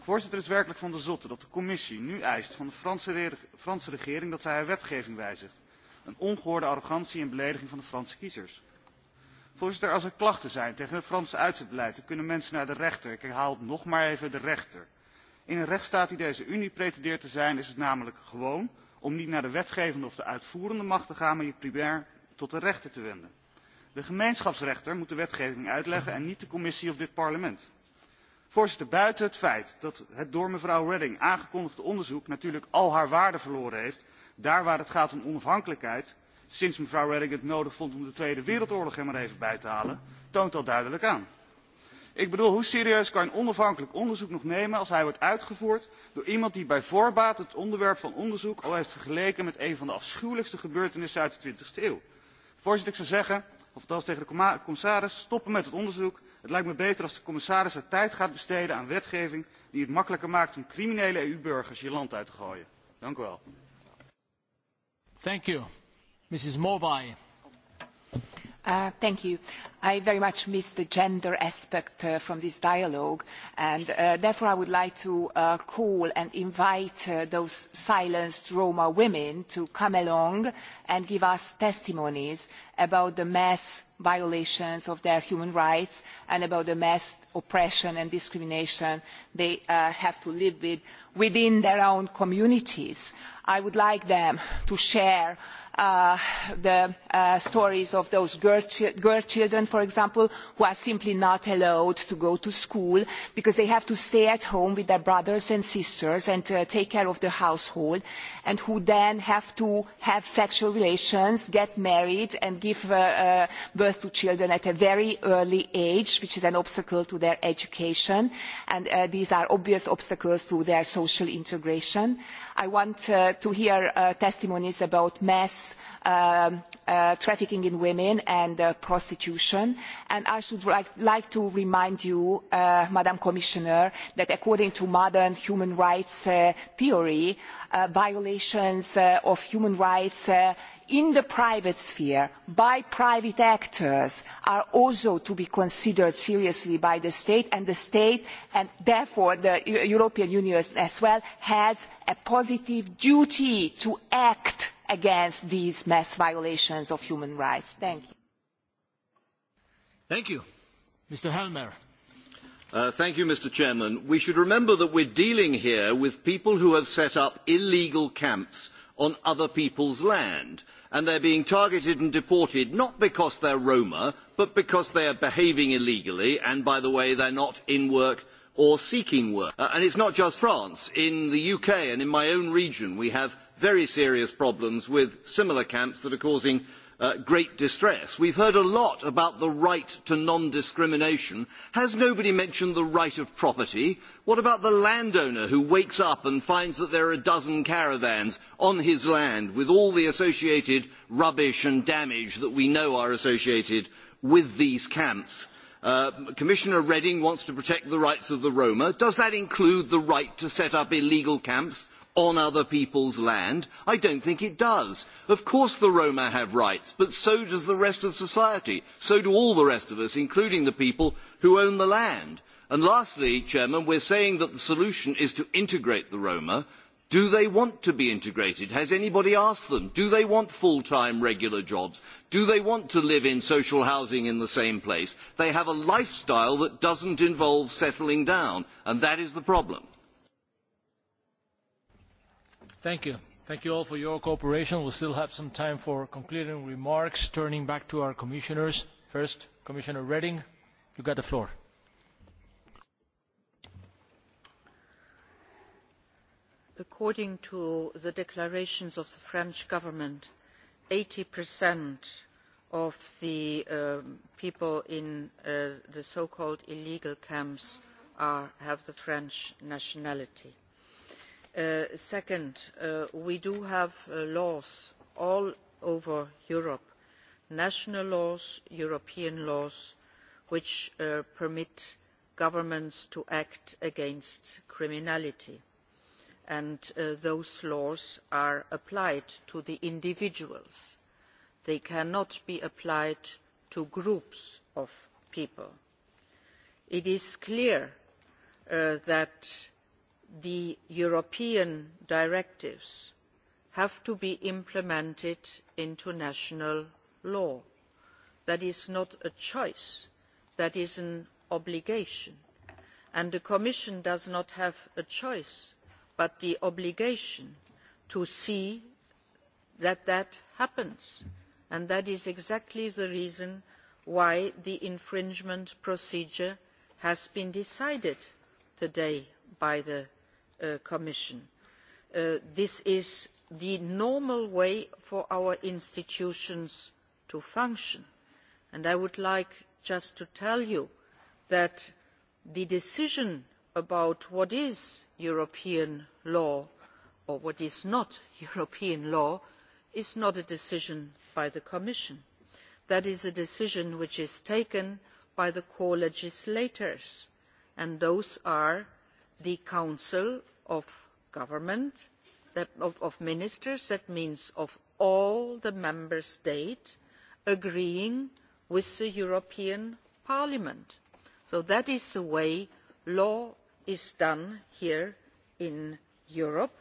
Voorzitter, het is werkelijk van de zotte dat de commissie nu eist van de Franse, re Franse regering dat zij haar wetgeving wijzigt. Een ongehoorde arrogantie en belediging van de Franse kiezers. Voorzitter, als er klachten zijn tegen het Franse uitzetbeleid, dan kunnen mensen naar de rechter. Ik herhaal het nog maar even de rechter. In een rechtsstaat die deze Unie pretendeert te zijn, is het namelijk gewoon om niet naar de wetgevende of de uitvoerende macht te gaan, maar je primair tot de rechter te wenden. De gemeenschapsrechter moet de wetgeving uitleggen en niet de commissie of dit parlement. Voorzitter, buiten het feit dat het door mevrouw Redding aangekondigde onderzoek natuurlijk al haar waarde verloren heeft, daar waar het gaat om onafhankelijkheid, sinds mevrouw Redding het nodig vond om de Tweede Wereldoorlog er maar even bij te halen, toont dat duidelijk aan ik bedoel hoe serieus kan een onafhankelijk onderzoek nog nemen als hij wordt uitgevoerd door iemand die bij voorbaat het onderwerp van onderzoek al heeft vergeleken met een van de afschuwelijkste gebeurtenissen uit de twintig e eeuw? voorzitter ik zou zeggen of althans tegen de commissaris stoppen met het onderzoek. het lijkt me beter als de commissaris haar er tijd gaat besteden aan wetgeving die het makkelijker maakt om criminele eu burgers je land uit te gooien. dank u wel. Thank you. Mrs. Morvai. Uh, thank you. I very much missed the gender aspect uh, from this dialogue, and uh, therefore I would like to uh, call and invite uh, those silenced Roma women to come along and give us testimonies about the mass violations of their human rights and about the mass oppression and discrimination they uh, have to live with within their own communities. I would like them to share uh, uh, the uh, stories of those girl, chi girl children, for example, who are simply not allowed to go to school because they have to stay at home with their brothers and sisters and uh, take care of the household, and who then have to have sexual relations, get married, and give uh, uh, birth to children at a very early age, which is an obstacle to their education. And uh, these are obvious obstacles to their social integration. Uh, I want uh, to hear uh, testimonies about mass um, uh, trafficking in women and uh, prostitution. And I should like, like to remind you, uh, Madam Commissioner, that according to modern human rights uh, theory, uh, violations uh, of human rights uh, in the private sphere by private actors are also to be considered seriously by the state and the state and therefore the european union as well has a positive duty to act against these mass violations of human rights. thank you. Thank you. Mr. Helmer. Uh, thank you, Mr. Chairman. We should remember that we're dealing here with people who have set up illegal camps on other people's land and they are being targeted and deported not because they are roma but because they are behaving illegally and by the way they are not in work or seeking work. Uh, and it is not just france in the uk and in my own region we have very serious problems with similar camps that are causing uh, great distress. We've heard a lot about the right to non-discrimination. Has nobody mentioned the right of property? What about the landowner who wakes up and finds that there are a dozen caravans on his land with all the associated rubbish and damage that we know are associated with these camps? Uh, Commissioner Reding wants to protect the rights of the Roma. Does that include the right to set up illegal camps on other people's land? I don't think it does. Of course the Roma have rights, but so does the rest of society. So do all the rest of us, including the people who own the land. And lastly, Chairman, we're saying that the solution is to integrate the Roma. Do they want to be integrated? Has anybody asked them? Do they want full-time regular jobs? Do they want to live in social housing in the same place? They have a lifestyle that doesn't involve settling down, and that is the problem. Thank you. Thank you all for your cooperation. We'll still have some time for concluding remarks, turning back to our commissioners. First, Commissioner Reding, you got the floor. According to the declarations of the French government, 80% of the um, people in uh, the so-called illegal camps are, have the French nationality. Uh, Uh, second uh, we do have uh, laws all over europe national laws european laws which uh, permit governments to act against criminality and uh, those laws are applied to individuals they cannot be applied to groups of people. it is clear uh, that the european directives have to be implemented into national law. that is not a choice that is an obligation and the commission does not have a choice but the obligation to see that that happens and that is exactly the reason why the infringement procedure has been decided today by the Uh, commission. Uh, this is the normal way for our institutions to function and i would like just to tell you that the decision about what is european law or what is not european law is not a decision by the commission that is a decision which is taken by the co legislators and those are the council of government that, of, of ministers that means of all the member states agreeing with the european parliament. so that is the way law is done here in europe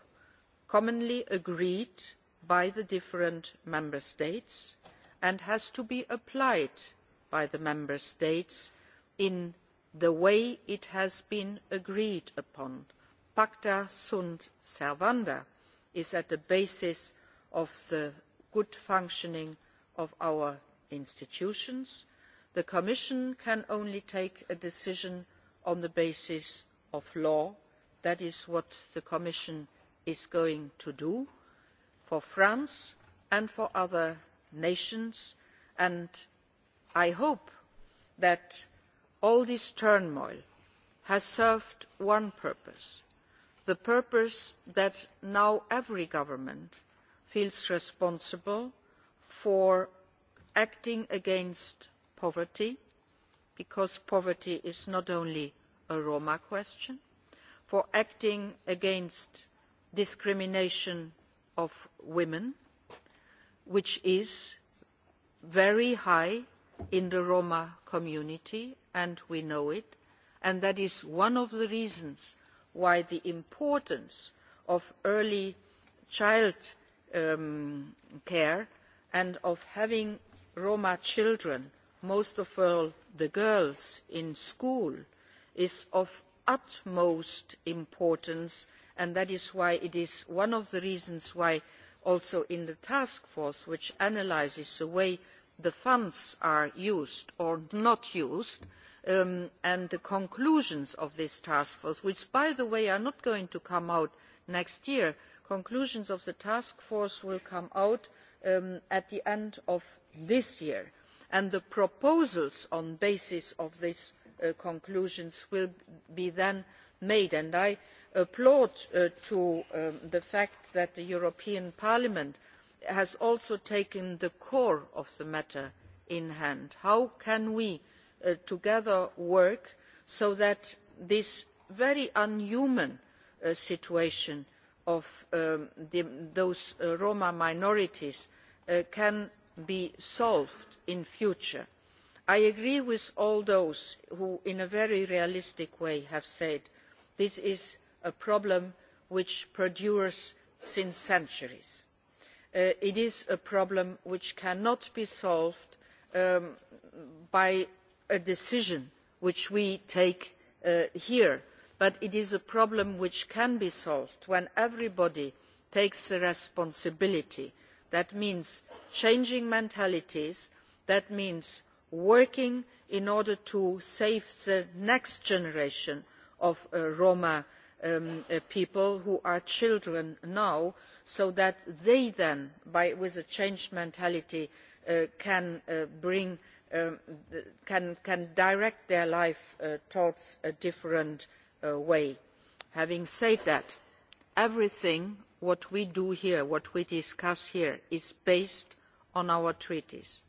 commonly agreed by the different member states and has to be applied by the member states in the way it has been agreed upon pacta sunt servanda is at the basis of the good functioning of our institutions. the commission can only take a decision on the basis of law. that is what the commission is going to do for france and for other nations and i hope that all this turmoil has served one purpose the purpose that now every government feels responsible for acting against poverty because poverty is not only a roma question for acting against discrimination against women which is very high in the roma community and we know it and that is one of the reasons why the importance of early child um, care and of having roma children most of all girls in school is of utmost importance and that is why it is one of the reasons why also in the task force which analyses the way the funds are used or not used um, and the conclusions of this task force which by the way are not going to come out next year the conclusions of the task force will come out um, at the end of this year and the proposals on the basis of these uh, conclusions will be then made and i applaud uh, to, um, the fact that the european parliament has also taken the core of the matter in hand how can we Uh, together work so that this very unhuman uh, situation of um, the, those uh, roma minorities can be solved in future. i agree with all those who in a very realistic way have said that this is a problem which perdures for centuries. it is a problem which cannot be solved um, by a decision which we take uh, here but it is a problem which can be solved when everybody takes responsibility. that means changing mentalities that means working in order to save the next generation of uh, roma um, uh, people who are children now so that they then with a changed mentality can bring um, can, can direct their life uh, towards a different uh, way. having said that everything what we do here what we discuss here is based on our treaties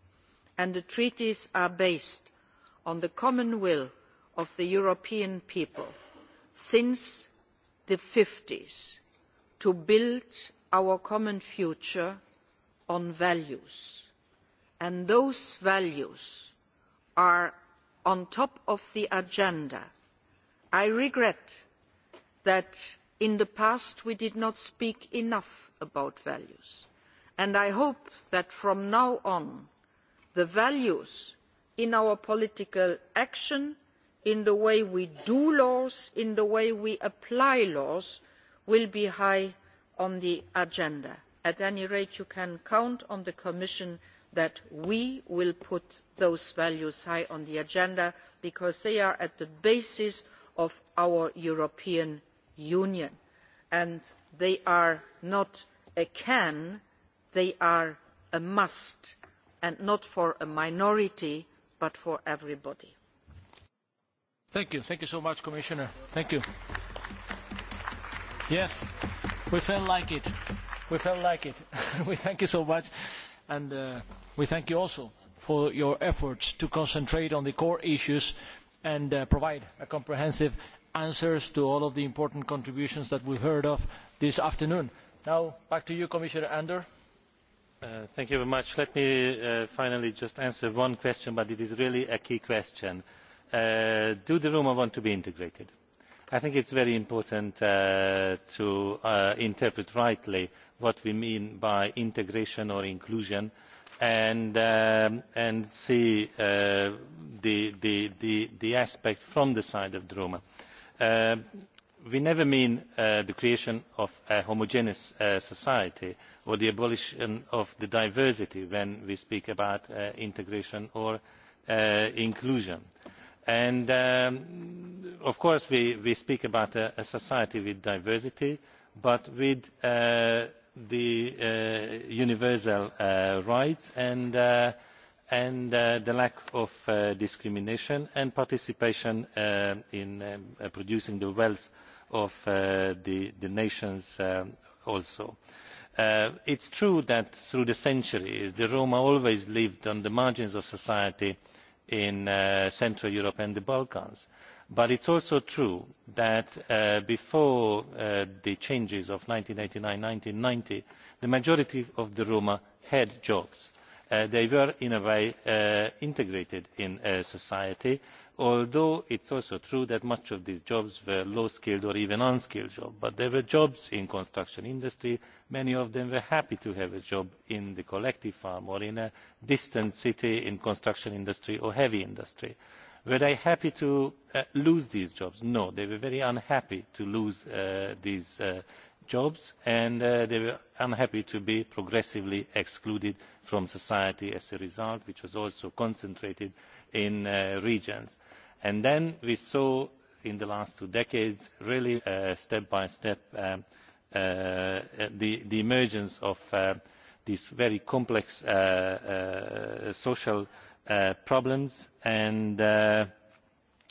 and the treaties are based on the common will of the european people since the one thousand nine hundred and fifty s to build our common future on values and those values are on top of the agenda. i regret that in the past we did not speak enough about values and i hope that from now on the values in our political action in the way we do laws in the way we apply laws will be high on the agenda. at any rate you can count on the commission that we will put those values high on the agenda because they are at the basis of our european union and they are not a can' they are a must' and not for a minority but for everybody. thank you thank you so much commissioner thank you. yes we felt like it we felt like it. we thank you so much and uh, we thank you also for your efforts to concentrate on the core issues and uh, provide a comprehensive answers to all of the important contributions that we heard of this afternoon. Now back to you, Commissioner Andor. Uh, thank you very much. Let me uh, finally just answer one question, but it is really a key question. Uh, do the Roma want to be integrated? Uh, i think it is very important uh, to uh, interpret rightly what we mean by integration or inclusion and, um, and see uh, the, the, the, the aspect from the side of the roma. Uh, we never mean uh, the creation of a homogeneous uh, society or the abolition of diversity when we speak about integration or inclusion and um, of course we, we speak about a, a society with diversity but with uh, the uh, universal uh, rights and, uh, and uh, the lack of uh, discrimination and participation in um, producing the wealth of the, the nations um, also. it is true that through the centuries the roma always lived on the margins of society in uh, central europe and the balkans but it is also true that uh, before uh, the changes of one thousand nine hundred and eighty nine one thousand nine hundred and ninety the majority of the roma had jobs. Uh, they were in a way uh, integrated in uh, society although it is also true that much of these jobs were low skilled or even unskilled jobs but there were jobs in the construction industry many of them were happy to have a job in the collective farm or in a distant city in the construction industry or heavy industry. were they happy to uh, lose these jobs? no they were very unhappy to lose uh, these uh, jobs and uh, they were unhappy to be progressively excluded from society as a result which was also concentrated in uh, regions and then we saw in the last two decades really uh, step by step um, uh, the, the emergence of uh, these very complex uh, uh, social uh, problems and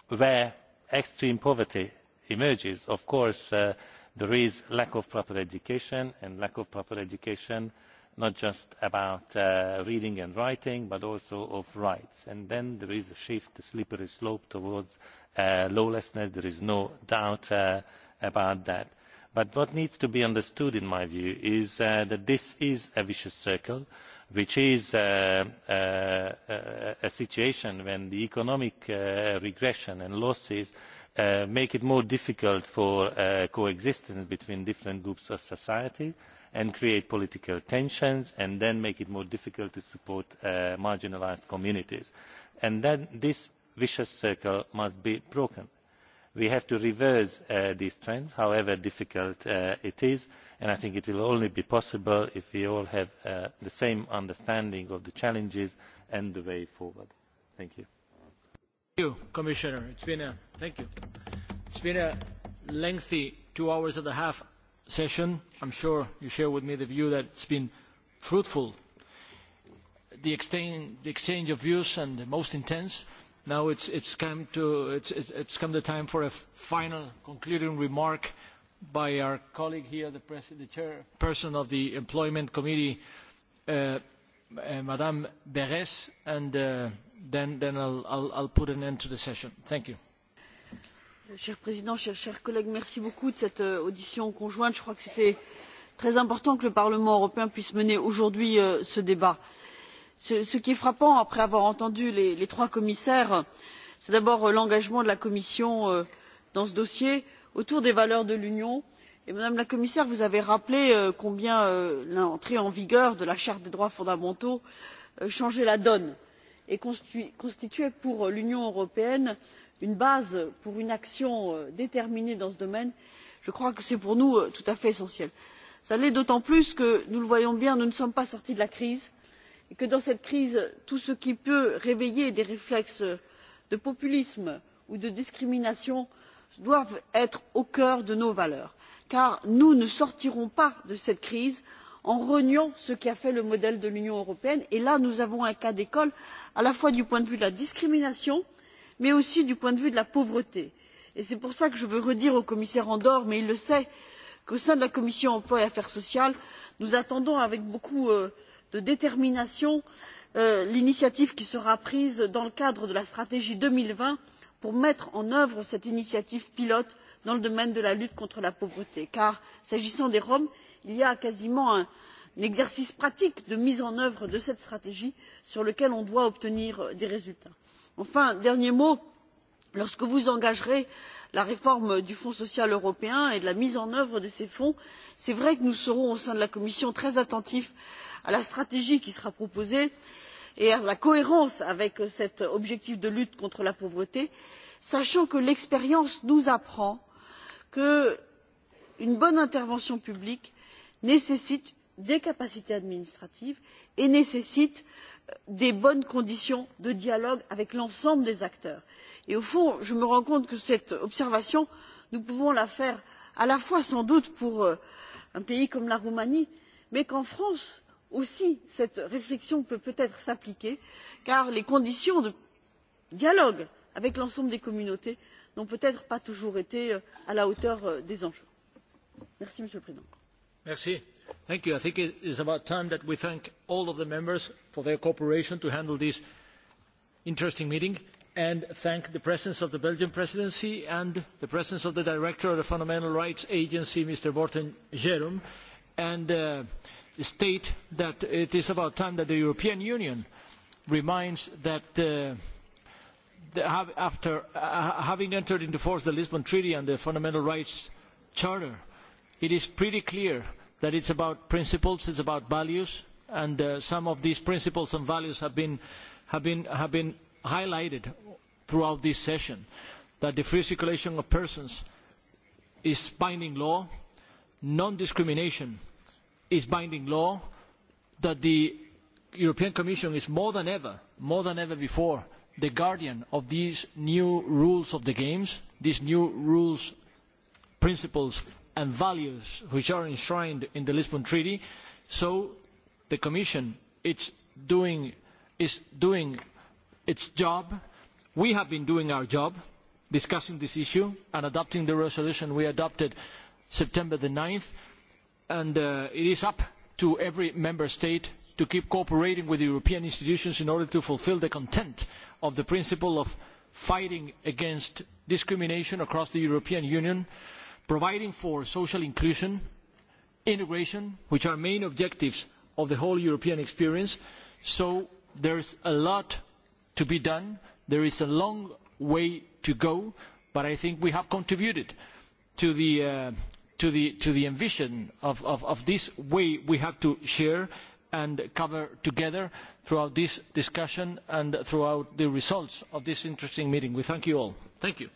where extreme poverty emerges of course there is a lack of proper education and lack of proper education not just about uh, reading and writing but also of rights and then there is a shift a slippery slope towards uh, lawlessness there is no doubt uh, about that. but what needs to be understood in my view is uh, that this is a vicious circle which is uh, uh, a situation when the economic regression and losses make it more difficult for coexistence between different groups of society and and create political tensions and then make it more difficult to support uh, marginalised communities. And then this vicious circle must be broken. we have to reverse uh, these trends however difficult uh, it is and i think it will only be possible if we all have uh, the same understanding of the challenges and the way forward. thank you. thank you commissioner. it has been a lengthy two hours and a half session. I'm sure you share with me the view that it's been fruitful. The exchange, the exchange of views and the most intense. Now it's, it's, come to, it's, it's come the time for a final concluding remark by our colleague here, the, pres the chairperson of the Employment Committee, uh, uh, Madame Beres, and uh, then, then I'll, I'll, I'll put an end to the session. Thank you cher président chers collègues merci beaucoup de cette euh, audition conjointe. je crois que c'était très important que le parlement européen puisse mener aujourd'hui euh, ce débat. ce qui est frappant après avoir entendu les trois commissaires c'est d'abord euh, l'engagement de la commission dans ce dossier autour des valeurs de l'union et madame la commissaire vous avez rappelé combien l'entrée en vigueur de la charte des droits fondamentaux changeait la donne et constituait pour l'union européenne une base pour une action euh, déterminée dans ce domaine je crois que c'est pour nous euh, tout à fait essentiel. cela l'est d'autant plus que nous le voyons bien nous ne sommes pas sortis de la crise et que dans cette crise tout ce qui peut réveiller des réflexes de populisme ou de discrimination doit être au cœur de nos valeurs car nous ne sortirons pas de cette crise en reniant ce qui a fait le modèle de l'union européenne et là nous avons un cas d'école à la fois du point de vue de la discrimination mais aussi du point de vue de la pauvreté et c'est pour cela que je veux redire au commissaire andor mais il le sait qu'au sein de la commission de l'emploi et des affaires sociales nous attendons avec beaucoup euh, de détermination euh, l'initiative qui sera prise dans le cadre de la stratégie deux mille vingt pour mettre en œuvre cette initiative pilote dans le domaine de la lutte contre la pauvreté car s'agissant des roms il y a quasiment un exercice pratique de mise en œuvre de cette stratégie sur lequel on doit obtenir des résultats enfin dernier mot lorsque vous engagerez la réforme du fonds social européen et la mise en œuvre de ces fonds il est vrai que nous serons au sein de la commission très attentifs à la stratégie qui sera proposée et à la cohérence avec cet objectif de lutte contre la pauvreté sachant que l'expérience nous apprend qu'une bonne intervention publique nécessite des capacités administratives et nécessite des bonnes conditions de dialogue avec l'ensemble des acteurs. Et au fond je me rends compte que cette observation nous pouvons la faire à la fois sans doute pour euh, un pays comme la roumanie mais qu'en france aussi cette réflexion peut peut être s'appliquer car les conditions de dialogue avec l'ensemble des communautés n'ont peut être pas toujours été euh, à la hauteur euh, des enjeux. merci monsieur le président. Thank you. I think it is about time that we thank all of the members for their cooperation to handle this interesting meeting and thank the presence of the Belgian presidency and the presence of the director of the Fundamental Rights Agency, Mr. Borten Jerome, and uh, state that it is about time that the European Union reminds that uh, the, have, after uh, having entered into force the Lisbon Treaty and the Fundamental Rights Charter, it is pretty clear that that it's about principles, it's about values, and uh, some of these principles and values have been, have, been, have been highlighted throughout this session. That the free circulation of persons is binding law, non-discrimination is binding law, that the European Commission is more than ever, more than ever before, the guardian of these new rules of the games, these new rules, principles, and values which are enshrined in the Lisbon Treaty. So the Commission it's doing, is doing its job. We have been doing our job, discussing this issue and adopting the resolution we adopted September the 9th. And uh, it is up to every member state to keep cooperating with the European institutions in order to fulfill the content of the principle of fighting against discrimination across the European Union. Uh, providing for social inclusion, integration, which are main objectives of the whole European experience. So there's a lot to be done. There is a long way to go, but I think we have contributed to the, uh, to the, to the ambition of, of, of this way we have to share and cover together throughout this discussion and throughout the results of this interesting meeting. We thank you all. Thank you.